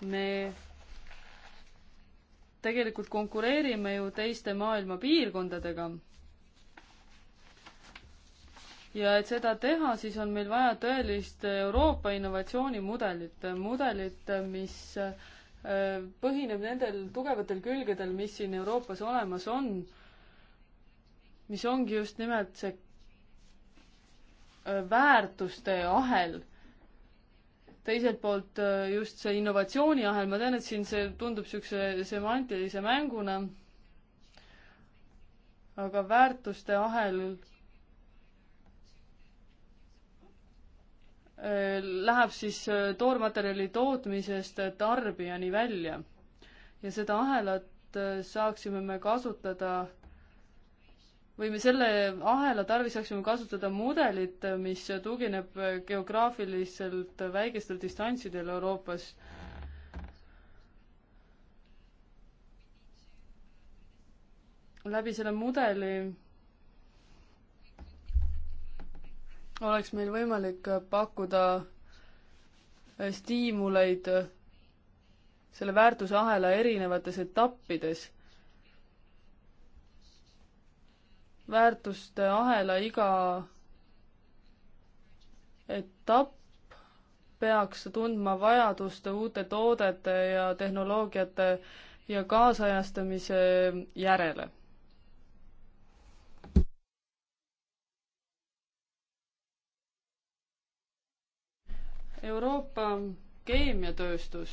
[SPEAKER 2] me tegelikult konkureerime ju teiste maailma piirkondadega. ja et seda teha, siis on meil vaja tõelist äh, Euroopa innovatsioonimudelit, mudelit, mis põhineb nendel tugevatel külgedel, mis siin Euroopas olemas on mis ongi just nimelt see äh, väärtuste ahel. teiselt poolt äh, just see innovatsiooni ahel, ma tean, et siin see tundub niisuguse semantilise mänguna, aga väärtuste ahel äh, läheb siis toormaterjali tootmisest tarbijani välja. ja seda ahelat saaksime me kasutada või me selle ahela tarvis saaksime kasutada mudelit, mis tugineb geograafiliselt väikestel distantsidel Euroopas. läbi selle mudeli oleks meil võimalik pakkuda stiimuleid selle väärtusahela erinevates etappides väärtuste ahela iga etapp peaks tundma vajadust uute toodete ja tehnoloogiate ja kaasajastamise järele. Euroopa keemiatööstus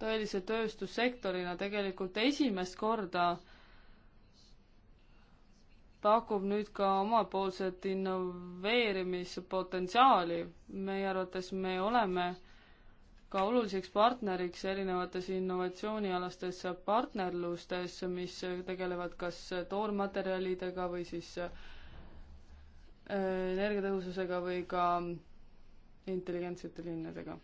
[SPEAKER 2] tõelise tööstussektorina tegelikult esimest korda äh, pakub nüüd ka omapoolset innoveerimispotentsiaali. meie arvates me oleme ka oluliseks partneriks erinevates innovatsioonialastes partnerlustes, mis tegelevad kas toormaterjalidega või siis äh, energiatõhususega või ka intelligentsete linnadega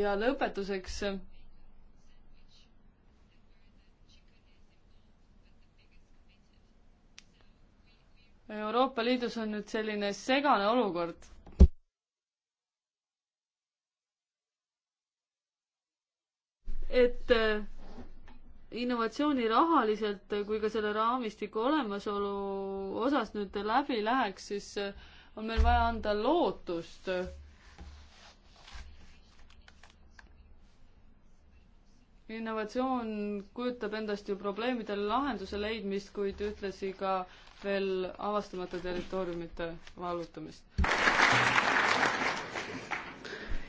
[SPEAKER 2] ja lõpetuseks Euroopa Liidus on nüüd selline segane olukord. et äh, innovatsiooni rahaliselt kui ka selle raamistiku olemasolu osas nüüd läbi läheks, siis äh, on meil vaja anda lootust innovatsioon kujutab endast ju probleemidele lahenduse leidmist, kuid ühtlasi ka veel avastamata territooriumite vallutamist.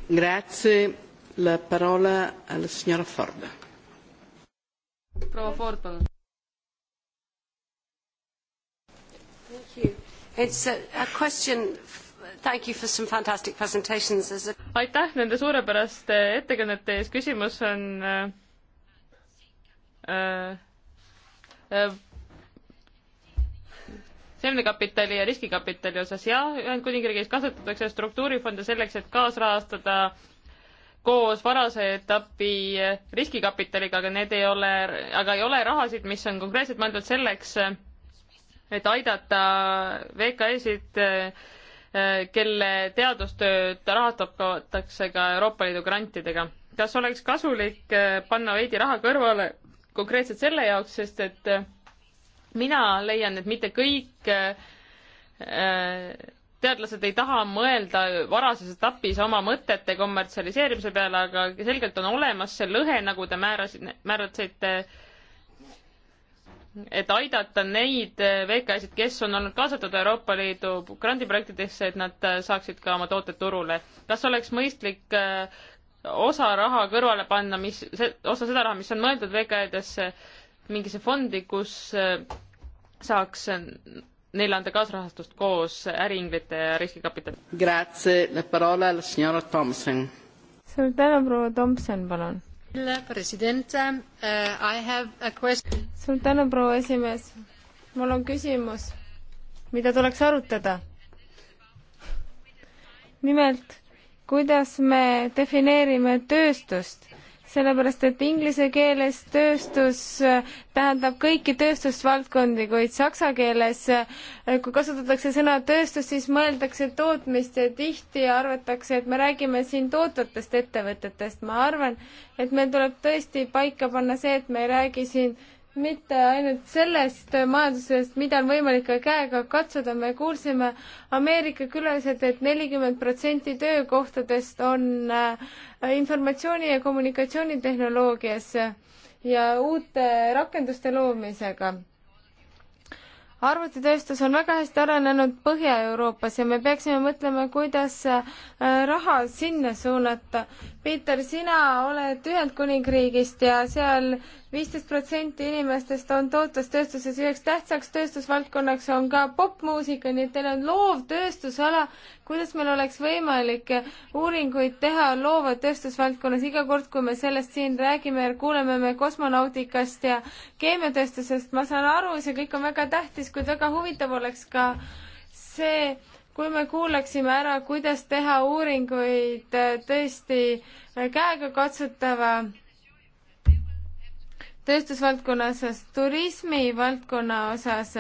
[SPEAKER 1] Grazie, la parola alla signora Ford.
[SPEAKER 3] proua Ford, palun.
[SPEAKER 1] Thank you.
[SPEAKER 4] It's a, a question Thank you for some fantastic presentations. As a... aitäh nende suurepäraste ettekannete ees, küsimus on äh, äh, seemnekapitali ja riskikapitali osas, jah, Ühendkuningriigis kasutatakse struktuurifonde selleks, et kaasrahastada koos varase etapi riskikapitaliga, aga need ei ole, aga ei ole rahasid, mis on konkreetselt mõeldud selleks, et aidata VKE-sid, kelle teadustööd rahastatakse ka Euroopa Liidu grantidega. kas oleks kasulik panna veidi raha kõrvale konkreetselt selle jaoks, sest et mina leian, et mitte kõik äh, teadlased ei taha mõelda varases etapis oma mõtete kommertsialiseerimise peale, aga selgelt on olemas see lõhe, nagu te määrasite, määratsite, et aidata neid VKS-id, kes on olnud kaasatud Euroopa Liidu grandiprojektidesse, et nad saaksid ka oma tooted turule. kas oleks mõistlik äh, osa raha kõrvale panna, mis, osa seda raha, mis on mõeldud VKE-desse, mingisse fondi, kus äh, saaks neile anda kaasrahastust koos äriinglite ja riskikapitali. suur tänu,
[SPEAKER 1] proua Tomson, palun.
[SPEAKER 4] Äh,
[SPEAKER 3] suur tänu, proua esimees. mul on küsimus, mida tuleks arutada. nimelt, kuidas me defineerime tööstust sellepärast et inglise keeles tööstus äh, tähendab kõiki tööstusvaldkondi, kuid saksa keeles, äh, kui kasutatakse sõna tööstus, siis mõeldakse tootmist ja tihti arvatakse, et me räägime siin tootvatest ettevõtetest. ma arvan, et meil tuleb tõesti paika panna see, et me ei räägi siin äh, mitte ainult sellest majandusest, mida on võimalik ka käega katsuda, me kuulsime Ameerika külaliselt et, et nelikümmend protsenti töökohtadest on äh, informatsiooni- ja kommunikatsioonitehnoloogias ja uute rakenduste loomisega arvutitööstus on väga hästi arenenud Põhja-Euroopas ja me peaksime mõtlema, kuidas äh, raha sinna suunata. Peeter, sina oled Ühendkuningriigist ja seal viisteist protsenti inimestest on tootvastööstuses, üheks tähtsaks tööstusvaldkonnaks on ka popmuusika, nii et teil on loov tööstusala, kuidas meil oleks võimalik uuringuid teha loova tööstusvaldkonnas, iga kord, kui me sellest siin räägime, kuuleme me kosmonautikast ja keemiatööstusest, ma saan aru, see kõik on väga tähtis, kuid väga huvitav oleks ka see, kui me kuulaksime ära, kuidas teha uuringuid äh, tõesti äh, käegakatsutava tööstusvaldkonna osas, turismi valdkonna osas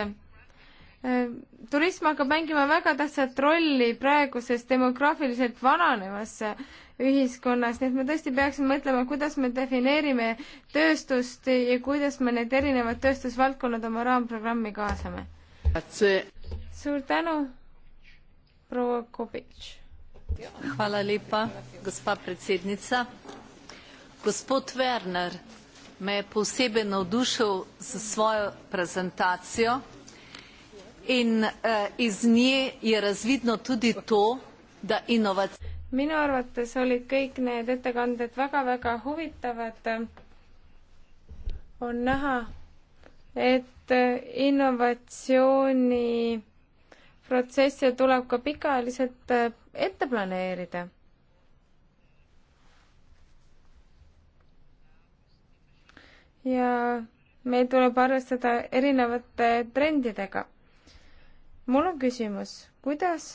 [SPEAKER 3] Äh, turism hakkab mängima väga tähtsat rolli praeguses demograafiliselt vananevas äh, ühiskonnas, nii et me tõesti peaksime mõtlema, kuidas me defineerime tööstust ja kuidas me need erinevad tööstusvaldkonnad oma raamprogrammi kaasame. suur tänu, proua Kubitš.
[SPEAKER 1] Hvala lepa, gospa predsednica. Gospod Werner me je posebej navdušil s svojo prezentacijo in eh, iz nje je razvidno tudi to, da inovac-. minu arvates
[SPEAKER 3] olid kõik need ettekanded väga-väga huvitavad. on näha, et innovatsiooni protsesse tuleb ka pikaajaliselt eh, ette planeerida. ja meil tuleb arvestada erinevate trendidega mul on küsimus, kuidas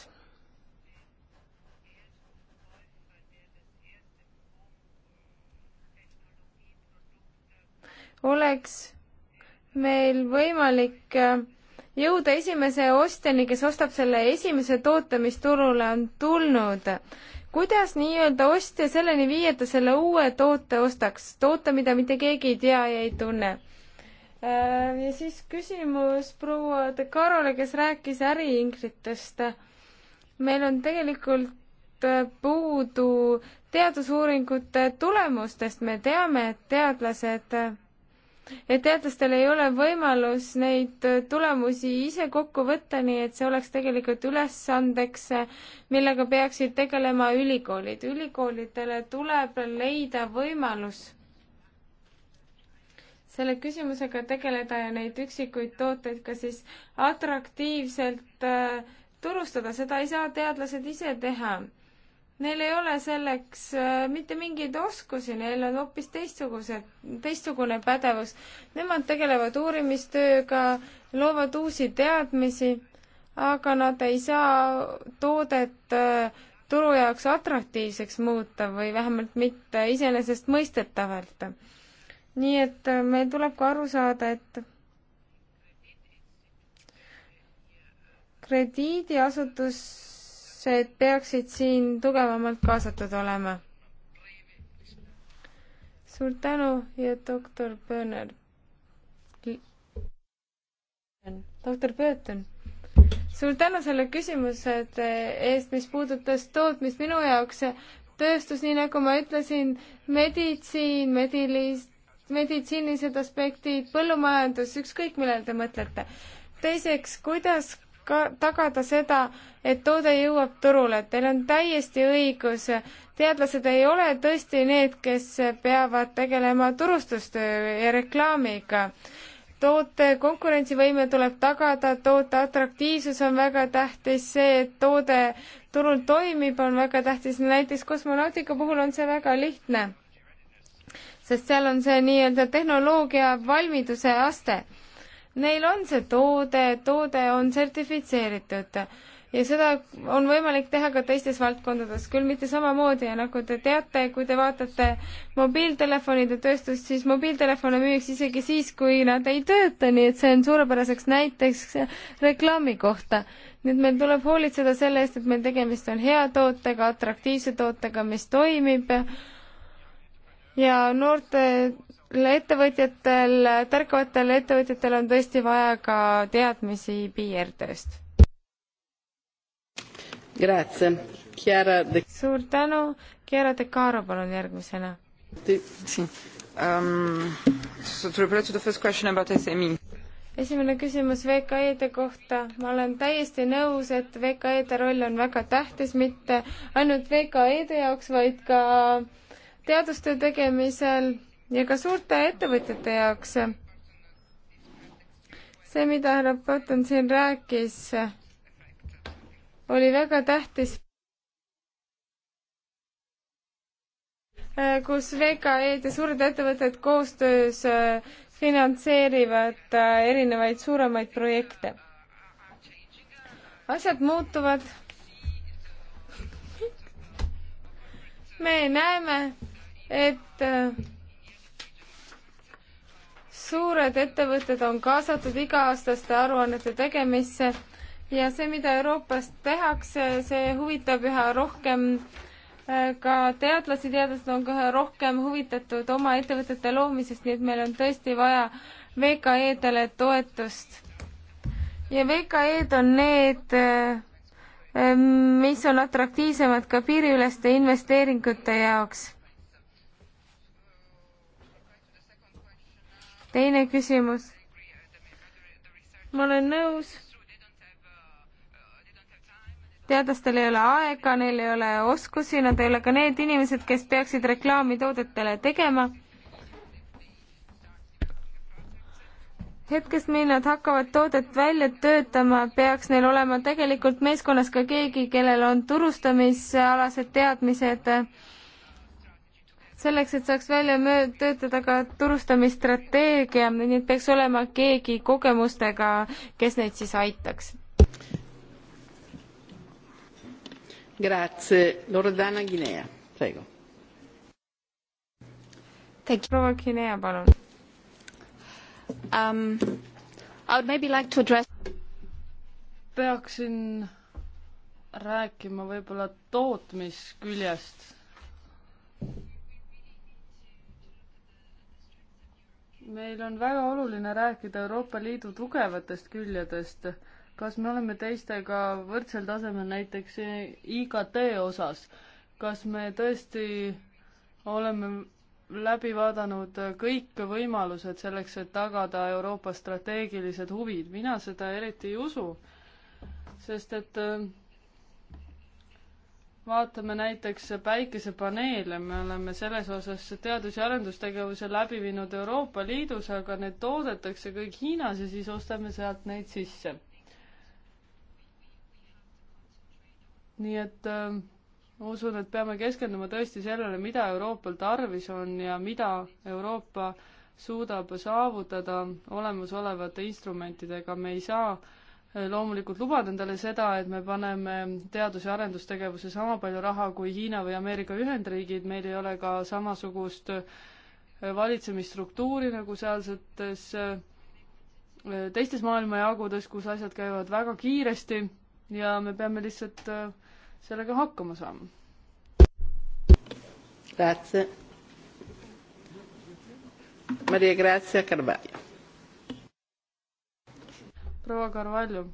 [SPEAKER 3] oleks meil võimalik äh, jõuda esimese ostjani, kes ostab selle esimese toote, mis turule on tulnud. kuidas nii-öelda ostja selleni viia, et ta selle uue toote ostaks, toote, mida mitte keegi ei tea ja ei tunne? Äh, ja siis küsimus proua De Carole, kes rääkis äriinglitest. meil on tegelikult äh, puudu teadusuuringute tulemustest, me teame, et teadlased, äh, et teadlastel ei ole võimalus neid tulemusi ise kokku võtta, nii et see oleks tegelikult ülesandeks, millega peaksid tegelema ülikoolid. ülikoolidele tuleb leida võimalus selle küsimusega tegeleda ja neid üksikuid tooteid ka siis atraktiivselt äh, turustada, seda ei saa teadlased ise teha. Neil ei ole selleks äh, mitte mingeid oskusi, neil on hoopis teistsugused, teistsugune pädevus. Nemad tegelevad uurimistööga, loovad uusi teadmisi, aga nad ei saa toodet äh, turu jaoks atraktiivseks muuta või vähemalt mitte iseenesestmõistetavalt nii et äh, meil tuleb ka aru saada, et krediidiasutused peaksid siin tugevamalt kaasatud olema. suur tänu ja doktor Böner. doktor Pööton suur tänu selle küsimuse eest, mis puudutas tootmist minu jaoks. tööstus, nii nagu ma ütlesin, meditsiin, medilis-, meditsiinilised aspektid, põllumajandus, ükskõik millele te mõtlete. teiseks, kuidas ka tagada seda, et toode jõuab turule, teil on täiesti õigus, teadlased ei ole tõesti need, kes peavad tegelema turustustöö ja reklaamiga. toote konkurentsivõime tuleb tagada, toote atraktiivsus on väga tähtis, see, et toode turul toimib, on väga tähtis, näiteks kosmonautika puhul on see väga lihtne sest seal on see nii-öelda tehnoloogia valmiduse aste. Neil on see toode, toode on sertifitseeritud ja seda on võimalik teha ka teistes valdkondades, küll mitte samamoodi ja nagu te teate, kui te vaatate mobiiltelefonide tööstust, siis mobiiltelefone müüakse isegi siis, kui nad ei tööta, nii et see on suurepäraseks näiteks reklaami kohta. nii et meil tuleb hoolitseda selle eest, et meil tegemist on hea tootega, atraktiivse tootega, mis toimib ja noortel ettevõtjatel, tärkavatel ettevõtjatel on tõesti vaja ka teadmisi PR-tööst. De... suur tänu, Chiara De Caro, palun järgmisena.
[SPEAKER 1] Um, so to reply to the first question about SME
[SPEAKER 3] esimene küsimus VKE-de kohta. ma olen täiesti nõus, et VKE-de roll on väga tähtis, mitte ainult VKE-de jaoks, vaid ka teaduste tegemisel ja ka suurte ettevõtjate jaoks. see, mida härra Potten siin rääkis, oli väga tähtis. kus VKE-d ja suured ettevõtted koostöös äh, finantseerivad äh, erinevaid suuremaid projekte. asjad muutuvad. me näeme, et äh, suured ettevõtted on kaasatud iga-aastaste aruannete tegemisse ja see, mida Euroopas tehakse, see huvitab üha rohkem äh, ka teadlasi, teadlased on ka üha rohkem huvitatud oma ettevõtete loomisest, nii et meil on tõesti vaja VKE-dele toetust. ja VKE-d on need, äh, mis on atraktiivsemad ka piiriüleste investeeringute jaoks teine küsimus. ma olen nõus. teadlastel ei ole aega, neil ei ole oskusi, nad ei ole ka need inimesed, kes peaksid reklaami toodetele tegema. hetkest, mil nad hakkavad toodet välja töötama, peaks neil olema tegelikult meeskonnas ka keegi, kellel on turustamisalased teadmised äh, selleks, et saaks välja möö-, töötada ka turustamisstrateegia, nii et peaks olema keegi kogemustega, kes neid siis aitaks.
[SPEAKER 1] Grazie, Loredana Guinea, praegu. proua Guinea, palun
[SPEAKER 3] um,. I would maybe like to address peaksin
[SPEAKER 2] rääkima võib-olla tootmisküljest meil on väga oluline rääkida Euroopa Liidu tugevatest küljedest. kas me oleme teistega võrdsel tasemel näiteks IKT osas? kas me tõesti oleme läbi vaadanud kõik võimalused selleks, et tagada Euroopa strateegilised huvid? mina seda eriti ei usu, sest et äh, vaatame näiteks päikesepaneele, me oleme selles osas teadus- ja arendustegevuse läbi viinud Euroopa Liidus, aga need toodetakse kõik Hiinas ja siis ostame sealt neid sisse. nii et äh, usun, et peame keskenduma tõesti sellele, mida Euroopal tarvis on ja mida Euroopa suudab saavutada olemasolevate instrumentidega, me ei saa äh, loomulikult lubada endale seda, et me paneme teadus- ja arendustegevuse sama palju raha kui Hiina või Ameerika Ühendriigid, meil ei ole ka samasugust äh, valitsemisstruktuuri nagu sealsetes äh, teistes maailmajagudes, kus asjad käivad väga kiiresti ja me peame lihtsalt äh, sellega hakkama saama.
[SPEAKER 1] Grazie. Maria Grazia Carvalho
[SPEAKER 2] proua Carvalho.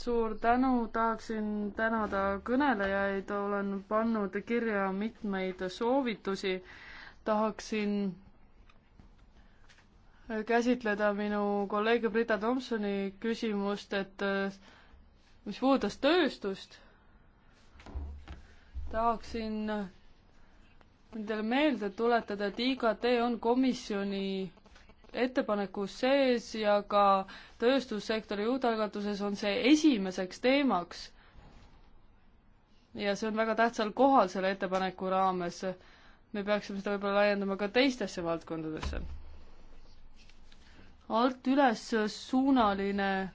[SPEAKER 2] suur tänu, tahaksin tänada kõnelejaid, olen pannud kirja mitmeid soovitusi. tahaksin käsitleda minu kolleegi Brita Tomsoni küsimust, et mis puudutas tööstust, tahaksin teile meelde tuletada, et IKT on komisjoni ettepanekus sees ja ka tööstussektori juurdalgatuses on see esimeseks teemaks. ja see on väga tähtsal kohal selle ettepaneku raames. me peaksime seda võib-olla laiendama ka teistesse valdkondadesse. alt üles suunaline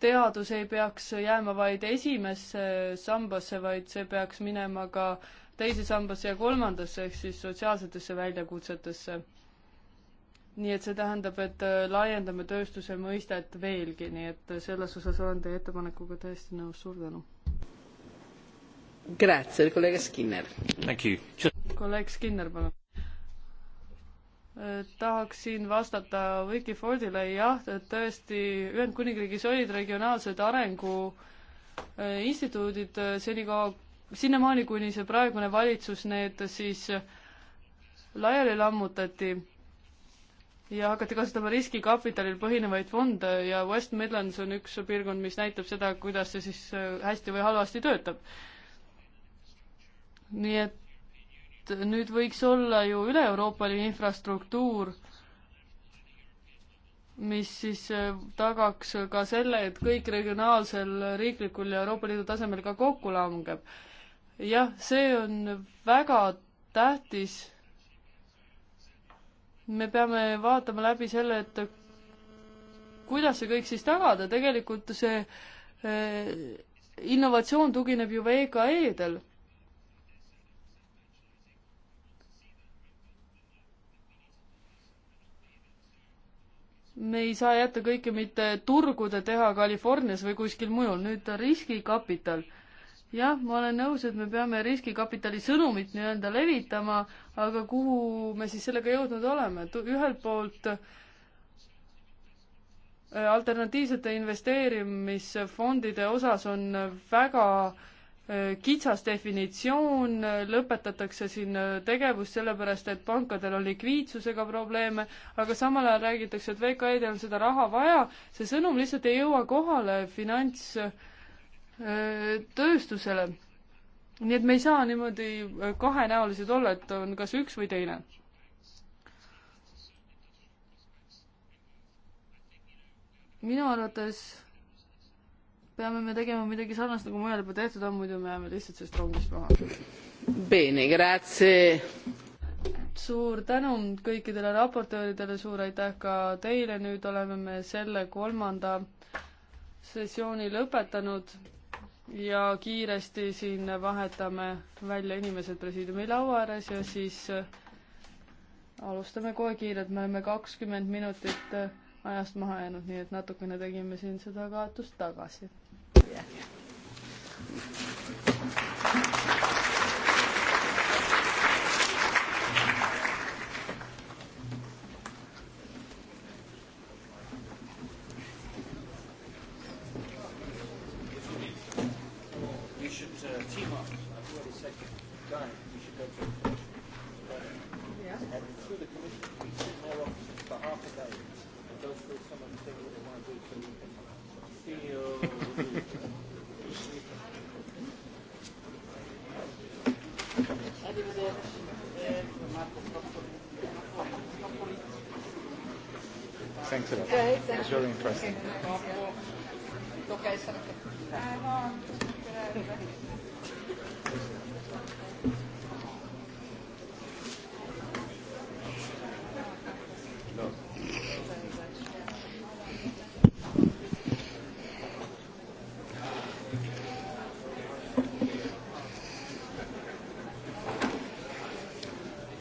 [SPEAKER 2] teadus ei peaks jääma vaid esimesse sambasse, vaid see peaks minema ka teise sambasse ja kolmandasse ehk siis sotsiaalsetesse väljakutsetesse nii et see tähendab, et äh, laiendame tööstuse mõistet veelgi, nii et äh, selles osas olen teie ettepanekuga täiesti nõus, suur tänu.
[SPEAKER 1] Grazie, kolleeg Skinner.
[SPEAKER 2] kolleeg Skinner, palun. Äh, tahaksin vastata Vicky Fordile, jah, tõesti Ühendkuningriigis olid regionaalsed arenguinstituudid senikaua, sinnamaani, kuni see praegune valitsus need siis laiali lammutati ja hakati kasutama riskikapitalil põhinevaid fonde ja West Midlands on üks piirkond, mis näitab seda, kuidas see siis äh, hästi või halvasti töötab. nii et nüüd võiks olla ju üle-euroopaline infrastruktuur, mis siis äh, tagaks ka selle, et kõik regionaalsel, äh, riiklikul ja Euroopa Liidu tasemel ka kokku langeb. jah, see on väga tähtis me peame vaatama läbi selle, et kuidas see kõik siis tagada, tegelikult see eh, innovatsioon tugineb ju VKE-del. me ei saa jätta kõike mitte turgude teha Californias või kuskil mujal, nüüd riskikapital jah, ma olen nõus, et me peame riskikapitali sõnumit nii-öelda levitama, aga kuhu me siis sellega jõudnud oleme, et ühelt poolt äh, alternatiivsete investeerimisfondide osas on väga äh, kitsas definitsioon, lõpetatakse siin äh, tegevus sellepärast, et pankadel on likviidsusega probleeme, aga samal ajal räägitakse, et VKE-del on seda raha vaja, see sõnum lihtsalt ei jõua kohale finants- äh, tööstusele. nii et me ei saa niimoodi äh, kahenäolised olla, et on kas üks või teine. minu arvates peame me tegema midagi sarnast, nagu mujal juba tehtud on, muidu me jääme lihtsalt
[SPEAKER 1] sellest rongist maha. Bene, grazie. suur tänu
[SPEAKER 2] kõikidele raportööridele, suur aitäh ka teile, nüüd oleme me selle kolmanda sessiooni lõpetanud ja kiiresti siin vahetame välja inimesed presiidiumi laua ääres ja siis äh, alustame kohe kiirelt, me oleme kakskümmend minutit äh, ajast maha jäänud, nii et natukene tegime siin seda kaotust tagasi yeah..
[SPEAKER 1] Thanks a lot. Yeah, exactly. It's very impressive.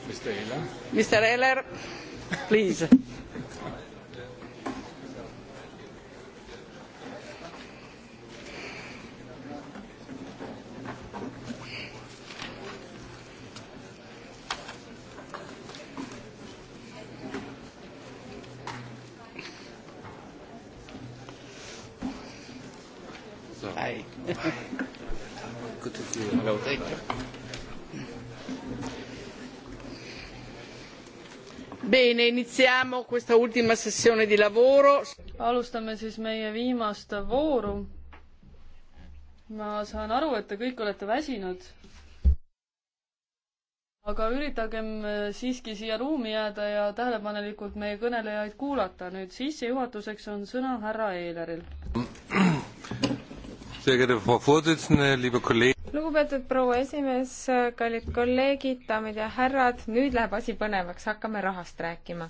[SPEAKER 1] No. Mr. Ehler, please. Bene, iniziamo questa ultima sessione di lavoro. alustame siis meie
[SPEAKER 2] viimast vooru. ma saan aru, et te kõik olete väsinud. aga üritagem äh, siiski siia ruumi jääda ja tähelepanelikult meie kõnelejaid kuulata. nüüd sissejuhatuseks on sõna härra Eeleril
[SPEAKER 3] lugupeetud proua esimees, kallid kolleegid, daamid ja härrad, nüüd läheb asi põnevaks, hakkame rahast rääkima.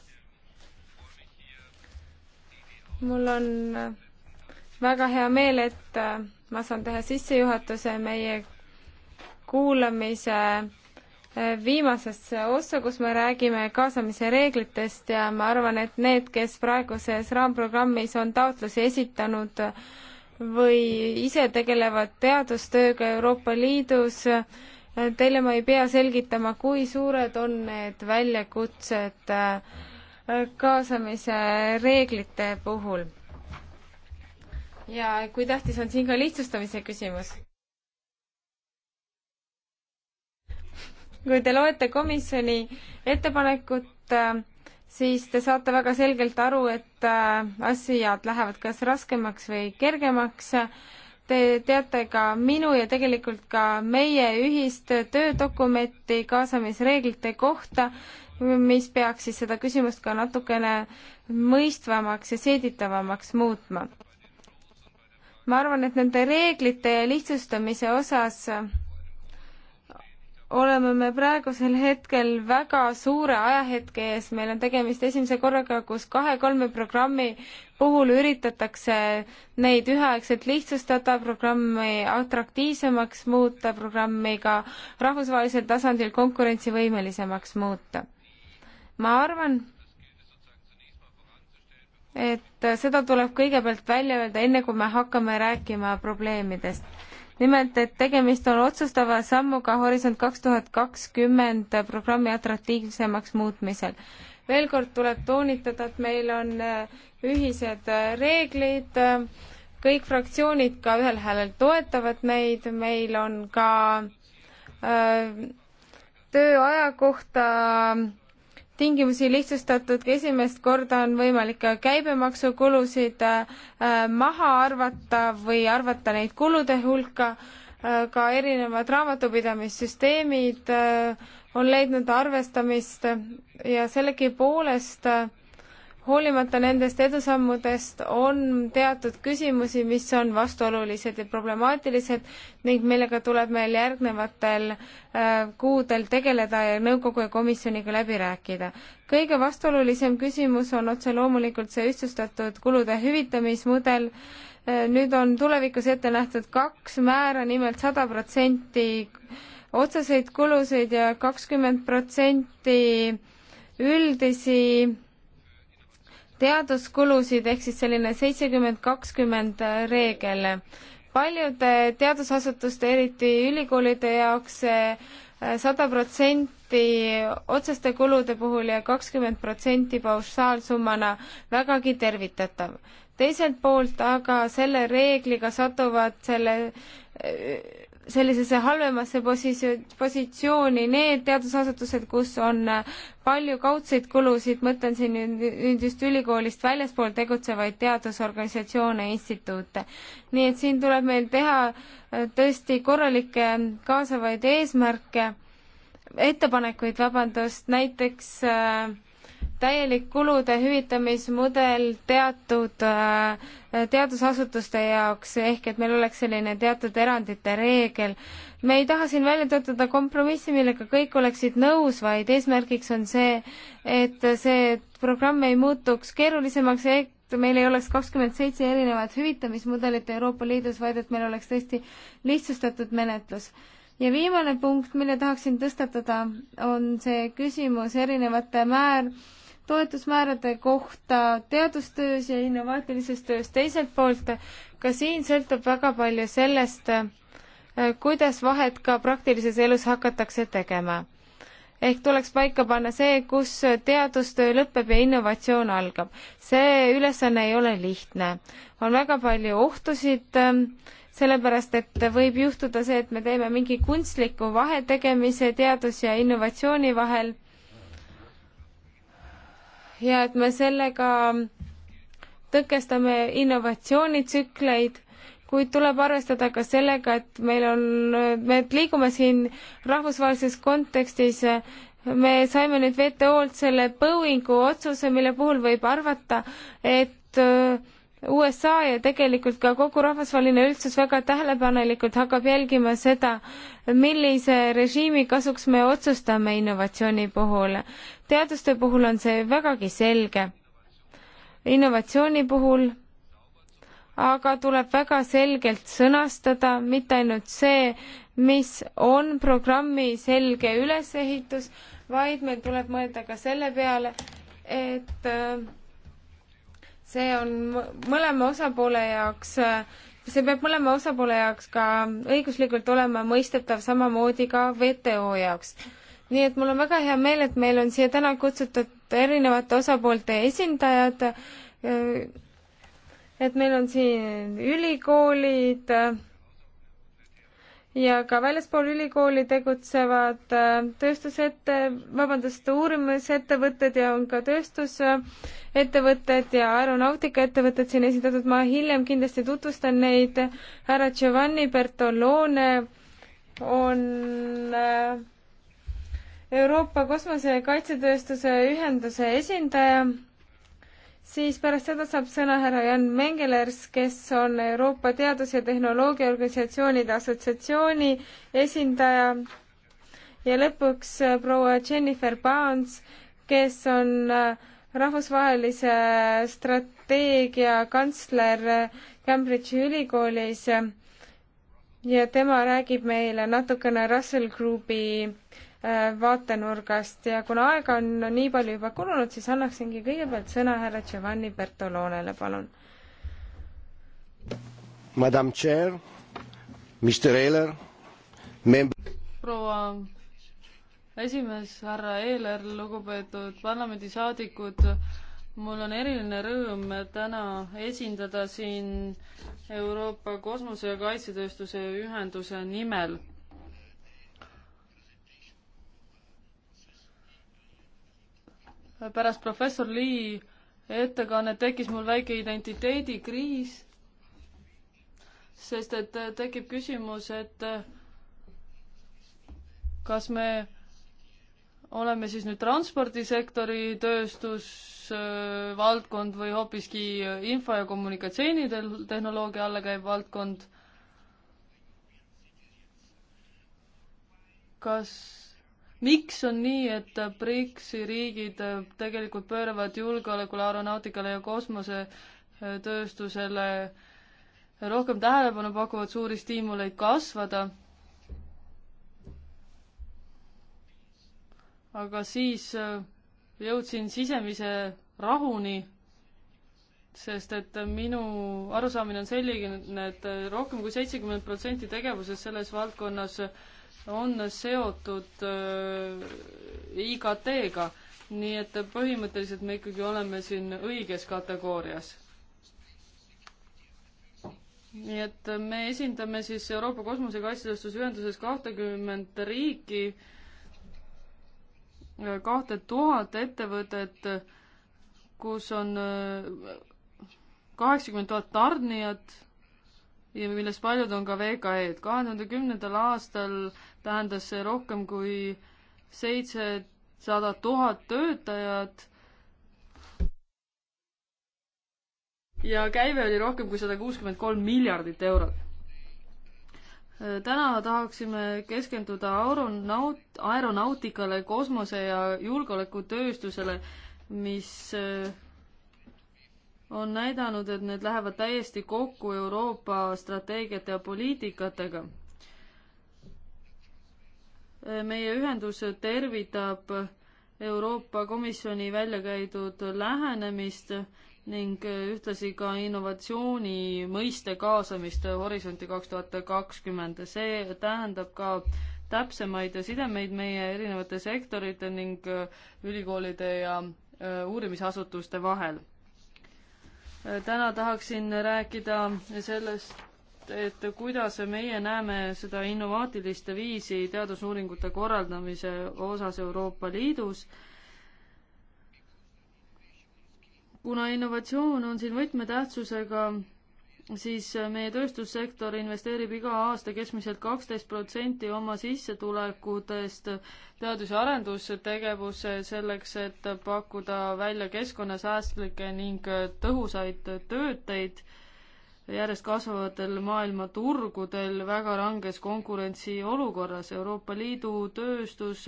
[SPEAKER 3] mul on väga hea meel, et ma saan teha sissejuhatuse meie kuulamise viimasesse ossa, kus me räägime kaasamise reeglitest ja ma arvan, et need, kes praeguses raamprogrammis on taotlusi esitanud, või ise tegelevad teadustööga Euroopa Liidus. Teile ma ei pea selgitama, kui suured on need väljakutsed äh, kaasamise reeglite puhul. ja kui tähtis on siin ka lihtsustamise küsimus? kui te loete komisjoni ettepanekut äh, siis te saate väga selgelt aru, et äh, asjad lähevad kas raskemaks või kergemaks. Te teate ka minu ja tegelikult ka meie ühist töödokumenti kaasamisreeglite kohta, mis peaks siis seda küsimust ka natukene mõistvamaks ja seeditavamaks muutma. ma arvan, et nende reeglite lihtsustamise osas oleme me praegusel hetkel väga suure ajahetke ees, meil on tegemist esimese korraga, kus kahe-kolme programmi puhul üritatakse neid üheaegselt lihtsustada, programmi atraktiivsemaks muuta, programmi ka rahvusvahelisel tasandil konkurentsivõimelisemaks muuta. ma arvan, et seda tuleb kõigepealt välja öelda, enne kui me hakkame rääkima probleemidest nimelt, et tegemist on otsustava sammuga Horisont kaks tuhat kakskümmend programmi atraktiivsemaks muutmisel. veel kord tuleb toonitada, et meil on äh, ühised äh, reeglid, kõik fraktsioonid ka ühel häälel toetavad neid, meil on ka öö, äh, tööaja kohta öö, tingimusi lihtsustatud, esimest korda on võimalik ka käibemaksukulusid äh, maha arvata või arvata neid kulude hulka, äh, ka erinevad raamatupidamissüsteemid äh, on leidnud arvestamist ja sellegipoolest äh, hoolimata nendest edusammudest on teatud küsimusi, mis on vastuolulised ja problemaatilised ning millega tuleb meil järgnevatel äh, kuudel tegeleda ja nõukogu ja komisjoniga läbi rääkida. kõige vastuolulisem küsimus on otse loomulikult see ühtsustatud kulude hüvitamismudel. Äh, nüüd on tulevikus ette nähtud kaks määra, nimelt sada protsenti otseseid kulusid ja kakskümmend protsenti üldisi teaduskulusid ehk siis selline seitsekümmend kakskümmend reegel. paljude teadusasutuste, eriti ülikoolide jaoks äh, sada protsenti otseste kulude puhul ja kakskümmend protsenti paušaalsummana vägagi tervitatav. teiselt poolt aga selle reegliga satuvad selle äh, sellisesse halvemasse positsiooni need teadusasutused, kus on palju kaudseid kulusid, mõtlen siin nüüd just ülikoolist väljaspool tegutsevaid teadusorganisatsioone, instituute. nii et siin tuleb meil teha äh, tõesti korralikke kaasavaid eesmärke, ettepanekuid, vabandust, näiteks äh, täielik kulude hüvitamismudel teatud äh, teadusasutuste jaoks, ehk et meil oleks selline teatud erandite reegel. me ei taha siin välja töötada kompromissi, millega kõik oleksid nõus, vaid eesmärgiks on see, et see programm ei muutuks keerulisemaks ja meil ei oleks kakskümmend seitse erinevat hüvitamismudelit Euroopa Liidus, vaid et meil oleks tõesti lihtsustatud menetlus ja viimane punkt, mille tahaksin tõstatada, on see küsimus erinevate määr, toetusmäärade kohta teadustöös ja innovaatilises töös, teiselt poolt ka siin sõltub väga palju sellest, äh, kuidas vahet ka praktilises elus hakatakse tegema. ehk tuleks paika panna see, kus teadustöö lõpeb ja innovatsioon algab. see ülesanne ei ole lihtne. on väga palju ohtusid, äh, sellepärast et võib juhtuda see, et me teeme mingi kunstliku vahetegemise teadus ja innovatsiooni vahel ja et me sellega tõkestame innovatsioonitsükleid, kuid tuleb arvestada ka sellega, et meil on, me liigume siin rahvusvahelises kontekstis me saime nüüd WTO-lt selle Boeingu otsuse, mille puhul võib arvata, et USA ja tegelikult ka kogu rahvusvaheline üldsus väga tähelepanelikult hakkab jälgima seda, millise režiimi kasuks me otsustame innovatsiooni puhul. teaduste puhul on see vägagi selge. innovatsiooni puhul aga tuleb väga selgelt sõnastada mitte ainult see, mis on programmi selge ülesehitus, vaid meil tuleb mõelda ka selle peale, et äh, see on mõlema osapoole jaoks, see peab mõlema osapoole jaoks ka õiguslikult olema mõistetav, samamoodi ka WTO jaoks. nii et mul on väga hea meel, et meil on siia täna kutsutud erinevate osapoolte esindajad, et meil on siin ülikoolid, ja ka väljaspool ülikooli tegutsevad äh, tööstusette, vabandust, uurimusettevõtted ja on ka tööstusettevõtted ja aeronautikaettevõtted siin esindatud. ma hiljem kindlasti tutvustan neid. härra Giovanni Bertolone on äh, Euroopa Kosmose- ja Kaitsetööstuse Ühenduse esindaja siis pärast seda saab sõna härra Jan Mengelers, kes on Euroopa Teadus- ja Tehnoloogiaorganisatsioonide Assotsiatsiooni esindaja ja lõpuks äh, proua Jennifer Barnes, kes on äh, rahvusvahelise strateegia kantsler äh, Cambridge'i ülikoolis ja tema räägib meile natukene Russell Groupi Äh, vaatenurgast ja kuna aega on no, nii palju juba kulunud, siis annaksingi kõigepealt sõna härra Giovanni Bertolonele, palun.
[SPEAKER 1] Madam Chair, Mr Eiler, member.
[SPEAKER 2] proua esimees, härra Eiler, lugupeetud parlamendisaadikud, mul on eriline rõõm täna esindada siin Euroopa Kosmose- ja Kaitsetööstuse Ühenduse nimel pärast professor Lee ettekannet tekkis mul väike identiteedikriis, sest et äh, tekib küsimus, et äh, kas me oleme siis nüüd transpordisektori tööstusvaldkond äh, või hoopiski info- ja kommunikatsioonitehnoloogia alla käiv valdkond. kas miks on nii, et BRICS-i riigid äh, tegelikult pööravad julgeolekule, aeronautikale ja kosmosetööstusele äh, äh, rohkem tähelepanu, pakuvad suuri stiimuleid kasvada. aga siis jõudsin sisemise rahuni, sest et minu arusaamine on selline, et rohkem kui seitsekümmend protsenti tegevusest selles valdkonnas äh, on seotud äh, IKT-ga, nii et põhimõtteliselt me ikkagi oleme siin õiges kategoorias. nii et me esindame siis Euroopa Kosmose- ja Kaitsetööstusühenduses kahtekümmet riiki, äh, kahte tuhat ettevõtet, kus on äh, kaheksakümmend tuhat tarnijat ja millest paljud on ka VKE-d. kahe tuhande kümnendal aastal tähendas see rohkem kui seitsesada tuhat töötajat ja käive oli rohkem kui sada kuuskümmend kolm miljardit eurot. täna tahaksime keskenduda aeronaut-, aeronautikale, kosmose- ja julgeolekutööstusele, mis on näidanud, et need lähevad täiesti kokku Euroopa strateegiate ja poliitikatega. meie ühendus tervitab Euroopa Komisjoni välja käidud lähenemist ning ühtlasi ka innovatsiooni mõiste kaasamist Horisonti kaks tuhat kakskümmend. see tähendab ka täpsemaid sidemeid meie erinevate sektorite ning ülikoolide ja äh, uurimisasutuste vahel täna tahaksin rääkida sellest, et kuidas meie näeme seda innovaatilist viisi teadusuuringute korraldamise osas Euroopa Liidus. kuna innovatsioon on siin võtmetähtsusega siis äh, meie tööstussektor investeerib iga aasta keskmiselt kaksteist protsenti oma sissetulekutest teadus- ja arendustegevusse selleks, et pakkuda välja keskkonnasäästlikke ning äh, tõhusaid tööteid järjest kasvavatel maailmaturgudel väga ranges konkurentsiolukorras. Euroopa Liidu tööstus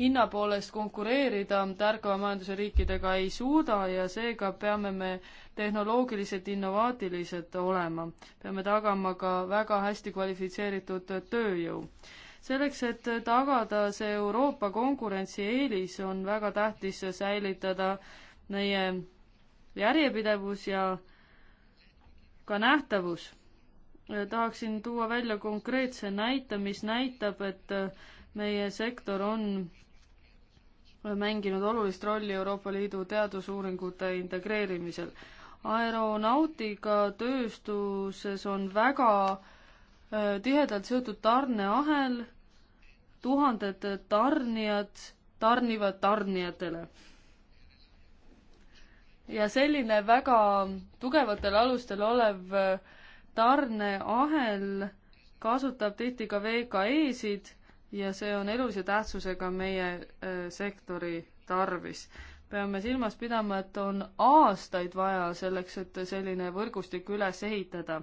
[SPEAKER 2] hinna poolest konkureerida tärkava majanduse riikidega ei suuda ja seega peame me tehnoloogiliselt innovaatilised olema. peame tagama ka väga hästi kvalifitseeritud tööjõu. selleks, et tagada see Euroopa konkurentsieelis, on väga tähtis säilitada meie järjepidevus ja ka nähtavus. tahaksin tuua välja konkreetse näite, mis näitab, et äh, meie sektor on mänginud olulist rolli Euroopa Liidu teadusuuringute integreerimisel. aeronautikatööstuses on väga äh, tihedalt seotud tarneahel, tuhanded tarnijad tarnivad tarnijatele ja selline väga tugevatel alustel olev äh, tarneahel kasutab tihti ka VKE-sid ja see on elulise tähtsusega meie äh, sektori tarvis. peame silmas pidama, et on aastaid vaja selleks, et selline võrgustik üles ehitada.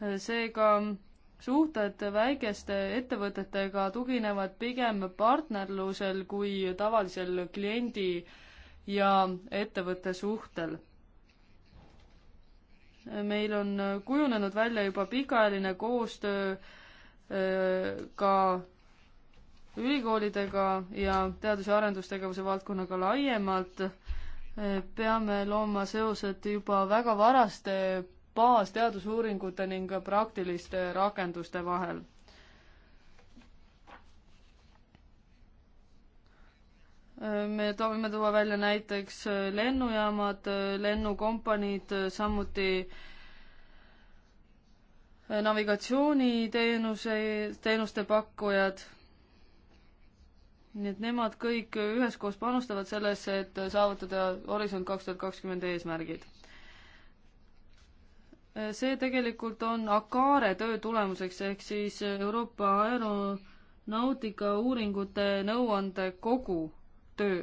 [SPEAKER 2] Äh, seega suhted väikeste ettevõtetega tuginevad pigem partnerlusel kui tavalisel kliendi äh, ja ettevõtte suhtel. meil on kujunenud välja juba pikaajaline koostöö äh, ka ülikoolidega ja teadus- ja arendustegevuse valdkonnaga laiemalt. Äh, peame looma seosed juba väga varaste baasteadusuuringute ning praktiliste rakenduste vahel me toovime tuua välja näiteks äh, lennujaamad, äh, lennukompaniid, äh, samuti navigatsiooniteenuse, teenuste pakkujad. nii et nemad kõik üheskoos panustavad sellesse, et saavutada Horisont kaks tuhat kakskümmend eesmärgid. see tegelikult on ACARE töö tulemuseks ehk siis Euroopa Aeronautika Uuringute Nõuandekogu töö,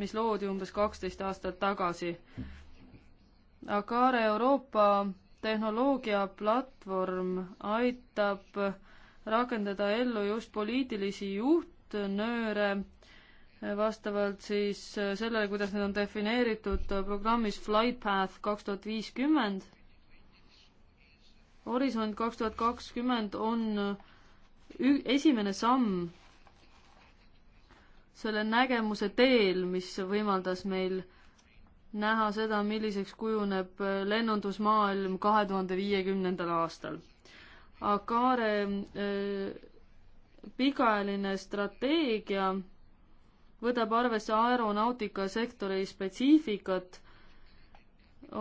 [SPEAKER 2] mis loodi umbes kaksteist aastat tagasi. Agare Euroopa tehnoloogiaplatvorm aitab rakendada ellu just poliitilisi juhtnööre vastavalt siis sellele, kuidas need on defineeritud programmis Flightpath kaks tuhat viiskümmend. Horisont kaks tuhat kakskümmend on esimene samm selle nägemuse teel, mis võimaldas meil näha seda, milliseks kujuneb lennundusmaailm kahe tuhande viiekümnendal aastal. Agare äh, pikaajaline strateegia võtab arvesse aeronautika sektori spetsiifikat,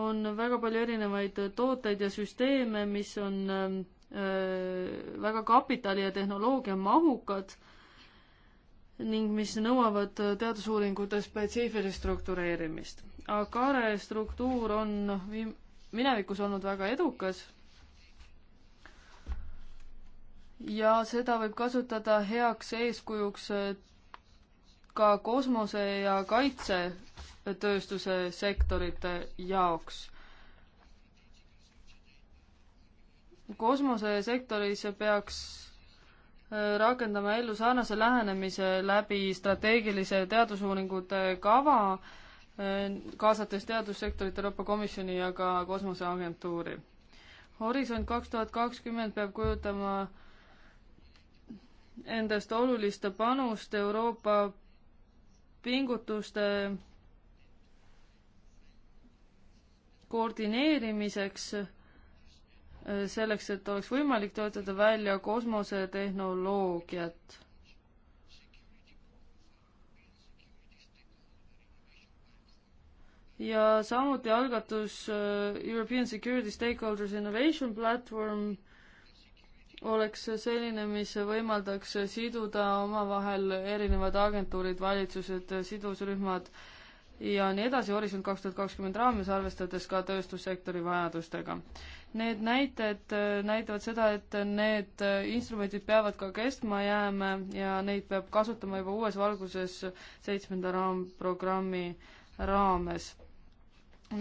[SPEAKER 2] on väga palju erinevaid tooteid ja süsteeme, mis on äh, väga kapitali- ja tehnoloogiamahukad ning mis nõuavad teadusuuringute spetsiifilist struktureerimist. Agare struktuur on viim-, minevikus olnud väga edukas ja seda võib kasutada heaks eeskujuks ka kosmose ja kaitsetööstuse sektorite jaoks kosmosesektoris peaks Äh, rakendame ellu sarnase lähenemise läbi strateegilise teadusuuringute kava, äh, kaasates teadussektorit Euroopa Komisjoni ja ka Kosmoseagentuuri. Horisont kaks tuhat kakskümmend peab kujutama endast olulist panust Euroopa pingutuste koordineerimiseks selleks, et oleks võimalik töötada välja kosmosetehnoloogiat. ja samuti algatus äh, European Security Stakeholders Innovation Platvorm oleks selline, mis võimaldaks siduda omavahel erinevad agentuurid, valitsused, sidusrühmad äh, ja nii edasi Horisont kaks tuhat kakskümmend raames, arvestades ka tööstussektori vajadustega. Need näited äh, näitavad seda, et need äh, instrumendid peavad ka kestma jääma ja neid peab kasutama juba uues valguses seitsmenda raamprogrammi raames.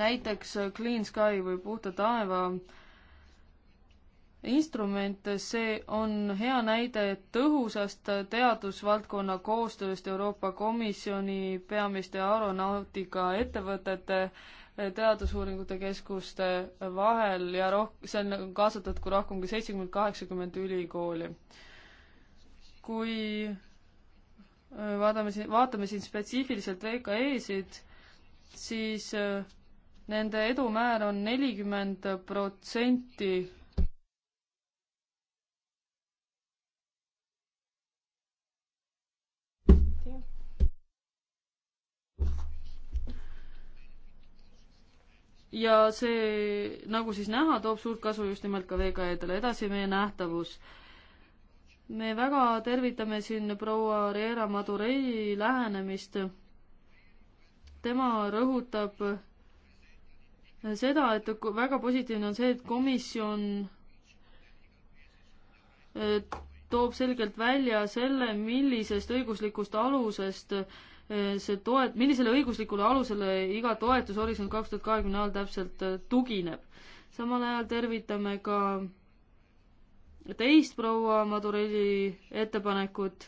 [SPEAKER 2] näiteks äh, Clean Sky või Puhta taeva instrument, see on hea näide tõhusast teadusvaldkonna koostööst Euroopa Komisjoni peamiste aeronautika ettevõtete teadusuuringute keskuste vahel ja roh-, see on kaasatud kui rohkem kui seitsekümmend, kaheksakümmend ülikooli. kui äh, vaatame siin, vaatame siin spetsiifiliselt VKE-sid, siis äh, nende edumäär on nelikümmend protsenti ja see, nagu siis näha, toob suurt kasu just nimelt ka VKE-dele. edasi meie nähtavus. me väga tervitame siin proua Riera Madurei lähenemist. tema rõhutab seda, et väga positiivne on see, et komisjon äh, toob selgelt välja selle, millisest õiguslikust alusest Äh, see toet-, millisele õiguslikule alusele iga toetus Horisont kaks tuhat kahekümne all täpselt äh, tugineb. samal ajal tervitame ka teist proua Madureli ettepanekut.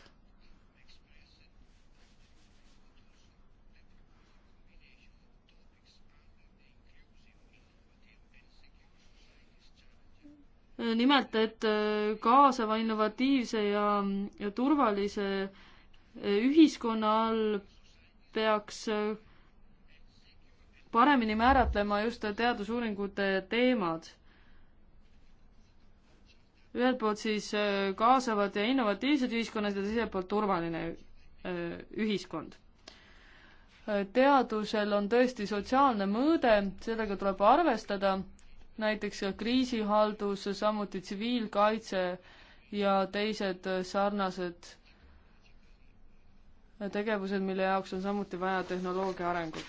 [SPEAKER 2] Äh, nimelt, et kaasava, innovatiivse ja, ja turvalise äh, ühiskonna all peaks paremini määratlema just teadusuuringute teemad. ühelt poolt siis äh, kaasavad ja innovatiivsed ühiskonnad ja teiselt poolt turvaline äh, ühiskond. Äh, teadusel on tõesti sotsiaalne mõõde, sellega tuleb arvestada, näiteks kriisihaldus, samuti tsiviilkaitse ja teised sarnased tegevused, mille jaoks on samuti vaja tehnoloogia arengut.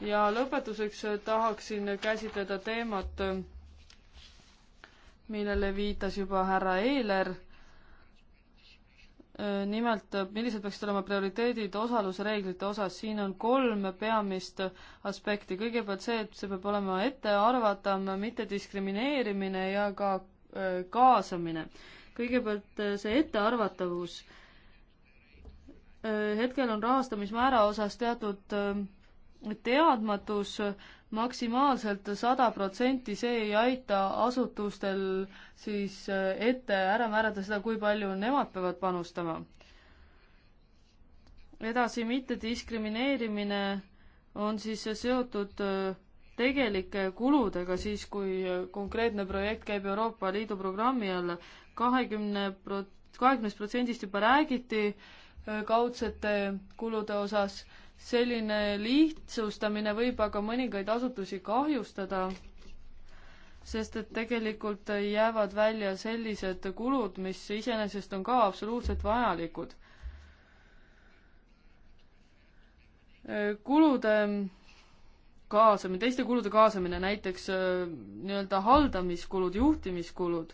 [SPEAKER 2] ja lõpetuseks tahaksin käsitleda teemat, millele viitas juba härra Eeler nimelt, millised peaksid olema prioriteedid osalusreeglite osas, siin on kolm peamist aspekti, kõigepealt see, et see peab olema ettearvatav, mittediskrimineerimine ja ka äh, kaasamine. kõigepealt äh, see ettearvatavus, Äh, hetkel on rahastamismäära osas teatud äh, teadmatus, maksimaalselt sada protsenti, see ei aita asutustel siis äh, ette ära määrata seda, kui palju nemad peavad panustama. edasi, mittediskrimineerimine on siis seotud tegelike kuludega siis, kui konkreetne projekt käib Euroopa Liidu programmi alla. kahekümne prot-, kahekümnest protsendist juba räägiti kaudsete kulude osas. selline lihtsustamine võib aga mõningaid asutusi kahjustada, sest et tegelikult jäävad välja sellised kulud, mis iseenesest on ka absoluutselt vajalikud. kulude kaasamine, teiste kulude kaasamine, näiteks nii-öelda haldamiskulud, juhtimiskulud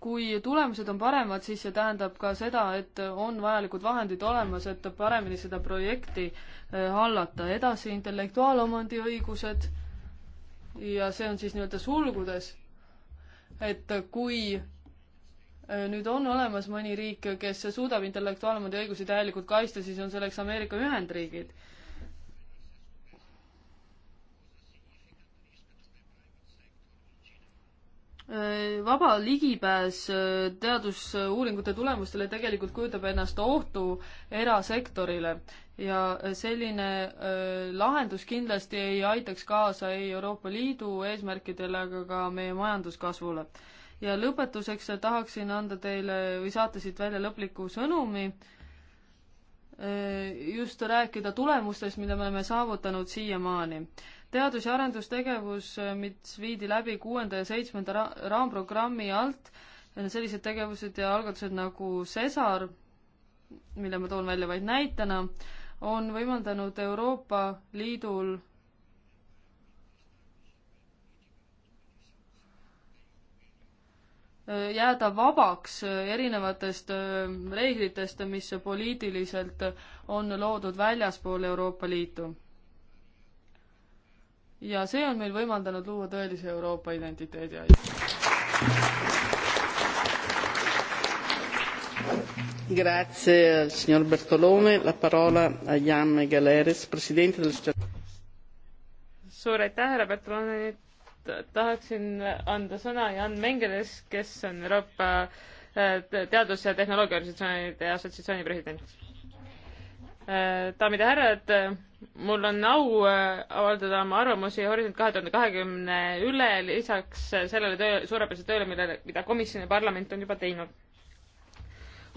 [SPEAKER 2] kui tulemused on paremad, siis see tähendab ka seda, et on vajalikud vahendid olemas, et paremini seda projekti eh, hallata. edasi intellektuaalomandi õigused ja see on siis nii-öelda sulgudes, et kui eh, nüüd on olemas mõni riik, kes suudab intellektuaalomandi õigusi täielikult kaitsta, siis on selleks Ameerika Ühendriigid Äh, vaba ligipääs äh, teadusuuringute tulemustele tegelikult kujutab ennast ohtu erasektorile ja selline äh, lahendus kindlasti ei aitaks kaasa ei Euroopa Liidu eesmärkidele ega ka meie majanduskasvule. ja lõpetuseks tahaksin anda teile või saata siit välja lõpliku sõnumi, just rääkida tulemustest, mida me oleme saavutanud siiamaani teadus- ja arendustegevus, äh, mis viidi läbi kuuenda ja seitsmenda ra-, raamprogrammi alt, äh, sellised tegevused ja algatused nagu Cesar, mille ma toon välja vaid näitena, on võimaldanud Euroopa Liidul äh, jääda vabaks erinevatest reeglitest, mis poliitiliselt on loodud väljaspool Euroopa Liitu ja see on meil võimaldanud luua tõelise Euroopa identiteedi.
[SPEAKER 1] Grazie al signor Bertolone, la parola a Jan Galeres, presidente del
[SPEAKER 4] suur aitäh, härra Bertolone, tahaksin anda sõna Jan Mengeles, kes on Euroopa äh, Teadus- ja Tehnoloogiaorganisatsioonide Assotsiatsiooni president. Äh, daamid ja härrad, mul on au äh, avaldada oma arvamusi Horisont kahe tuhande kahekümne üle, lisaks äh, sellele töö, suurepärasele tööle, millele, mida komisjon ja parlament on juba teinud.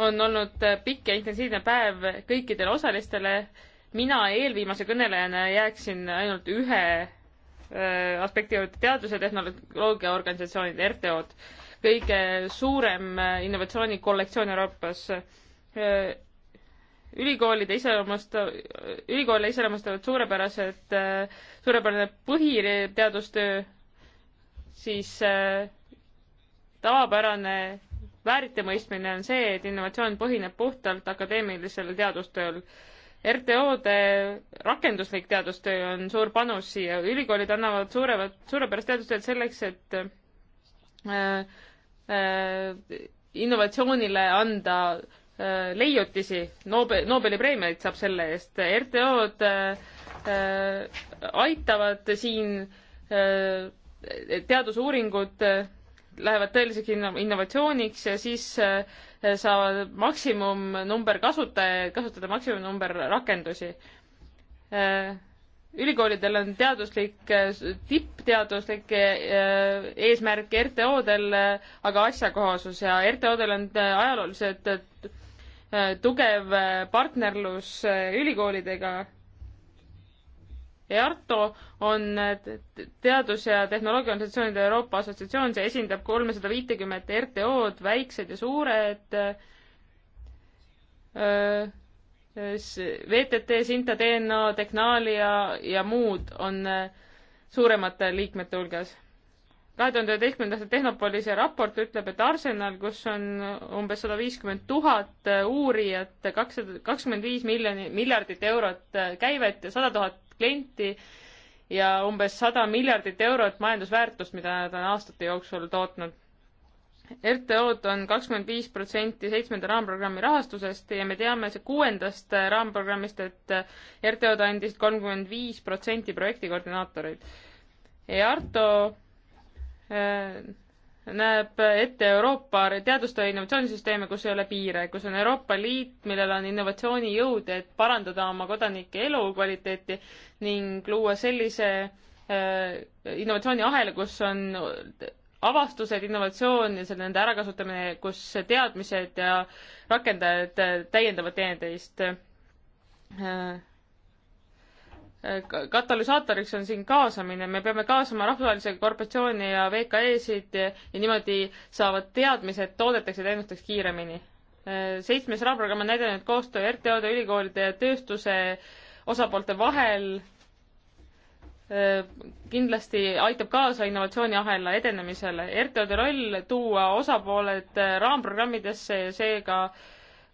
[SPEAKER 4] on olnud äh, pikk ja intensiivne päev kõikidele osalistele, mina eelviimase kõnelejana jääksin ainult ühe aspekti juurde, teaduse tehnoloogia organisatsioonid, RTO-d, kõige suurem innovatsioonikollektsioon Euroopas ülikoolide iseloomusta-, ülikoole iseloomustavad suurepärased, suurepärane põhiteadustöö, siis äh, tavapärane vääritimõistmine on see, et innovatsioon põhineb puhtalt akadeemilisel teadustööl. RTO-de rakenduslik teadustöö on suur panus siia, ülikoolid annavad suuremat, suurepärast teadustööd selleks, et äh, äh, innovatsioonile anda äh, Äh, leiutisi, Nobel, Nobeli preemiaid saab selle eest, RTO-d äh, äh, aitavad siin äh, teadusuuringud äh, lähevad tõeliseks innovatsiooniks ja siis äh, saavad maksimumnumber kasutajaid, kasutada maksimumnumber rakendusi äh,. Ülikoolidel on teaduslik äh,, tippteaduslik äh, eesmärk RTO-del, äh, aga asjakohasus ja RTO-del on ajaloolised Äh, tugev äh, partnerlus äh, ülikoolidega. EARTO on Teadus- ja Tehnoloogiaorganisatsioonide Euroopa Assotsiatsioon, see esindab kolmesada viitekümmet RTO-d, väiksed ja suured, VTT, Sinta DNA, Tehnalia ja muud on suuremate liikmete hulgas kahe tuhande üheteistkümnenda aasta Tehnopolis raport ütleb, et Arsenal, kus on umbes sada viiskümmend tuhat uurijat, kakssada, kakskümmend viis miljoni, miljardit eurot käivet ja sada tuhat klienti ja umbes sada miljardit eurot majandusväärtust, mida nad on aastate jooksul tootnud. RTO-d on kakskümmend viis protsenti seitsmenda raamprogrammi rahastusest ja me teame see kuuendast raamprogrammist, et RTO-d andis kolmkümmend viis protsenti projekti koordinaatoreid. EARTO Äh, näeb ette Euroopa teaduste ja innovatsioonisüsteeme, kus ei ole piire, kus on Euroopa Liit, millel on innovatsioonijõud, et parandada oma kodanike elukvaliteeti ning luua sellise äh, innovatsiooniahela, kus on avastused, innovatsioon ja selle nende ärakasutamine, kus teadmised ja rakendajad äh, täiendavad teineteist äh, katalüsaatoriks on siin kaasamine, me peame kaasama rahvusvahelise korporatsiooni ja VKE-sid ja, ja niimoodi saavad teadmised toodeteks ja teenusteks kiiremini. seitsmes raamprogramm on näidanud koostöö RTO-de, ülikoolide ja tööstuse osapoolte vahel kindlasti aitab kaasa innovatsiooniahela edenemisele. RTO-de roll tuua osapooled äh, raamprogrammidesse ja seega äh,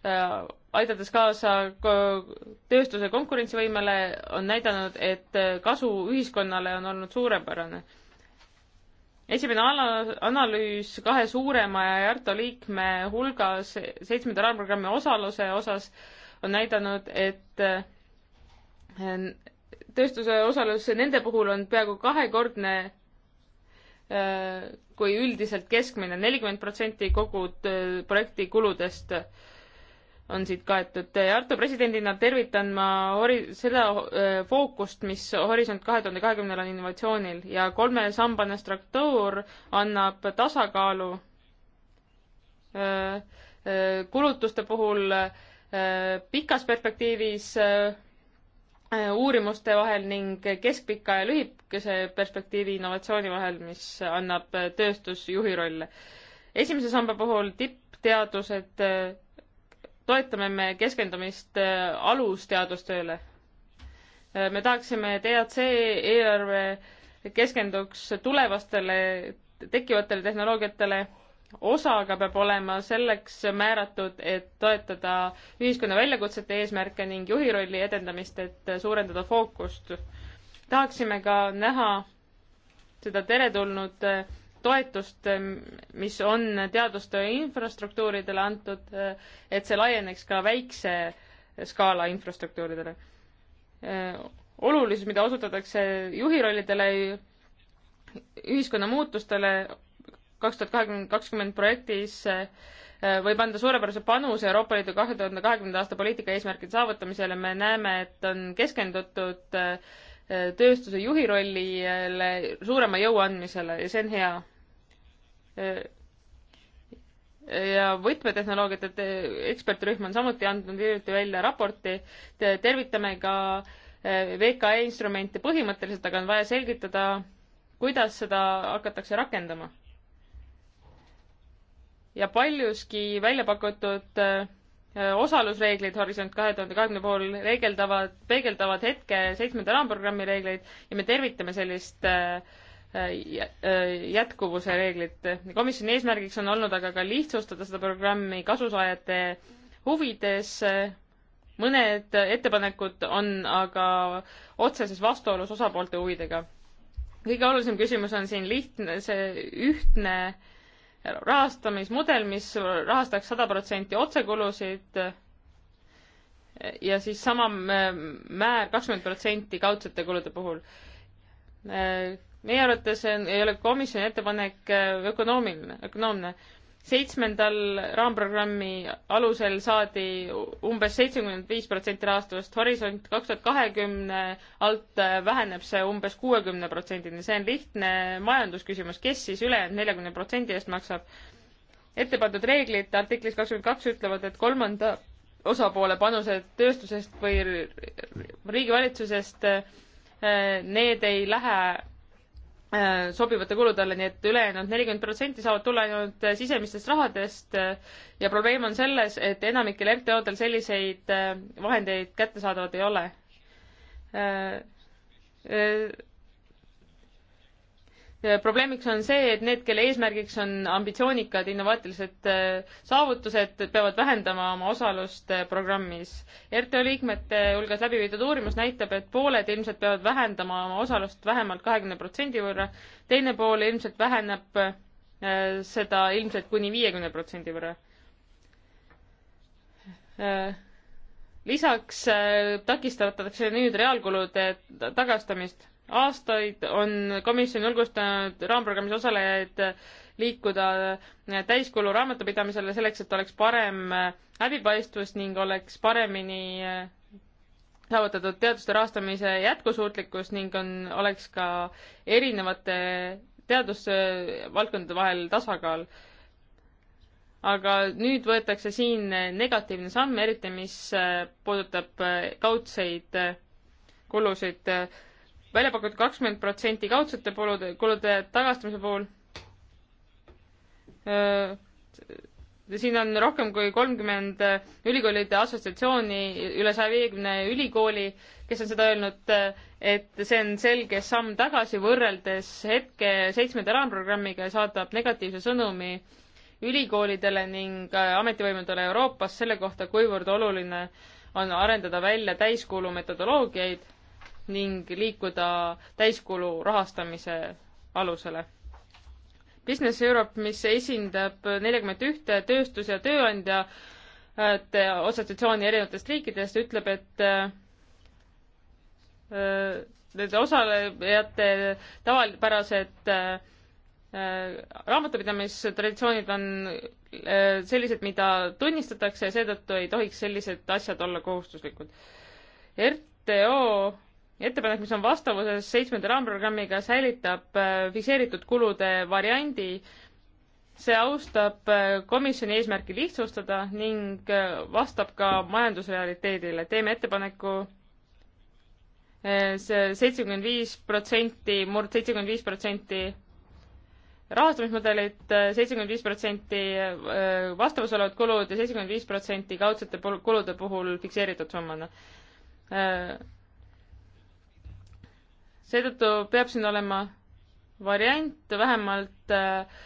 [SPEAKER 4] Äh, aidates kaasa tööstuse konkurentsivõimele, on näidanud, et äh, kasu ühiskonnale on olnud suurepärane. esimene analüüs kahe suurema ja Järto liikme hulgas seitsmenda raamprogrammi osaluse osas on näidanud, et äh, tööstuse osalus nende puhul on peaaegu kahekordne kui üldiselt keskmine, nelikümmend protsenti kogu projekti kuludest on siit kaetud. Tartu presidendina tervitan ma ori-, seda fookust, mis Horisont kahe tuhande kahekümnel on innovatsioonil ja kolmesambane struktuur annab tasakaalu kulutuste puhul pikas perspektiivis uurimuste vahel ning keskpika ja lühikese perspektiivi innovatsiooni vahel, mis annab tööstusjuhi rolle. esimese samba puhul tippteadused toetame me keskendumist äh, alusteadustööle. Äh, me tahaksime, et EAC eelarve keskenduks tulevastele tekkivatele tehnoloogiatele, osa aga peab olema selleks määratud, et toetada ühiskonna väljakutsete eesmärke ning juhi rolli edendamist, et suurendada fookust. tahaksime ka näha seda teretulnud äh, toetust, mis on teadustöö infrastruktuuridele antud, eh, et see laieneks ka väikse skaala infrastruktuuridele. Eh, olulisus, mida osutatakse juhi rollidele, ühiskonna muutustele, kaks tuhat kahekümne, kakskümmend projektis eh, võib anda suurepärase panuse Euroopa Liidu kahe tuhande kahekümnenda aasta poliitika eesmärkide saavutamisele, me näeme, et on keskendutud tööstuse juhi rollile suurema jõu andmisele ja see on hea ja võtmetehnoloogiate ekspertrühm on samuti andnud hiljuti välja raporti, tervitame ka eh, VKE instrumente põhimõtteliselt, aga on vaja selgitada, kuidas seda hakatakse rakendama. ja paljuski välja pakutud eh, osalusreeglid Horisont kahe tuhande kahekümne puhul reegeldavad, peegeldavad hetke seitsmenda raamprogrammi reegleid ja me tervitame sellist äh, jätkuvuse reeglit. komisjoni eesmärgiks on olnud aga ka lihtsustada seda programmi kasusaajate huvides. mõned ettepanekud on aga otseses vastuolus osapoolte huvidega. kõige olulisem küsimus on siin lihtne, see ühtne rahastamismudel, mis rahastaks sada protsenti otsekulusid ja siis sama määr kakskümmend protsenti kaudsete kulude puhul meie arvates ei ole komisjoni ettepanek äh, ökonoomiline, ökonoomne. seitsmendal raamprogrammi alusel saadi umbes seitsekümmend viis protsenti rahastusest, Horisont kaks tuhat kahekümne alt äh, väheneb see umbes kuuekümne protsendini, see on lihtne majandusküsimus, kes siis ülejäänud neljakümne protsendi eest maksab. ette pandud reeglid artiklis kakskümmend kaks ütlevad, et kolmanda osapoole panused tööstusest või riigivalitsusest, äh, need ei lähe Äh, sobivate kulude alla, nii et ülejäänud nelikümmend protsenti saavad tulla ainult äh, sisemistest rahadest äh, ja probleem on selles, et enamikel MTO-del selliseid vahendeid kättesaadavad ei ole Äh, probleemiks on see, et need, kelle eesmärgiks on ambitsioonikad innovaatilised äh, saavutused, peavad vähendama oma osalust äh, programmis. RTO liikmete hulgas läbi viidud uurimus näitab, et pooled ilmselt peavad vähendama oma osalust vähemalt kahekümne protsendi võrra, teine pool ilmselt väheneb seda ilmselt kuni viiekümne protsendi võrra. lisaks takistatakse nüüd reaalkulude tagastamist aastaid on komisjon julgustanud raamprogrammis osalejaid liikuda täiskulu raamatupidamisele selleks, et oleks parem läbipaistvus ning oleks paremini saavutatud teaduste rahastamise jätkusuutlikkus ning on, oleks ka erinevate teadusvaldkondade vahel tasakaal. aga nüüd võetakse siin negatiivne samm, eriti mis puudutab kaudseid kulusid välja pakutud kakskümmend protsenti kaudsete kulude, kulude tagastamise puhul. siin on rohkem kui kolmkümmend ülikoolide assotsiatsiooni, üle saja viiekümne ülikooli, kes on seda öelnud, et see on selge samm tagasi võrreldes hetke seitsmenda raamprogrammiga ja saadab negatiivse sõnumi ülikoolidele ning ametivõimudele Euroopas selle kohta, kuivõrd oluline on arendada välja täiskulu metodoloogiaid ning liikuda täiskulu rahastamise alusele. Business Europe, mis esindab neljakümmet ühte tööstus- ja tööandja assotsiatsiooni erinevatest riikidest, ütleb, et äh, nende osalejate tavapärased äh, raamatupidamistraditsioonid on äh, sellised, mida tunnistatakse ja seetõttu ei tohiks sellised asjad olla kohustuslikud. RTO ettepanek, mis on vastavuses seitsmenda raamprogrammiga, säilitab äh, fikseeritud kulude variandi. see austab äh, komisjoni eesmärki lihtsustada ning äh, vastab ka majandusrealiteedile. teeme ettepaneku see seitsekümmend viis protsenti, murd seitsekümmend viis protsenti rahastamismudelit, seitsekümmend viis protsenti vastavus olevad kulud ja seitsekümmend viis protsenti kaudsete kulude puhul fikseeritud summana seetõttu peab siin olema variant vähemalt äh,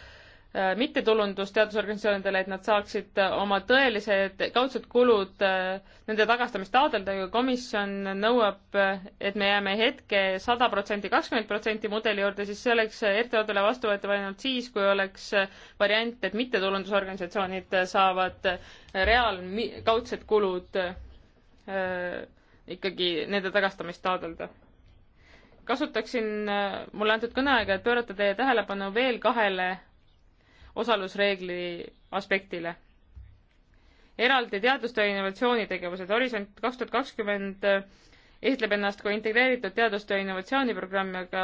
[SPEAKER 4] äh mittetulundusteadusorganisatsioonidele, et nad saaksid äh, oma tõelised kaudsed kulud, äh, nende tagastamist taotleda, aga komisjon nõuab, et me jääme hetke sada protsenti, kakskümmend protsenti mudeli juurde, siis see oleks RTO-dele vastuvõetav ainult siis, kui oleks variant, et mittetulundusorganisatsioonid saavad reaal-, kaudsed kulud ikkagi nende tagastamist taotleda kasutaksin äh, mulle antud kõneaega, et pöörata teie tähelepanu veel kahele osalusreegli aspektile. eraldi teadustöö ja innovatsioonitegevused, Horisont kaks tuhat kakskümmend äh, esitleb ennast kui integreeritud teadustöö innovatsiooniprogramm, aga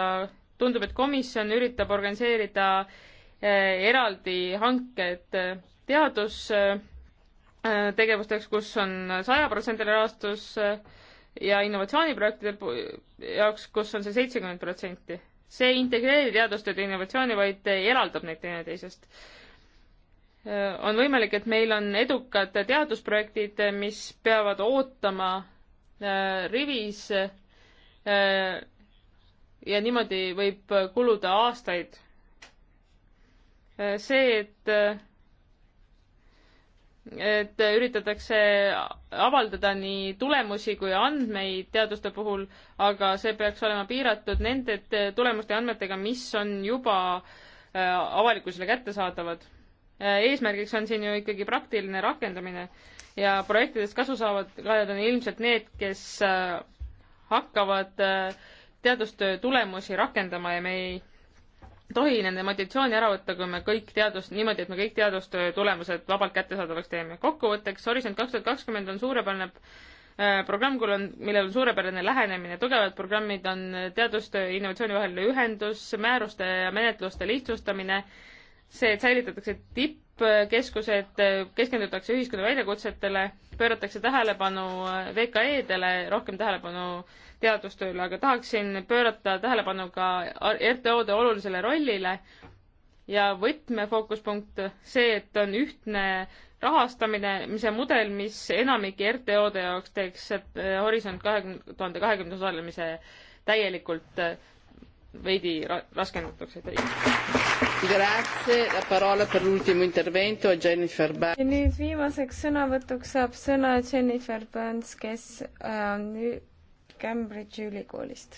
[SPEAKER 4] tundub, et komisjon üritab organiseerida äh, eraldi hanked teadustegevusteks, kus on sajaprotsendiline rahastus, rahastus, ja innovatsiooniprojektide jaoks, kus on see seitsekümmend protsenti. see ei integreeri teadustööd ja innovatsiooni, vaid eraldab neid teineteisest. on võimalik, et meil on edukad teadusprojektid, mis peavad ootama äh, rivis äh, ja niimoodi võib kuluda aastaid. see, et et üritatakse avaldada nii tulemusi kui andmeid teaduste puhul, aga see peaks olema piiratud nende tulemuste ja andmetega, mis on juba äh, avalikkusele kättesaadavad. Äh, eesmärgiks on siin ju ikkagi praktiline rakendamine ja projektidest kasu saavad ka on ilmselt need, kes äh, hakkavad teadustöö tulemusi rakendama ja me ei tohi nende motivatsiooni ära võtta, kui me kõik teadus, niimoodi, et me kõik teadustöö tulemused vabalt kättesaadavaks teeme. kokkuvõtteks, Horisont kaks tuhat kakskümmend on suurepärane äh, programm, kuul on, millel on suurepärane lähenemine, tugevad programmid on teadustöö ja innovatsiooni vaheline ühendus, määruste ja menetluste lihtsustamine, see, et säilitatakse tippkeskused, keskendutakse ühiskonna väljakutsetele, pööratakse tähelepanu äh, VKE-dele, rohkem tähelepanu teadustööle, aga tahaksin pöörata tähelepanu ka RTO-de olulisele rollile ja võtmefookuspunkt see, et on ühtne rahastamine, mis on mudel, mis enamike RTO-de jaoks teeks äh, Horisont kahekümne, tuhande kahekümne osalemise täielikult äh, veidi raskendatuks,
[SPEAKER 1] et ei. ja
[SPEAKER 3] nüüd viimaseks sõnavõtuks saab sõna Jennifer Burns, kes äh, on äh, Cambridge'i ülikoolist.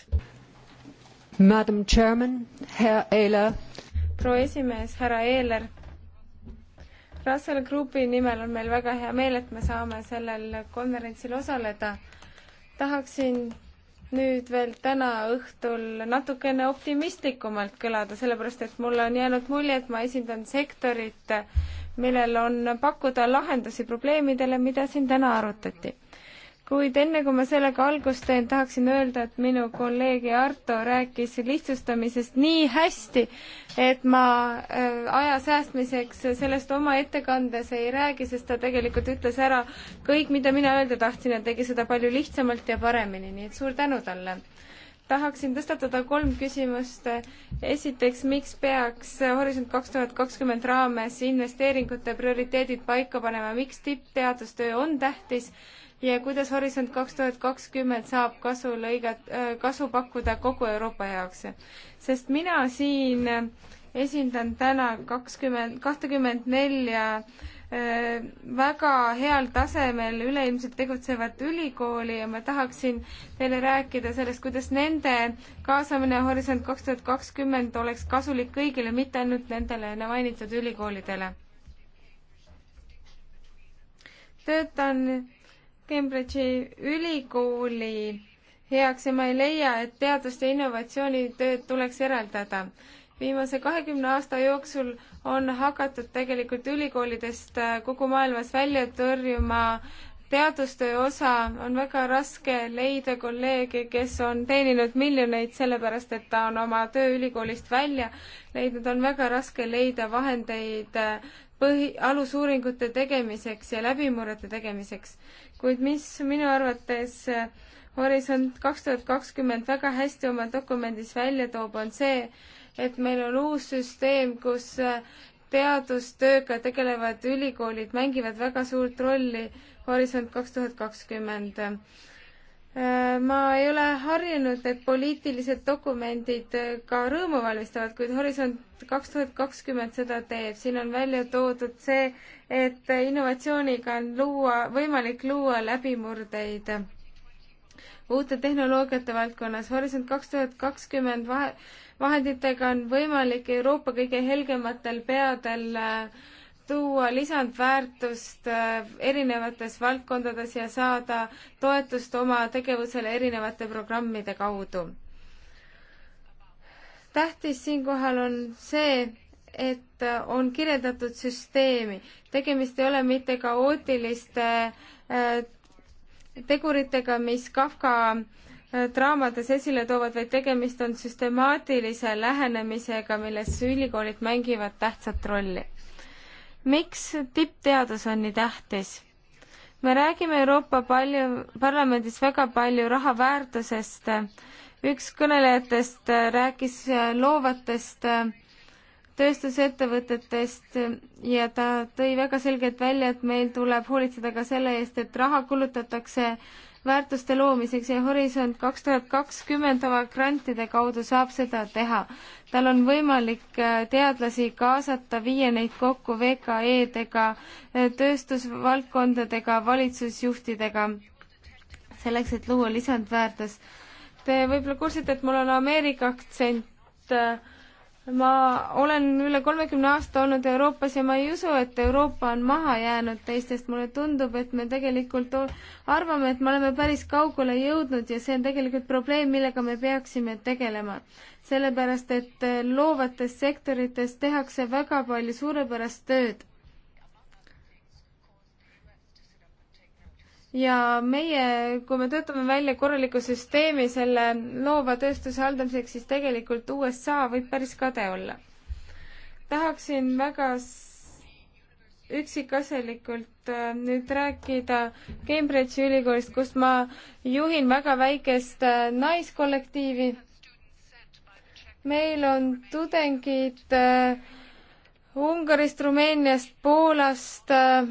[SPEAKER 1] Madam Chairman, härra Eiler.
[SPEAKER 3] proua esimees, härra Eiler. Russell Groupi nimel on meil väga hea meel, et me saame sellel konverentsil osaleda. tahaksin nüüd veel täna õhtul natukene optimistlikumalt kõlada, sellepärast et mulle on jäänud mulje, et ma esindan sektorit, millel on pakkuda lahendusi probleemidele, mida siin täna arutati kuid enne kui ma sellega algust teen, tahaksin öelda, et minu kolleeg Arto rääkis lihtsustamisest nii hästi, et ma äh, aja säästmiseks sellest oma ettekandes ei räägi, sest ta tegelikult ütles ära kõik, mida mina öelda tahtsin ja tegi seda palju lihtsamalt ja paremini, nii et suur tänu talle. tahaksin tõstatada kolm küsimust. esiteks, miks peaks Horisont kaks tuhat kakskümmend raames investeeringute prioriteedid paika panema, miks tippteadustöö on tähtis? ja kuidas Horisont kaks tuhat kakskümmend saab kasu lõigat-, äh, kasu pakkuda kogu Euroopa jaoks. sest mina siin esindan täna kakskümmend, kahtekümmend nelja äh, väga heal tasemel üleilmselt tegutsevat ülikooli ja ma tahaksin teile rääkida sellest, kuidas nende kaasamine Horisont kaks tuhat kakskümmend oleks kasulik kõigile, mitte ainult nendele enne mainitud ülikoolidele. töötan Cambridge'i ülikooli heaks ja ma ei leia, et teadust ja innovatsioonitööd tuleks eraldada. viimase kahekümne aasta jooksul on hakatud tegelikult ülikoolidest äh, kogu maailmas välja tõrjuma teadustöö osa, on väga raske leida kolleege, kes on teeninud miljoneid sellepärast, et ta on oma töö ülikoolist välja leidnud, on väga raske leida vahendeid äh, põhi, alusuuringute tegemiseks ja läbimurrete tegemiseks, kuid mis minu arvates äh, Horisont kaks tuhat kakskümmend väga hästi oma dokumendis välja toob, on see, et meil on uus süsteem, kus äh, teadustööga tegelevad ülikoolid mängivad väga suurt rolli Horisont kaks tuhat kakskümmend Äh, ma ei ole harjunud, et poliitilised dokumendid äh, ka rõõmu valmistavad, kuid Horisont kaks tuhat kakskümmend seda teeb. siin on välja toodud see, et innovatsiooniga on luua, võimalik luua läbimurdeid uute tehnoloogiate valdkonnas. Horisont kaks tuhat kakskümmend vahenditega on võimalik Euroopa kõige helgematel peadel äh, tuua lisandväärtust äh, erinevates valdkondades ja saada toetust oma tegevusele erinevate programmide kaudu. tähtis siinkohal on see, et äh, on kirjeldatud süsteemi, tegemist ei ole mitte kaootiliste äh, teguritega, mis Kafka draamades esile toovad, vaid tegemist on süstemaatilise lähenemisega, milles ülikoolid mängivad tähtsat rolli miks tippteadus on nii tähtis? me räägime Euroopa palju, parlamendis väga palju raha väärtusest. üks kõnelejatest rääkis loovatest tööstusettevõtetest ja ta tõi väga selgelt välja, et meil tuleb hoolitseda ka selle eest, et raha kulutatakse äh, väärtuste loomiseks ja Horisont kaks tuhat kakskümmend oma grantide kaudu saab seda teha. tal on võimalik äh, teadlasi kaasata, viia neid kokku VKE-dega, äh, tööstusvaldkondadega, valitsusjuhtidega, selleks, et luua lisandväärtus. Te võib-olla kuulsite, et mul on Ameerika aktsent äh, ma olen üle kolmekümne aasta olnud Euroopas ja ma ei usu, et Euroopa on maha jäänud teistest, mulle tundub, et me tegelikult arvame, et me oleme päris kaugele jõudnud ja see on tegelikult probleem, millega me peaksime tegelema. sellepärast, et eh, loovates sektorites tehakse väga palju suurepärast tööd ja meie, kui me töötame välja korraliku süsteemi selle loova tööstuse haldamiseks, siis tegelikult USA võib päris kade olla. tahaksin väga üksikasjalikult äh, nüüd rääkida Cambridge'i ülikoolist, kus ma juhin väga väikest äh, naiskollektiivi. meil on tudengid äh, Ungarist, Rumeeniast, Poolast äh,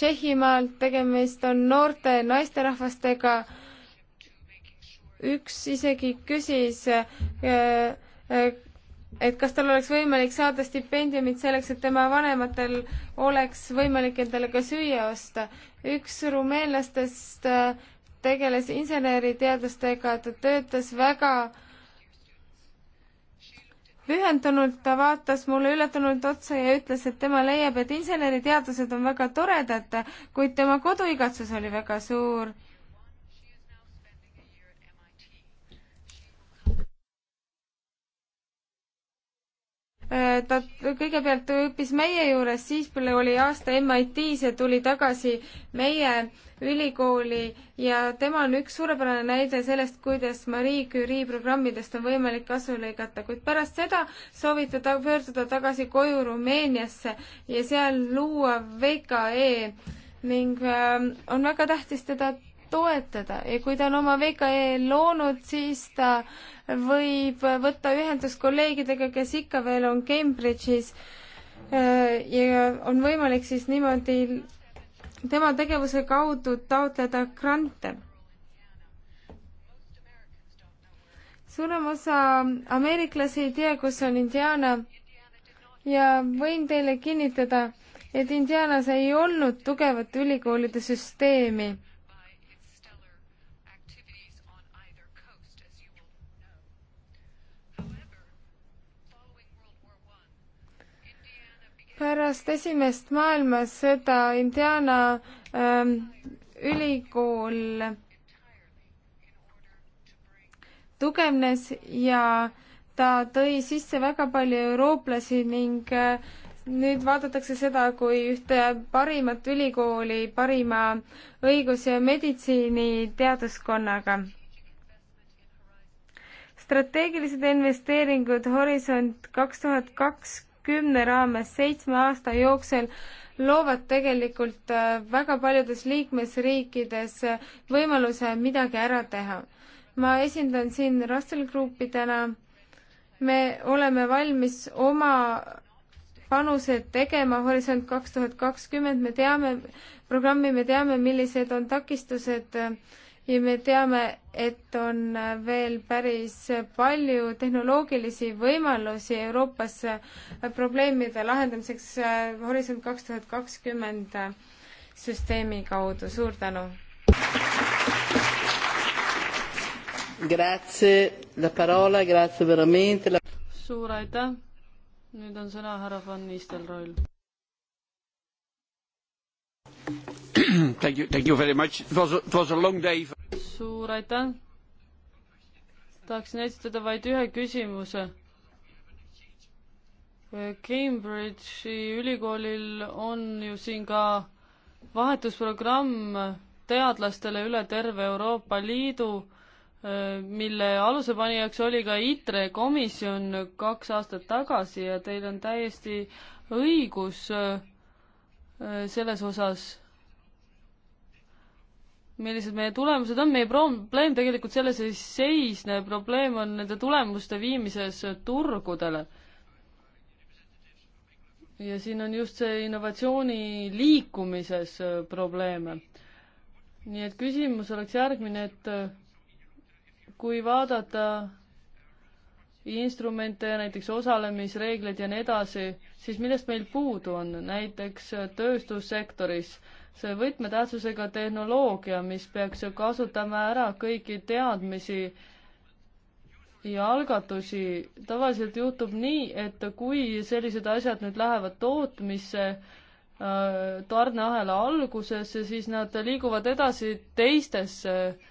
[SPEAKER 3] Tšehhimaalt, tegemist on noorte naisterahvastega. üks isegi küsis, äh, äh, et kas tal oleks võimalik saada stipendiumit selleks, et tema vanematel oleks võimalik endale ka süüa osta. üks rumeenlastest äh, tegeles inseneriteadlastega, ta töötas väga äh, pühendunult ta vaatas mulle üllatunult otsa ja ütles, et tema leiab, et inseneriteadused on väga toredad, kuid tema koduigatsus oli väga suur ta kõigepealt õppis meie juures, siis kui oli aasta MIT-s ja tuli tagasi meie ülikooli ja tema on üks suurepärane näide sellest, kuidas Marie Curie programmidest on võimalik kasu lõigata, kuid pärast seda soovib ta pöörduda tagasi koju Rumeeniasse ja seal luua VKE ning äh, on väga tähtis teda toetada ja kui ta on oma VKE loonud, siis ta võib võtta ühendust kolleegidega, kes ikka veel on Cambridge'is äh, ja on võimalik siis niimoodi tema tegevuse kaudu taotleda grante. suurem osa ameeriklasi ei tea, kus on Indiana ja võin teile kinnitada, et Indianas ei olnud tugevat ülikoolide süsteemi pärast esimest maailmasõda Indiana ähm, ülikool tugevnes ja ta tõi sisse väga palju eurooplasi ning äh, nüüd vaadatakse seda kui ühte parimat ülikooli parima õigus- ja meditsiiniteaduskonnaga strateegilised investeeringud Horisont kaks tuhat kaks kümne raames seitsme aasta jooksul loovad tegelikult äh, väga paljudes liikmesriikides äh, võimaluse midagi ära teha. ma esindan siin Russell Groupi täna. me oleme valmis oma panused tegema Horisont kaks tuhat kakskümmend, me teame programmi, me teame, millised on takistused äh, ja me teame, et on veel päris palju tehnoloogilisi võimalusi Euroopas probleemide lahendamiseks Horisont kaks tuhat kakskümmend süsteemi kaudu, suur tänu! suur aitäh,
[SPEAKER 2] nüüd on sõna härra von Nistelrooil.
[SPEAKER 3] Thank you, thank you very much. It was a, it was a long day
[SPEAKER 2] suur aitäh! tahaksin esitada vaid ühe küsimuse. Cambridge'i ülikoolil on ju siin ka vahetusprogramm teadlastele üle terve Euroopa Liidu, mille alusepanijaks oli ka ITRE komisjon kaks aastat tagasi ja teil on täiesti õigus äh, selles osas millised meie tulemused on, meie probleem tegelikult selles ei seisne, probleem on nende tulemuste viimises turgudele. ja siin on just see innovatsiooni liikumises äh, probleeme. nii et küsimus oleks järgmine, et äh, kui vaadata instrumente, näiteks osalemisreegleid ja nii edasi, siis millest meil puudu on, näiteks tööstussektoris, see võtmetähtsusega tehnoloogia, mis peaks ju kasutama ära kõiki teadmisi ja algatusi, tavaliselt juhtub nii, et kui sellised asjad nüüd lähevad tootmisse, äh, tarneahela algusesse, siis nad liiguvad edasi teistesse äh,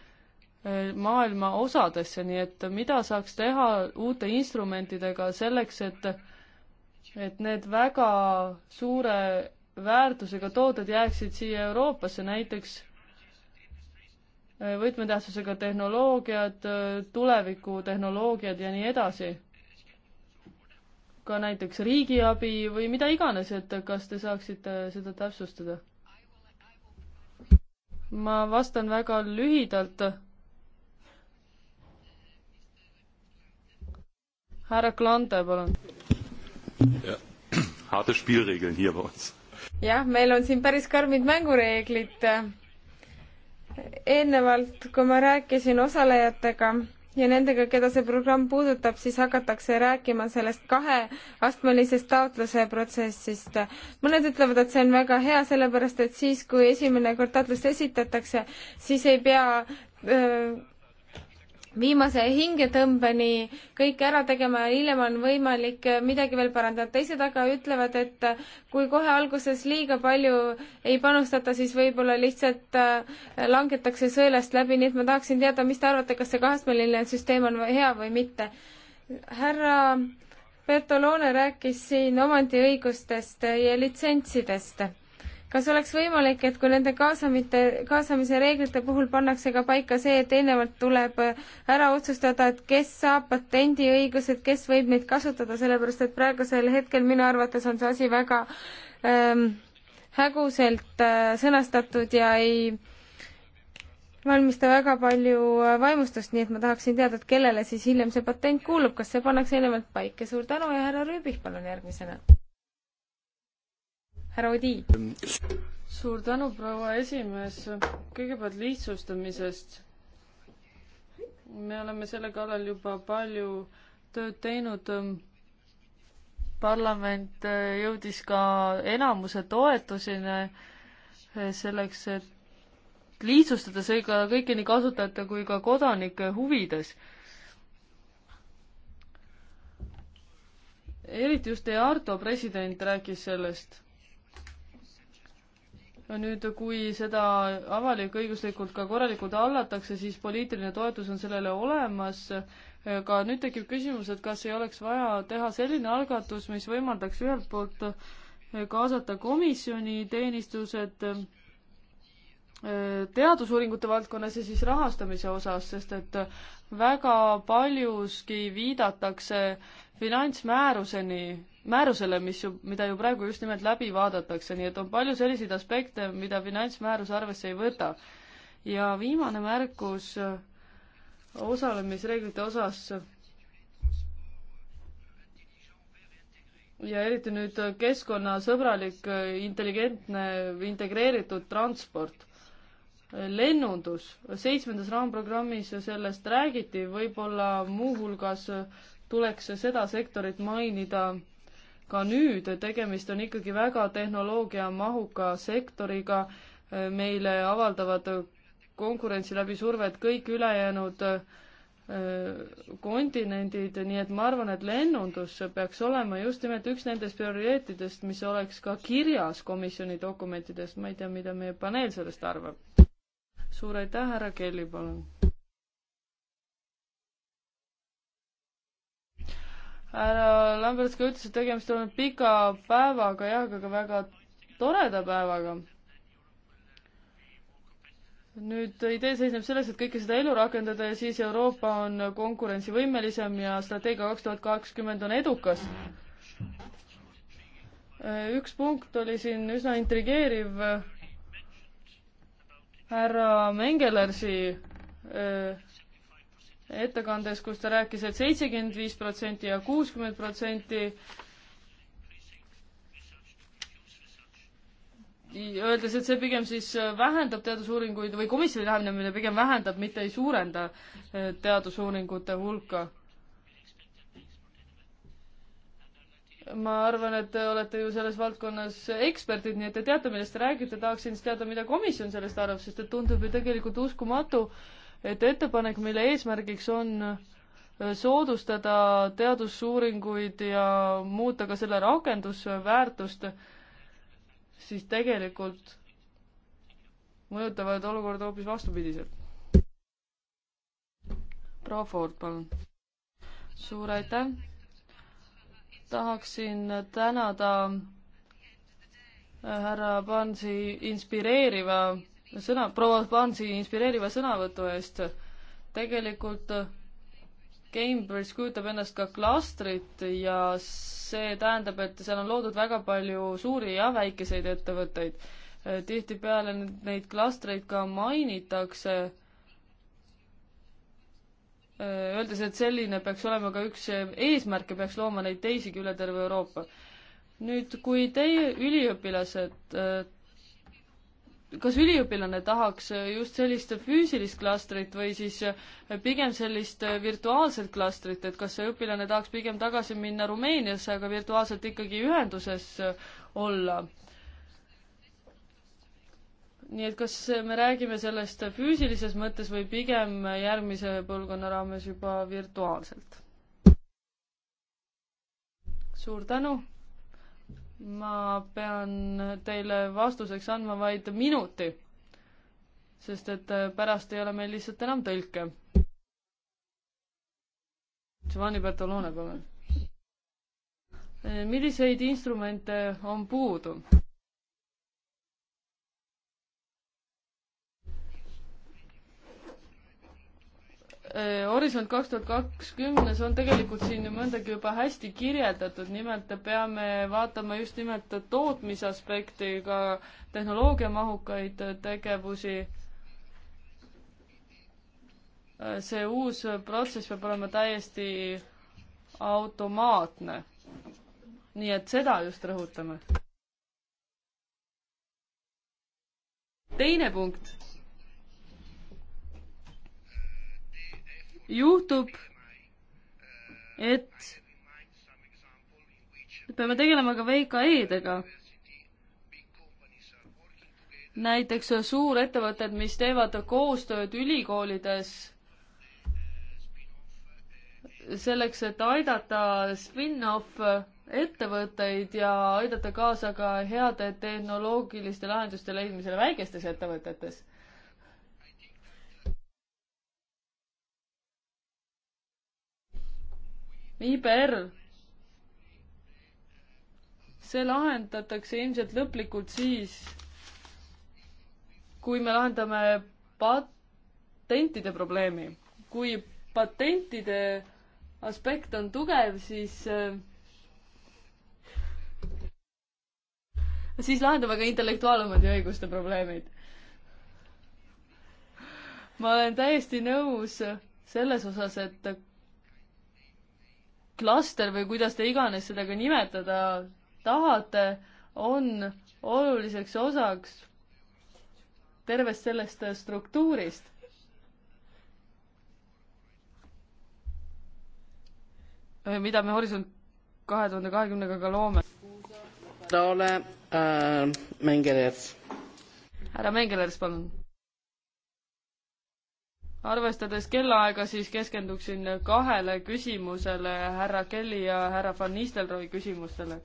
[SPEAKER 2] maailma osadesse, nii et mida saaks teha uute instrumentidega selleks, et et need väga suure väärtusega tooted jääksid siia Euroopasse, näiteks äh, võtmetähtsusega tehnoloogiad, äh, tulevikutehnoloogiad ja nii edasi. ka näiteks riigiabi või mida iganes, et kas te saaksite seda täpsustada? ma vastan väga lühidalt
[SPEAKER 3] härra Klante, palun.
[SPEAKER 1] Harte Spielregeln hier bei uns.
[SPEAKER 3] jah, meil on siin päris karmid mängureeglid. eelnevalt, kui ma rääkisin osalejatega ja nendega, keda see programm puudutab, siis hakatakse rääkima sellest kaheastmelisest taotluse protsessist. mõned ütlevad, et see on väga hea, sellepärast et siis, kui esimene kord taotlust esitatakse, siis ei pea öö, viimase hingetõmbeni kõike ära tegema ja hiljem on võimalik eh, midagi veel parandada. teised aga ütlevad, et eh, kui kohe alguses liiga palju ei panustata, siis võib-olla lihtsalt eh, langetakse sõelast läbi, nii et ma tahaksin teada, mis te arvate, kas see kahesmõõniline süsteem on hea või mitte? härra Bertolone rääkis siin omandiõigustest ja litsentsidest kas oleks võimalik, et kui nende kaasamite, kaasamise reeglite puhul pannakse ka paika see, et eelnevalt tuleb äh, ära otsustada, et kes saab patendiõigused, kes võib neid kasutada, sellepärast et praegusel hetkel minu arvates on see asi väga ähm, häguselt äh, sõnastatud ja ei valmista väga palju äh, vaimustust, nii et ma tahaksin teada, et kellele siis hiljem see patent kuulub, kas see pannakse eelnevalt paika. suur tänu ja härra Rüübih, palun järgmisena härra Odi. suur
[SPEAKER 2] tänu, proua esimees. kõigepealt lihtsustamisest. me oleme selle kallal juba palju tööd teinud. parlament jõudis ka enamuse toetuseni selleks, et lihtsustada seega kõike nii kasutajate kui ka kodanike huvides eriti just teie Arto president rääkis sellest nüüd, kui seda avalik-õiguslikult ka korralikult hallatakse, siis poliitiline toetus on sellele olemas, aga nüüd tekib küsimus, et kas ei oleks vaja teha selline algatus, mis võimaldaks ühelt poolt kaasata komisjoni teenistused äh, teadusuuringute valdkonnas ja siis rahastamise osas, sest et väga paljuski viidatakse äh, finantsmääruseni, määrusele, mis ju, mida ju praegu just nimelt läbi vaadatakse, nii et on palju selliseid aspekte, mida finantsmäärus arvesse ei võta. ja viimane märkus äh, osalemisreeglite osas ja eriti nüüd äh, keskkonnasõbralik, äh, intelligentne, integreeritud transport. lennundus, seitsmendas raamprogrammis sellest räägiti, võib-olla muuhulgas tuleks seda sektorit mainida ka nüüd, tegemist on ikkagi väga tehnoloogiamahuka sektoriga, meile avaldavad konkurentsi läbi survet kõik ülejäänud äh, kontinendid, nii et ma arvan, et lennundus peaks olema just nimelt üks nendest prioriteetidest, mis oleks ka kirjas komisjoni dokumentidest, ma ei tea, mida meie paneel sellest arvab. suur aitäh, härra Kelly, palun härra Lambert ka ütles, et tegemist on pika päevaga, jah, aga väga toreda päevaga. nüüd idee seisneb selles, et kõike seda ellu rakendada ja siis Euroopa on konkurentsivõimelisem ja strateegia kaks tuhat kakskümmend on edukas. üks punkt oli siin üsna intrigeeriv. härra Mengelersi ettekandes, kus ta rääkis et, et seitsekümmend viis protsenti ja kuuskümmend protsenti öeldes, et see pigem siis vähendab teadusuuringuid või komisjoni lähenemine pigem vähendab, mitte ei suurenda eh, teadusuuringute hulka. ma arvan, et te olete ju selles valdkonnas eksperdid, nii et te teate, millest te räägite, tahaksin siis teada, mida komisjon sellest arvab, sest et tundub ju tegelikult uskumatu, et ettepanek, mille eesmärgiks on äh, soodustada teadusuuringuid ja muuta ka selle rakendusväärtust, siis tegelikult mõjutavad olukorda hoopis vastupidiselt. proua Ford, palun. suur aitäh. tahaksin tänada äh, härra Bansi inspireeriva sõna, proua Barnesi inspireeriva sõnavõtu eest. tegelikult Cambridge kujutab ennast ka klastrit ja see tähendab, et seal on loodud väga palju suuri ja väikeseid ettevõtteid. tihtipeale neid klastreid ka mainitakse, öeldes, et selline peaks olema ka üks eesmärke, peaks looma neid teisigi üle terve Euroopa. nüüd, kui teie üliõpilased kas üliõpilane tahaks just sellist füüsilist klastrit või siis pigem sellist virtuaalset klastrit, et kas see õpilane tahaks pigem tagasi minna Rumeeniasse, aga virtuaalselt ikkagi ühenduses olla? nii et kas me räägime sellest füüsilises mõttes või pigem järgmise põlvkonna raames juba virtuaalselt? suur tänu! ma pean teile vastuseks andma vaid minuti, sest et äh, pärast ei ole meil lihtsalt enam tõlke. Giovanni Bertolone, palun. Äh, milliseid instrumente on puudu? Äh, Horisont kaks tuhat kakskümnes on tegelikult siin ju mõndagi juba hästi kirjeldatud, nimelt peame vaatama just nimelt tootmisaspekti, ka tehnoloogiamahukaid tegevusi. Äh, see uus protsess peab olema täiesti automaatne. nii et seda just rõhutame. teine punkt juhtub, et peame tegelema ka VKE-dega. näiteks suurettevõtted, mis teevad koostööd ülikoolides selleks, et aidata spin-off ettevõtteid ja aidata kaasa ka heade tehnoloogiliste lahenduste leidmisele väikestes ettevõtetes IBR, see lahendatakse ilmselt lõplikult siis, kui me lahendame patentide probleemi. kui patentide aspekt on tugev, siis siis lahendame ka intellektuaalomandi õiguste probleemid. ma olen täiesti nõus selles osas, et klaster või kuidas te iganes seda ka nimetada tahate, on oluliseks osaks tervest sellest struktuurist. mida me Horisont kahe tuhande kahekümnega ka loome.
[SPEAKER 1] Ole äh, Mengelers.
[SPEAKER 2] härra Mengelers, palun arvestades kellaaega, siis keskenduksin kahele küsimusele, härra Kelly ja härra Van Nistelrooy küsimustele.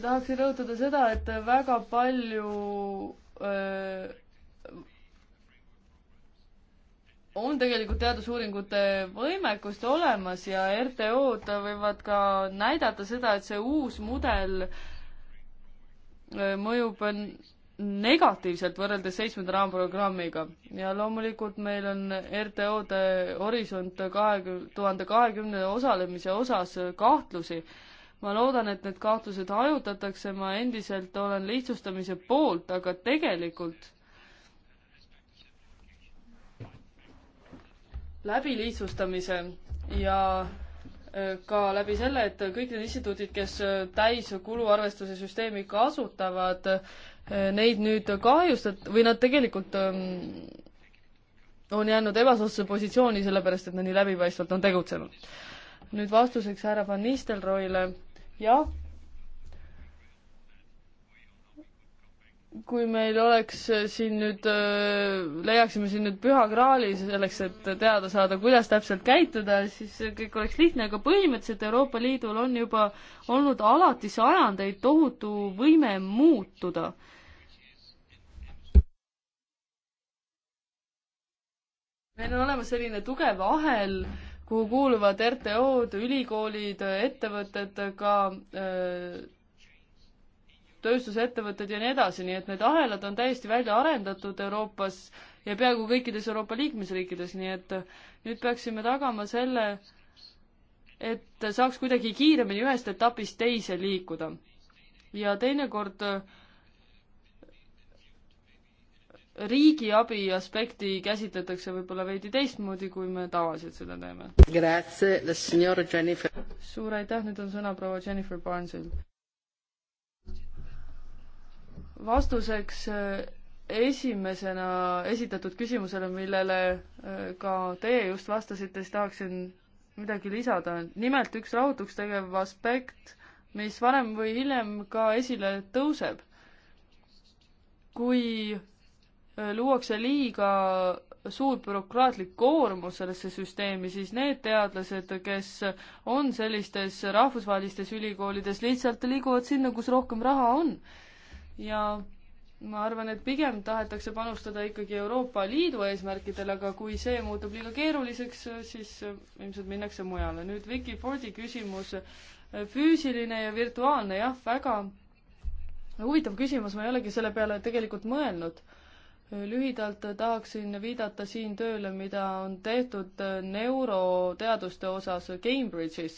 [SPEAKER 2] tahaksin rõhutada seda, et väga palju öö, on tegelikult teadusuuringute võimekust olemas ja RTO-d võivad ka näidata seda, et see uus mudel öö, Äh, mõjub negatiivselt võrreldes seitsmenda raamprogrammiga ja loomulikult meil on RTO-de Horisont kahekümne, tuhande kahekümne osalemise osas kahtlusi. ma loodan, et need kahtlused hajutatakse, ma endiselt olen lihtsustamise poolt, aga tegelikult läbi lihtsustamise ja ka läbi selle, et kõik need instituudid, kes äh, täis kuluarvestuse süsteemi kasutavad, äh, neid nüüd kahjustat- või nad tegelikult ähm, on jäänud ebasoodsasse positsiooni, sellepärast et nad nii läbipaistvalt on tegutsenud. nüüd vastuseks härra Van Nistelrooile, jah kui meil oleks äh, siin nüüd, äh, leiaksime siin nüüd püha graali selleks, et teada saada, kuidas täpselt käituda, siis kõik oleks lihtne, aga põhimõtteliselt Euroopa Liidul on juba olnud alati sajandeid tohutu võime muutuda. meil on olemas selline tugev ahel, kuhu kuuluvad RTO-d, ülikoolid, ettevõtted, ka öö, äh, tööstusettevõtted ja nii edasi, nii et need ahelad on täiesti välja arendatud Euroopas ja peaaegu kõikides Euroopa liikmesriikides, nii et nüüd peaksime tagama selle, et saaks kuidagi kiiremini ühest etapist teise liikuda. ja teinekord äh, riigiabi aspekti käsitletakse võib-olla veidi teistmoodi, kui me tavaliselt seda teeme. suur aitäh, nüüd on sõna proua Jennifer Barnesil vastuseks äh, esimesena esitatud küsimusele, millele äh, ka teie just vastasite, siis tahaksin midagi lisada. nimelt üks rahutuks tegev aspekt, mis varem või hiljem ka esile tõuseb. kui äh, luuakse liiga suur bürokraatlik koormus sellesse süsteemi, siis need teadlased, kes on sellistes rahvusvahelistes ülikoolides, lihtsalt liiguvad sinna, kus rohkem raha on ja ma arvan, et pigem tahetakse panustada ikkagi Euroopa Liidu eesmärkidele, aga kui see muutub liiga keeruliseks, siis ilmselt minnakse mujale. nüüd Vicky Fordi küsimus, füüsiline ja virtuaalne, jah, väga huvitav küsimus, ma ei olegi selle peale tegelikult mõelnud. lühidalt tahaksin viidata siin tööle, mida on tehtud neuroteaduste osas Cambridge'is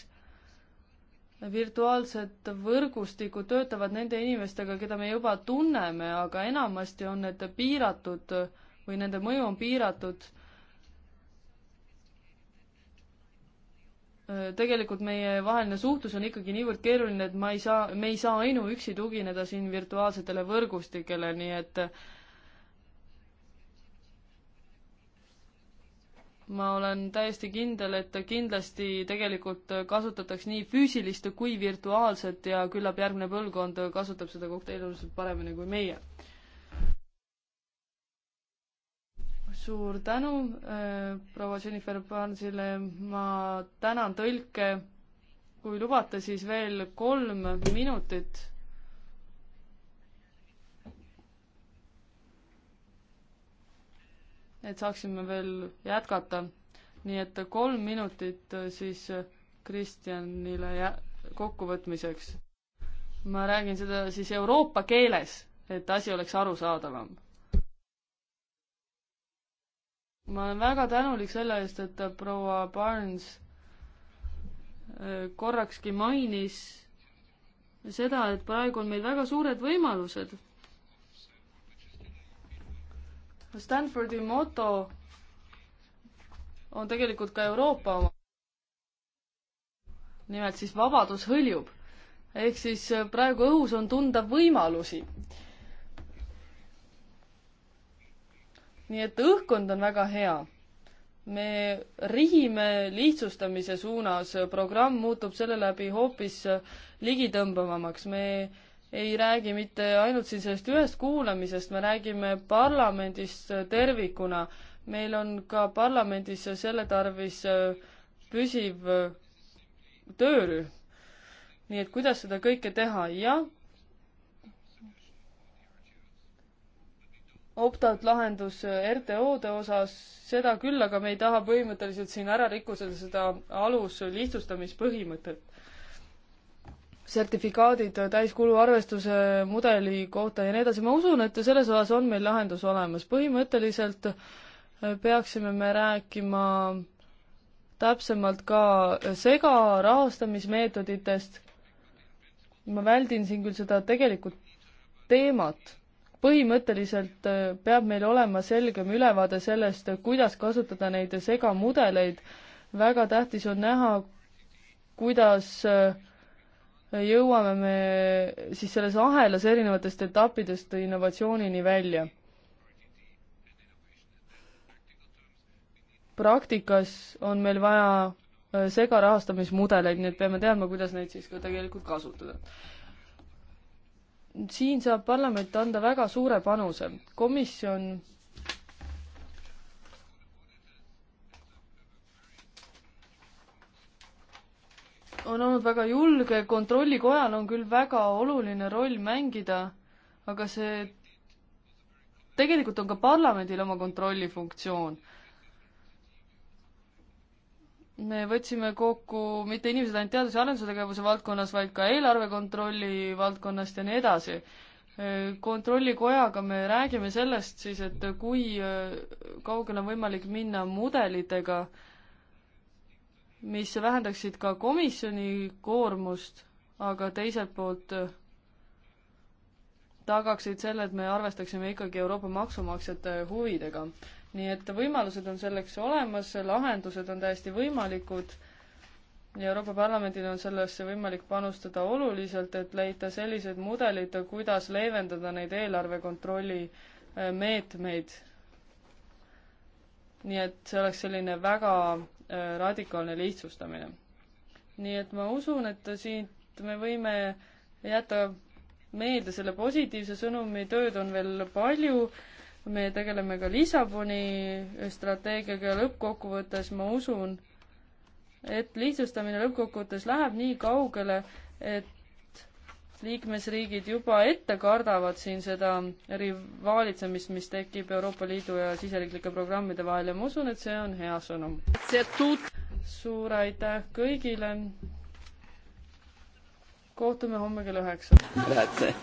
[SPEAKER 2] virtuaalsed võrgustikud töötavad nende inimestega, keda me juba tunneme, aga enamasti on need piiratud või nende mõju on piiratud. tegelikult meie vaheline suhtlus on ikkagi niivõrd keeruline, et ma ei saa, me ei saa ainuüksi tugineda siin virtuaalsetele võrgustikele, nii et äh, ma olen täiesti kindel, et kindlasti tegelikult kasutatakse nii füüsilist kui virtuaalset ja küllap järgmine põlvkond kasutab seda kokteiluliselt paremini kui meie. suur tänu äh, proua Jennifer Barnesile, ma tänan tõlke. kui lubate, siis veel kolm minutit et saaksime veel jätkata. nii et kolm minutit äh, siis äh, Kristjanile jä-, kokkuvõtmiseks. ma räägin seda siis Euroopa keeles, et asi oleks arusaadavam. ma olen väga tänulik selle eest, et proua Barnes äh, korrakski mainis seda, et praegu on meil väga suured võimalused Stanfordi moto on tegelikult ka Euroopa oma. nimelt siis vabadus hõljub. ehk siis äh, praegu õhus on tunda võimalusi. nii et õhkkond on väga hea. me rihime lihtsustamise suunas, programm muutub selle läbi hoopis äh, ligitõmbavamaks, me ei räägi mitte ainult siin sellest ühest kuulamisest, me räägime parlamendist tervikuna. meil on ka parlamendis selle tarvis äh, püsiv äh, töörühm. nii et kuidas seda kõike teha ja opt-out lahendus RTO-de osas, seda küll, aga me ei taha põhimõtteliselt siin ära rikkuda seda aluslihtsustamispõhimõtet sertifikaadid täiskuluarvestuse mudeli kohta ja nii edasi, ma usun, et selles osas on meil lahendus olemas. põhimõtteliselt äh, peaksime me rääkima täpsemalt ka segarahastamismeetoditest. ma väldin siin küll seda tegelikult teemat. põhimõtteliselt äh, peab meil olema selgem ülevaade sellest, kuidas kasutada neid segamudeleid. väga tähtis on näha, kuidas äh, jõuame me siis selles ahelas erinevatest etappidest innovatsioonini välja. praktikas on meil vaja äh, segarahastamismudeleid, nii et peame teadma, kuidas neid siis ka tegelikult kasutada. siin saab parlament anda väga suure panuse. komisjon on olnud väga julge, kontrollikojal on küll väga oluline roll mängida, aga see, tegelikult on ka parlamendil oma kontrollifunktsioon. me võtsime kokku mitte inimesed ainult teadus- ja arendustegevuse valdkonnas, vaid ka eelarve kontrolli valdkonnast ja nii edasi kontrollikojaga me räägime sellest siis, et kui äh, kaugele on võimalik minna mudelitega äh, mis vähendaksid ka komisjoni koormust, aga teiselt poolt äh, tagaksid selle, et me arvestaksime ikkagi Euroopa maksumaksjate huvidega. nii et võimalused on selleks olemas, lahendused on täiesti võimalikud ja Euroopa Parlamendil on sellesse võimalik panustada oluliselt, et leida sellised mudelid, kuidas leevendada neid eelarvekontrolli äh, meetmeid. nii et see oleks selline väga Äh, radikaalne lihtsustamine. nii et ma usun, et siit me võime jätta meelde selle positiivse sõnumi, tööd on veel palju, me tegeleme ka Lissaboni strateegiaga ja lõppkokkuvõttes ma usun, et lihtsustamine lõppkokkuvõttes läheb nii kaugele, et liikmesriigid juba ette kardavad siin seda rivaalitsemist, mis tekib Euroopa Liidu ja siseriiklike programmide vahel ja ma usun, et see on hea sõnum. suur aitäh kõigile. kohtume homme kell üheksa.